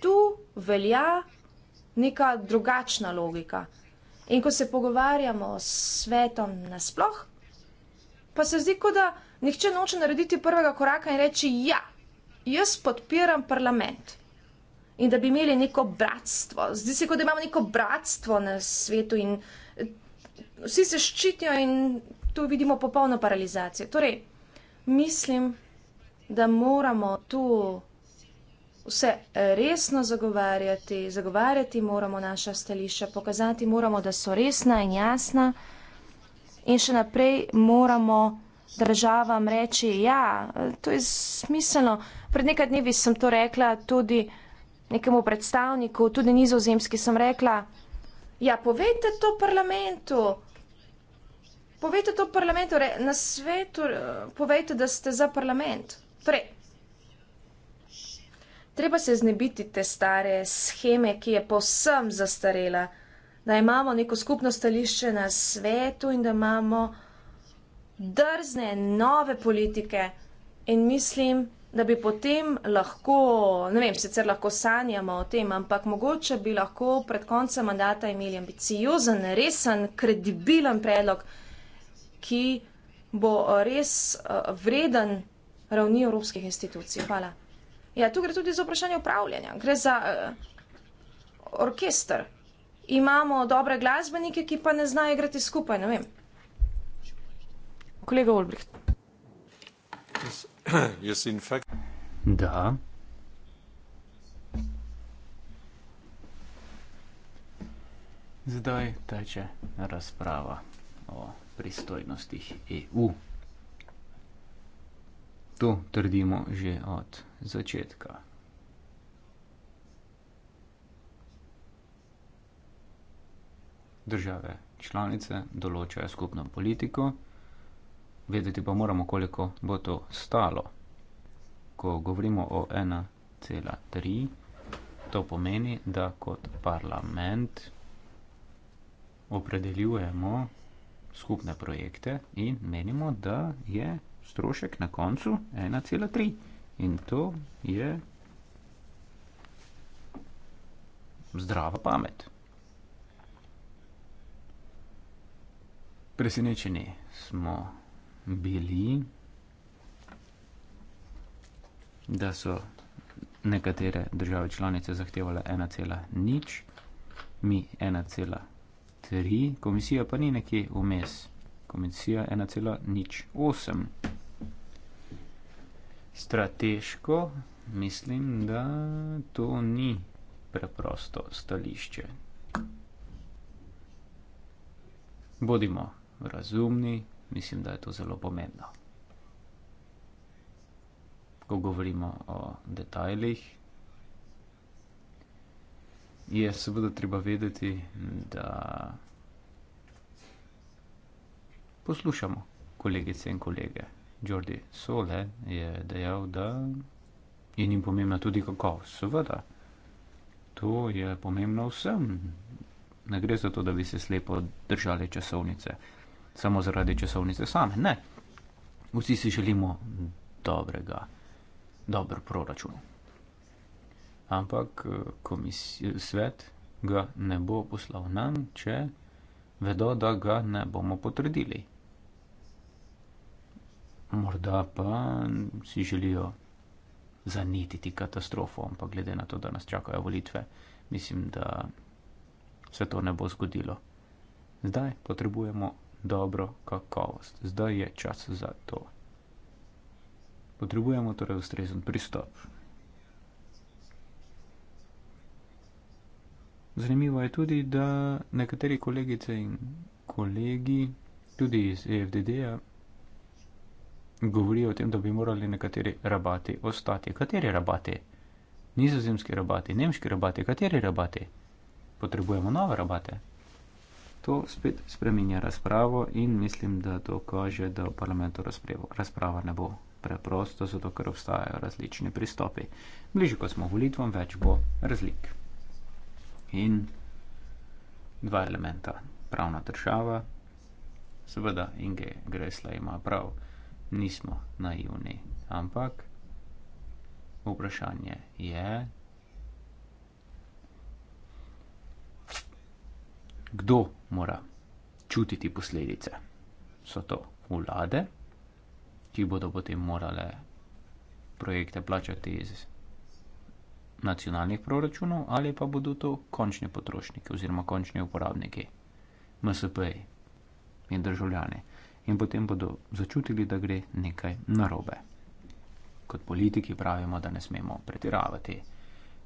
S1: tu velja neka drugačna logika. In ko se pogovarjamo s svetom nasploh, pa se zdi, kot da nihče noče narediti prvega koraka in reči: Ja, jaz podpiram parlament. In da bi imeli neko bratstvo. Zdi se, kot da imamo neko bratstvo na svetu in eh, vsi se ščitijo in tu vidimo popolno paralizacijo. Torej, mislim, da moramo tu vse eh, resno zagovarjati, zagovarjati moramo naša stališča, pokazati moramo, da so resna in jasna in še naprej moramo državam reči, ja, to je smiselno. Pred nekaj dnevi sem to rekla tudi nekemu predstavniku, tudi nizozemski sem rekla, ja, povejte to parlamentu, povejte to parlamentu, na svetu eh, povejte, da ste za parlament. Torej, treba se znebiti te stare scheme, ki je povsem zastarela, da imamo neko skupno stališče na svetu in da imamo drzne nove politike in mislim, da bi potem lahko, ne vem, sicer lahko sanjamo o tem, ampak mogoče bi lahko pred koncem mandata imeli ambiciozen, resen, kredibilen predlog, ki bo res uh, vreden ravni evropskih institucij. Hvala. Ja, tu gre tudi za vprašanje upravljanja. Gre za uh, orkester. Imamo dobre glasbenike, ki pa ne znajo igrati skupaj. Ne vem. Kolega Olbricht.
S2: Da.
S3: Zdaj teče razprava o pristojnostih EU to trdimo že od začetka. Države članice določajo skupno politiko, vedeti pa moramo, koliko bo to stalo. Ko govorimo o 1,3, to pomeni, da kot parlament opredeljujemo skupne projekte in menimo, da je strošek na koncu 1,3. In to je zdrava pamet. Presenečeni smo bili, da so nekatere države članice zahtevale 1,0, mi 1,3, komisija pa ni nekje vmes komisija 1,08. Strateško mislim, da to ni preprosto stališče. Bodimo razumni, mislim, da je to zelo pomembno. Ko govorimo o detajlih, je seveda treba vedeti, da poslušamo, kolegice in kolege. Jordi Sole je dejal, da je njim pomembna tudi kakovost. Seveda, to je pomembno vsem. Ne gre za to, da bi se slepo držali časovnice, samo zaradi časovnice same. Ne. Vsi si želimo dobrega, dober proračun. Ampak eh, komisij, svet ga ne bo poslal nam, če vedo, da ga ne bomo potrdili. Morda pa si želijo zanititi katastrofo, ampak glede na to, da nas čakajo volitve, mislim, da se to ne bo zgodilo. Zdaj potrebujemo dobro kakovost, zdaj je čas za to. Potrebujemo torej ustrezen pristop. Zanimivo je tudi, da nekateri kolegice in kolegi, tudi iz EFDD-ja, govorijo o tem, da bi morali nekateri rabati ostati. Kateri rabati? Nizozemski rabati, nemški rabati, kateri rabati? Potrebujemo nove rabate. To spet spreminja razpravo in mislim, da to kaže, da v parlamentu razprava ne bo preprosta, zato ker obstajajo različni pristopi. Bliže, ko smo volitvam, več bo razlik in dva elementa. Pravna država, seveda Inge Gresla ima prav, nismo naivni, ampak vprašanje je, kdo mora čutiti posledice. So to vlade, ki bodo potem morale projekte plačati iz nacionalnih proračunov ali pa bodo to končni potrošniki oziroma končni uporabniki, MSP-ji in državljani. In potem bodo začutili, da gre nekaj narobe. Kot politiki pravimo, da ne smemo pretiravati,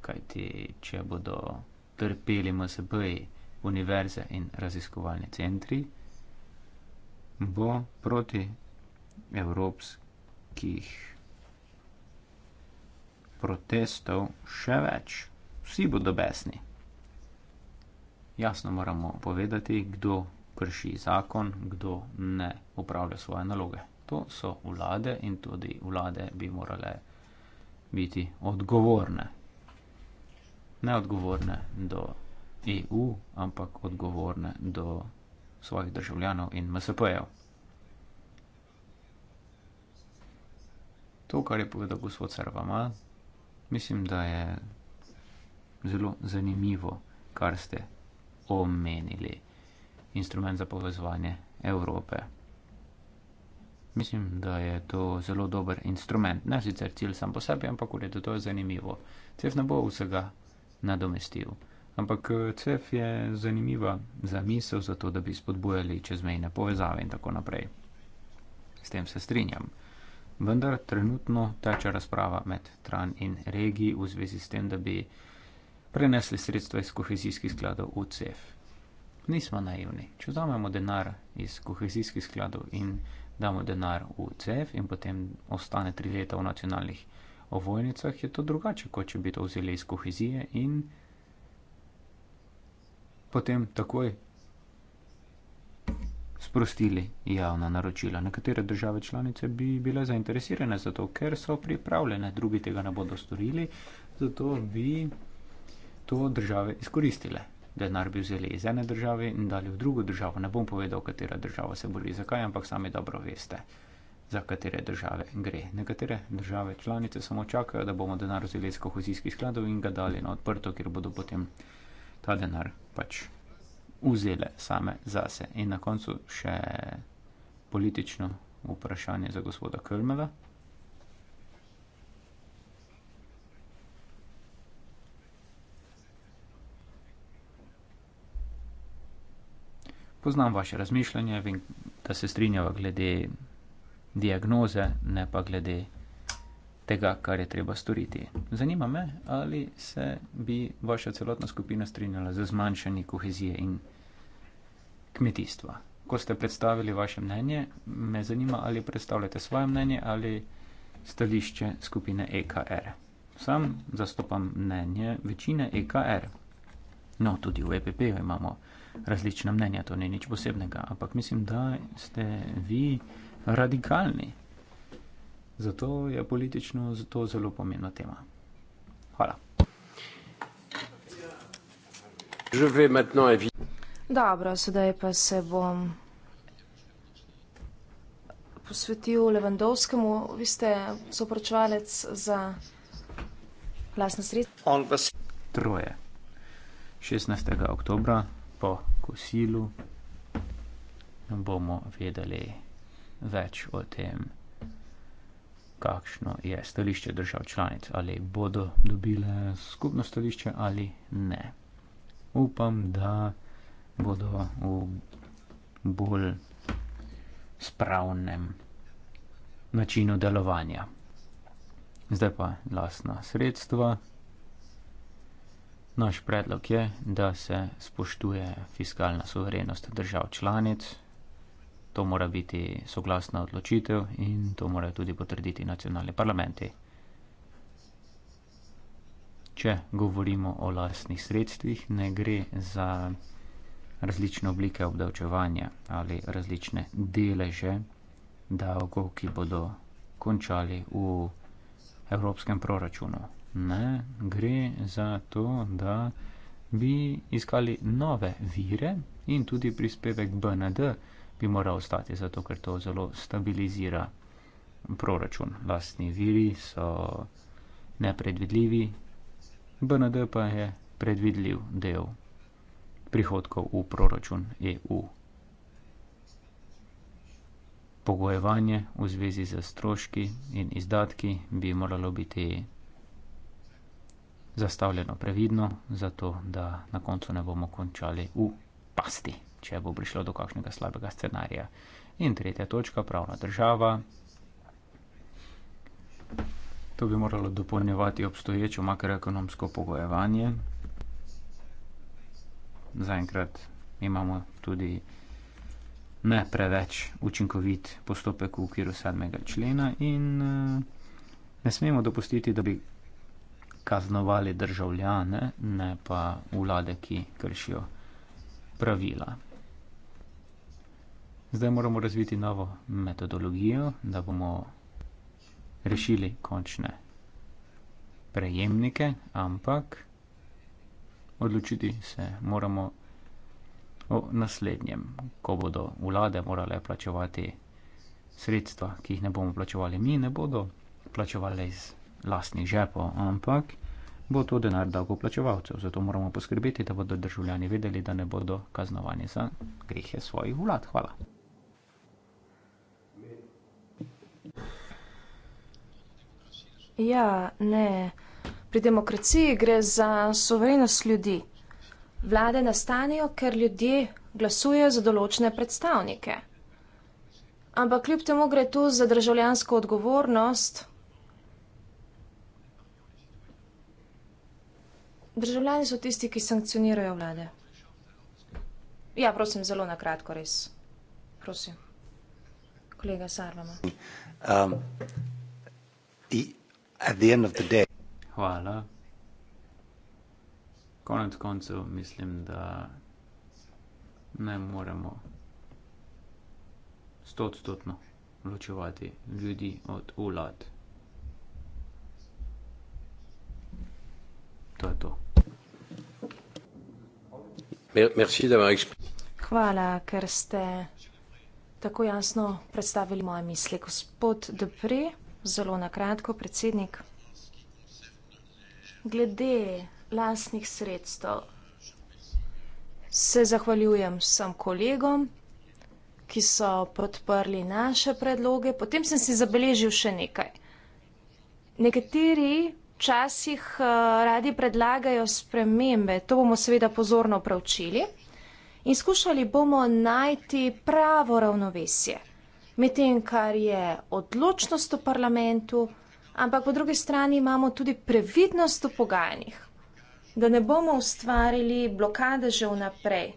S3: kajti če bodo trpeli MSP-ji, univerze in raziskovalni centri, bo proti evropskih protestov še več. Vsi bodo besni. Jasno moramo povedati, kdo krši zakon, kdo ne upravlja svoje naloge. To so vlade in tudi vlade bi morale biti odgovorne. Ne odgovorne do EU, ampak odgovorne do svojih državljanov in MSP-jev. To, kar je povedal gospod Servama, Mislim, da je zelo zanimivo, kar ste omenili. Instrument za povezovanje Evrope. Mislim, da je to zelo dober instrument. Ne sicer cilj sam po sebi, ampak v redu, to je zanimivo. CEF ne bo vsega nadomestil. Ampak eh, CEF je zanimiva za misel, zato da bi spodbujali čezmejne povezave in tako naprej. S tem se strinjam. Vendar trenutno teče razprava med Tran in regiji v zvezi s tem, da bi prenesli sredstva iz kohezijskih skladov v CEF. Nismo naivni. Če vzamemo denar iz kohezijskih skladov in damo denar v CEF in potem ostane tri leta v nacionalnih ovojnicah, je to drugače, kot če bi to vzeli iz kohezije in potem takoj sprostili javna naročila. Nekatere države članice bi bile zainteresirane za to, ker so pripravljene, drugi tega ne bodo storili, zato bi to države izkoristile. Denar bi vzeli iz ene države in dali v drugo državo. Ne bom povedal, katera država se boli, zakaj, ampak sami dobro veste, za katere države gre. Nekatere države članice samo čakajo, da bomo denar vzeli iz kohezijskih skladov in ga dali na odprto, kjer bodo potem ta denar pač vzele same zase. In na koncu še politično vprašanje za gospoda Krmela. Poznam vaše razmišljanje, vem, da se strinjava glede diagnoze, ne pa glede tega, kar je treba storiti. Zanima me, ali se bi vaša celotna skupina strinjala za zmanjšanje kohezije in kmetijstva. Ko ste predstavili vaše mnenje, me zanima, ali predstavljate svoje mnenje ali stališče skupine EKR. Sam zastopam mnenje večine EKR. No, tudi v EPP imamo različna mnenja, to ni nič posebnega, ampak mislim, da ste vi radikalni. Zato je politično zato zelo pomembna tema. Hvala.
S2: Je zdaj, evidentno.
S1: Dobro, sedaj pa se bom posvetil Levandovskemu. Vi ste soporočevalec za vlastne sredstva.
S3: Troje. 16. oktober po kosilu bomo vedeli več o tem, kakšno je stališče držav članic, ali bodo dobile skupno stališče ali ne. Upam, da bodo v bolj spravnem načinu delovanja. Zdaj pa lastna sredstva. Naš predlog je, da se spoštuje fiskalna soverenost držav članic. To mora biti soglasna odločitev in to morajo tudi potrditi nacionalni parlamenti. Če govorimo o lastnih sredstvih, ne gre za različne oblike obdavčevanja ali različne deleže davkov, ki bodo končali v evropskem proračunu. Ne, gre za to, da bi iskali nove vire in tudi prispevek BND bi moral ostati, zato ker to zelo stabilizira proračun. Vlastni viri so nepredvidljivi, BND pa je predvidljiv del prihodkov v proračun EU. Pogojevanje v zvezi z stroški in izdatki bi moralo biti zastavljeno previdno, zato da na koncu ne bomo končali v pasti, če bo prišlo do kakšnega slabega scenarija. In tretja točka, pravna država. To bi moralo dopolnjevati obstoječo makroekonomsko pogojevanje zaenkrat imamo tudi ne preveč učinkovit postopek v okviru sedmega člena in eh, ne smemo dopustiti, da bi kaznovali državljane, ne pa vlade, ki kršijo pravila. Zdaj moramo razviti novo metodologijo, da bomo rešili končne prejemnike, ampak odločiti se moramo o naslednjem, ko bodo vlade morale plačevati sredstva, ki jih ne bomo plačevali mi, ne bodo plačevali iz lastnih žepov, ampak bo to denar davkoplačevalcev. Zato moramo poskrbeti, da bodo državljani vedeli, da ne bodo kaznovani za grehe svojih
S1: vlad. Hvala. Ja, ne. Pri demokraciji gre za soverenost ljudi. Vlade nastanejo, ker ljudje glasujejo za določene predstavnike. Ampak kljub temu gre tu za državljansko odgovornost. Državljani so tisti, ki sankcionirajo vlade. Ja, prosim, zelo na kratko, res. Prosim, kolega Sarvama.
S2: Um,
S3: Hvala. Konec koncev mislim, da ne moremo stotstotno ločevati ljudi od vlad.
S2: To je to.
S1: Hvala, ker ste tako jasno predstavili moje misli. Gospod Depre, zelo na kratko, predsednik glede lastnih sredstev. Se zahvaljujem vsem kolegom, ki so podprli naše predloge. Potem sem si zabeležil še nekaj. Nekateri včasih eh, radi predlagajo spremembe, to bomo seveda pozorno preučili in skušali bomo najti pravo ravnovesje med tem, kar je odločnost v parlamentu, ampak po drugi strani imamo tudi previdnost v pogajanjih, da ne bomo ustvarili blokade že vnaprej.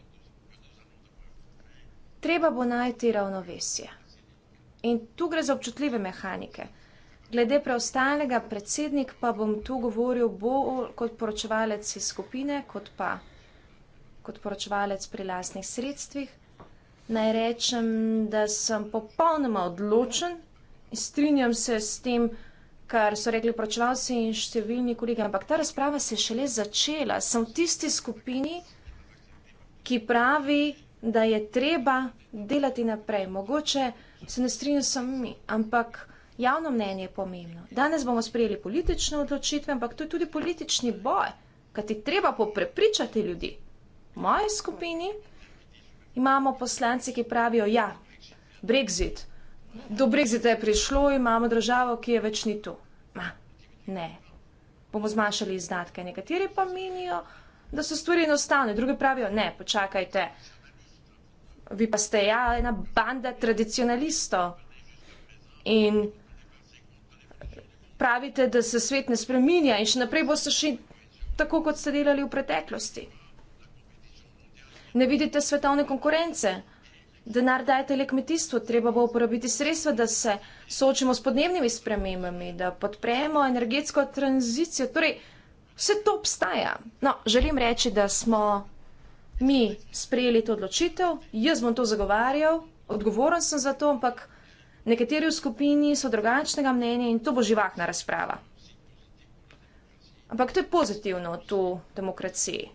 S1: Treba bo najti ravnovesje. In tu gre za občutljive mehanike. Glede preostalega, predsednik pa bom tu govoril bolj kot poročevalec iz skupine, kot pa kot poročevalec pri lasnih sredstvih. Naj rečem, da sem popolnoma odločen in strinjam se s tem, da kar so rekli pročlavci in številni kolegi, ampak ta razprava se je šele začela. Sem v tisti skupini, ki pravi, da je treba delati naprej. Mogoče se ne strinjam sami, ampak javno mnenje je pomembno. Danes bomo sprejeli politične odločitve, ampak to je tudi politični boj, kajti treba poprepričati ljudi. V moji skupini imamo poslance, ki pravijo ja, Brexit, Do Brexita je prišlo, imamo državo, ki je več ni tu. Ma, ne, bomo zmanjšali izdatke. Nekateri pa menijo, da so stvari enostavne, drugi pravijo, ne, počakajte. Vi pa ste ja, ena banda tradicionalistov in pravite, da se svet ne spreminja in še naprej boste še tako, kot ste delali v preteklosti. Ne vidite svetovne konkurence denar dajte le kmetijstvu, treba bo uporabiti sredstva, da se soočimo s podnebnimi spremembami, da podpremo energetsko tranzicijo. Torej, vse to obstaja. No, želim reči, da smo mi sprejeli to odločitev, jaz bom to zagovarjal, odgovoren sem za to, ampak nekateri v skupini so drugačnega mnenja in to bo živahna razprava. Ampak to je pozitivno tu demokraciji.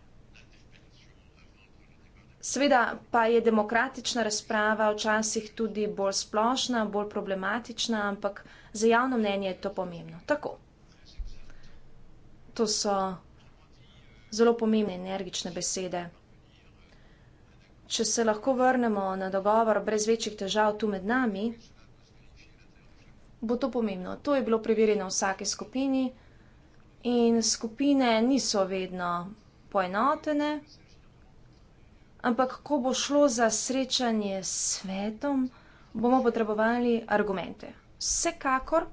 S1: Sveda pa je demokratična razprava včasih tudi bolj splošna, bolj problematična, ampak za javno mnenje je to pomembno. Tako. To so zelo pomembne energične besede. Če se lahko vrnemo na dogovor brez večjih težav tu med nami, bo to pomembno. To je bilo preverjeno v vsaki skupini in skupine niso vedno poenotene, ampak ko bo šlo za srečanje s svetom, bomo potrebovali argumente. Vsekakor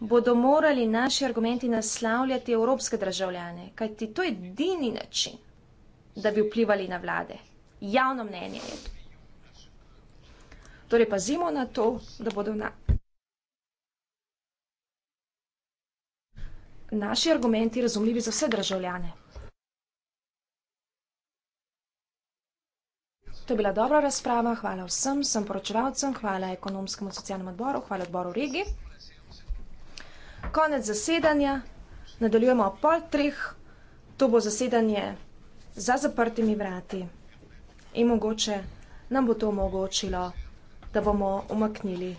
S1: bodo morali naši argumenti naslavljati evropske državljane, kajti to je edini način, da bi vplivali na vlade. Javno mnenje je to. Torej pazimo na to, da bodo na... naši argumenti razumljivi za vse državljane. To je bila dobra razprava. Hvala vsem, sem poročevalcem, hvala ekonomskemu socialnemu odboru, hvala odboru regi. Konec zasedanja, nadaljujemo ob pol treh. To bo zasedanje za zaprtimi vrati in mogoče nam bo to omogočilo, da bomo umaknili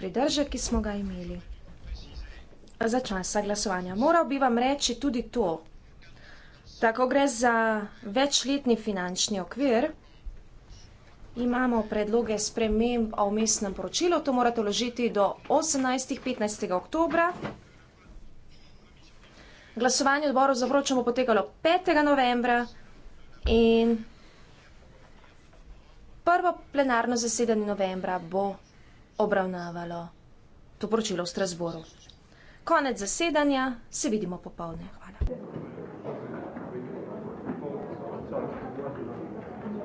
S1: pridržek, ki smo ga imeli za časa glasovanja. Moral bi vam reči tudi to, tako gre za večletni finančni okvir. Imamo predloge sprememb o mestnem poročilu, to morate vložiti do 18.15. oktober. Glasovanje odboru za vročanje bo potekalo 5. novembra in prvo plenarno zasedanje novembra bo obravnavalo to poročilo v Strasboru. Konec zasedanja, se vidimo popolne. Hvala.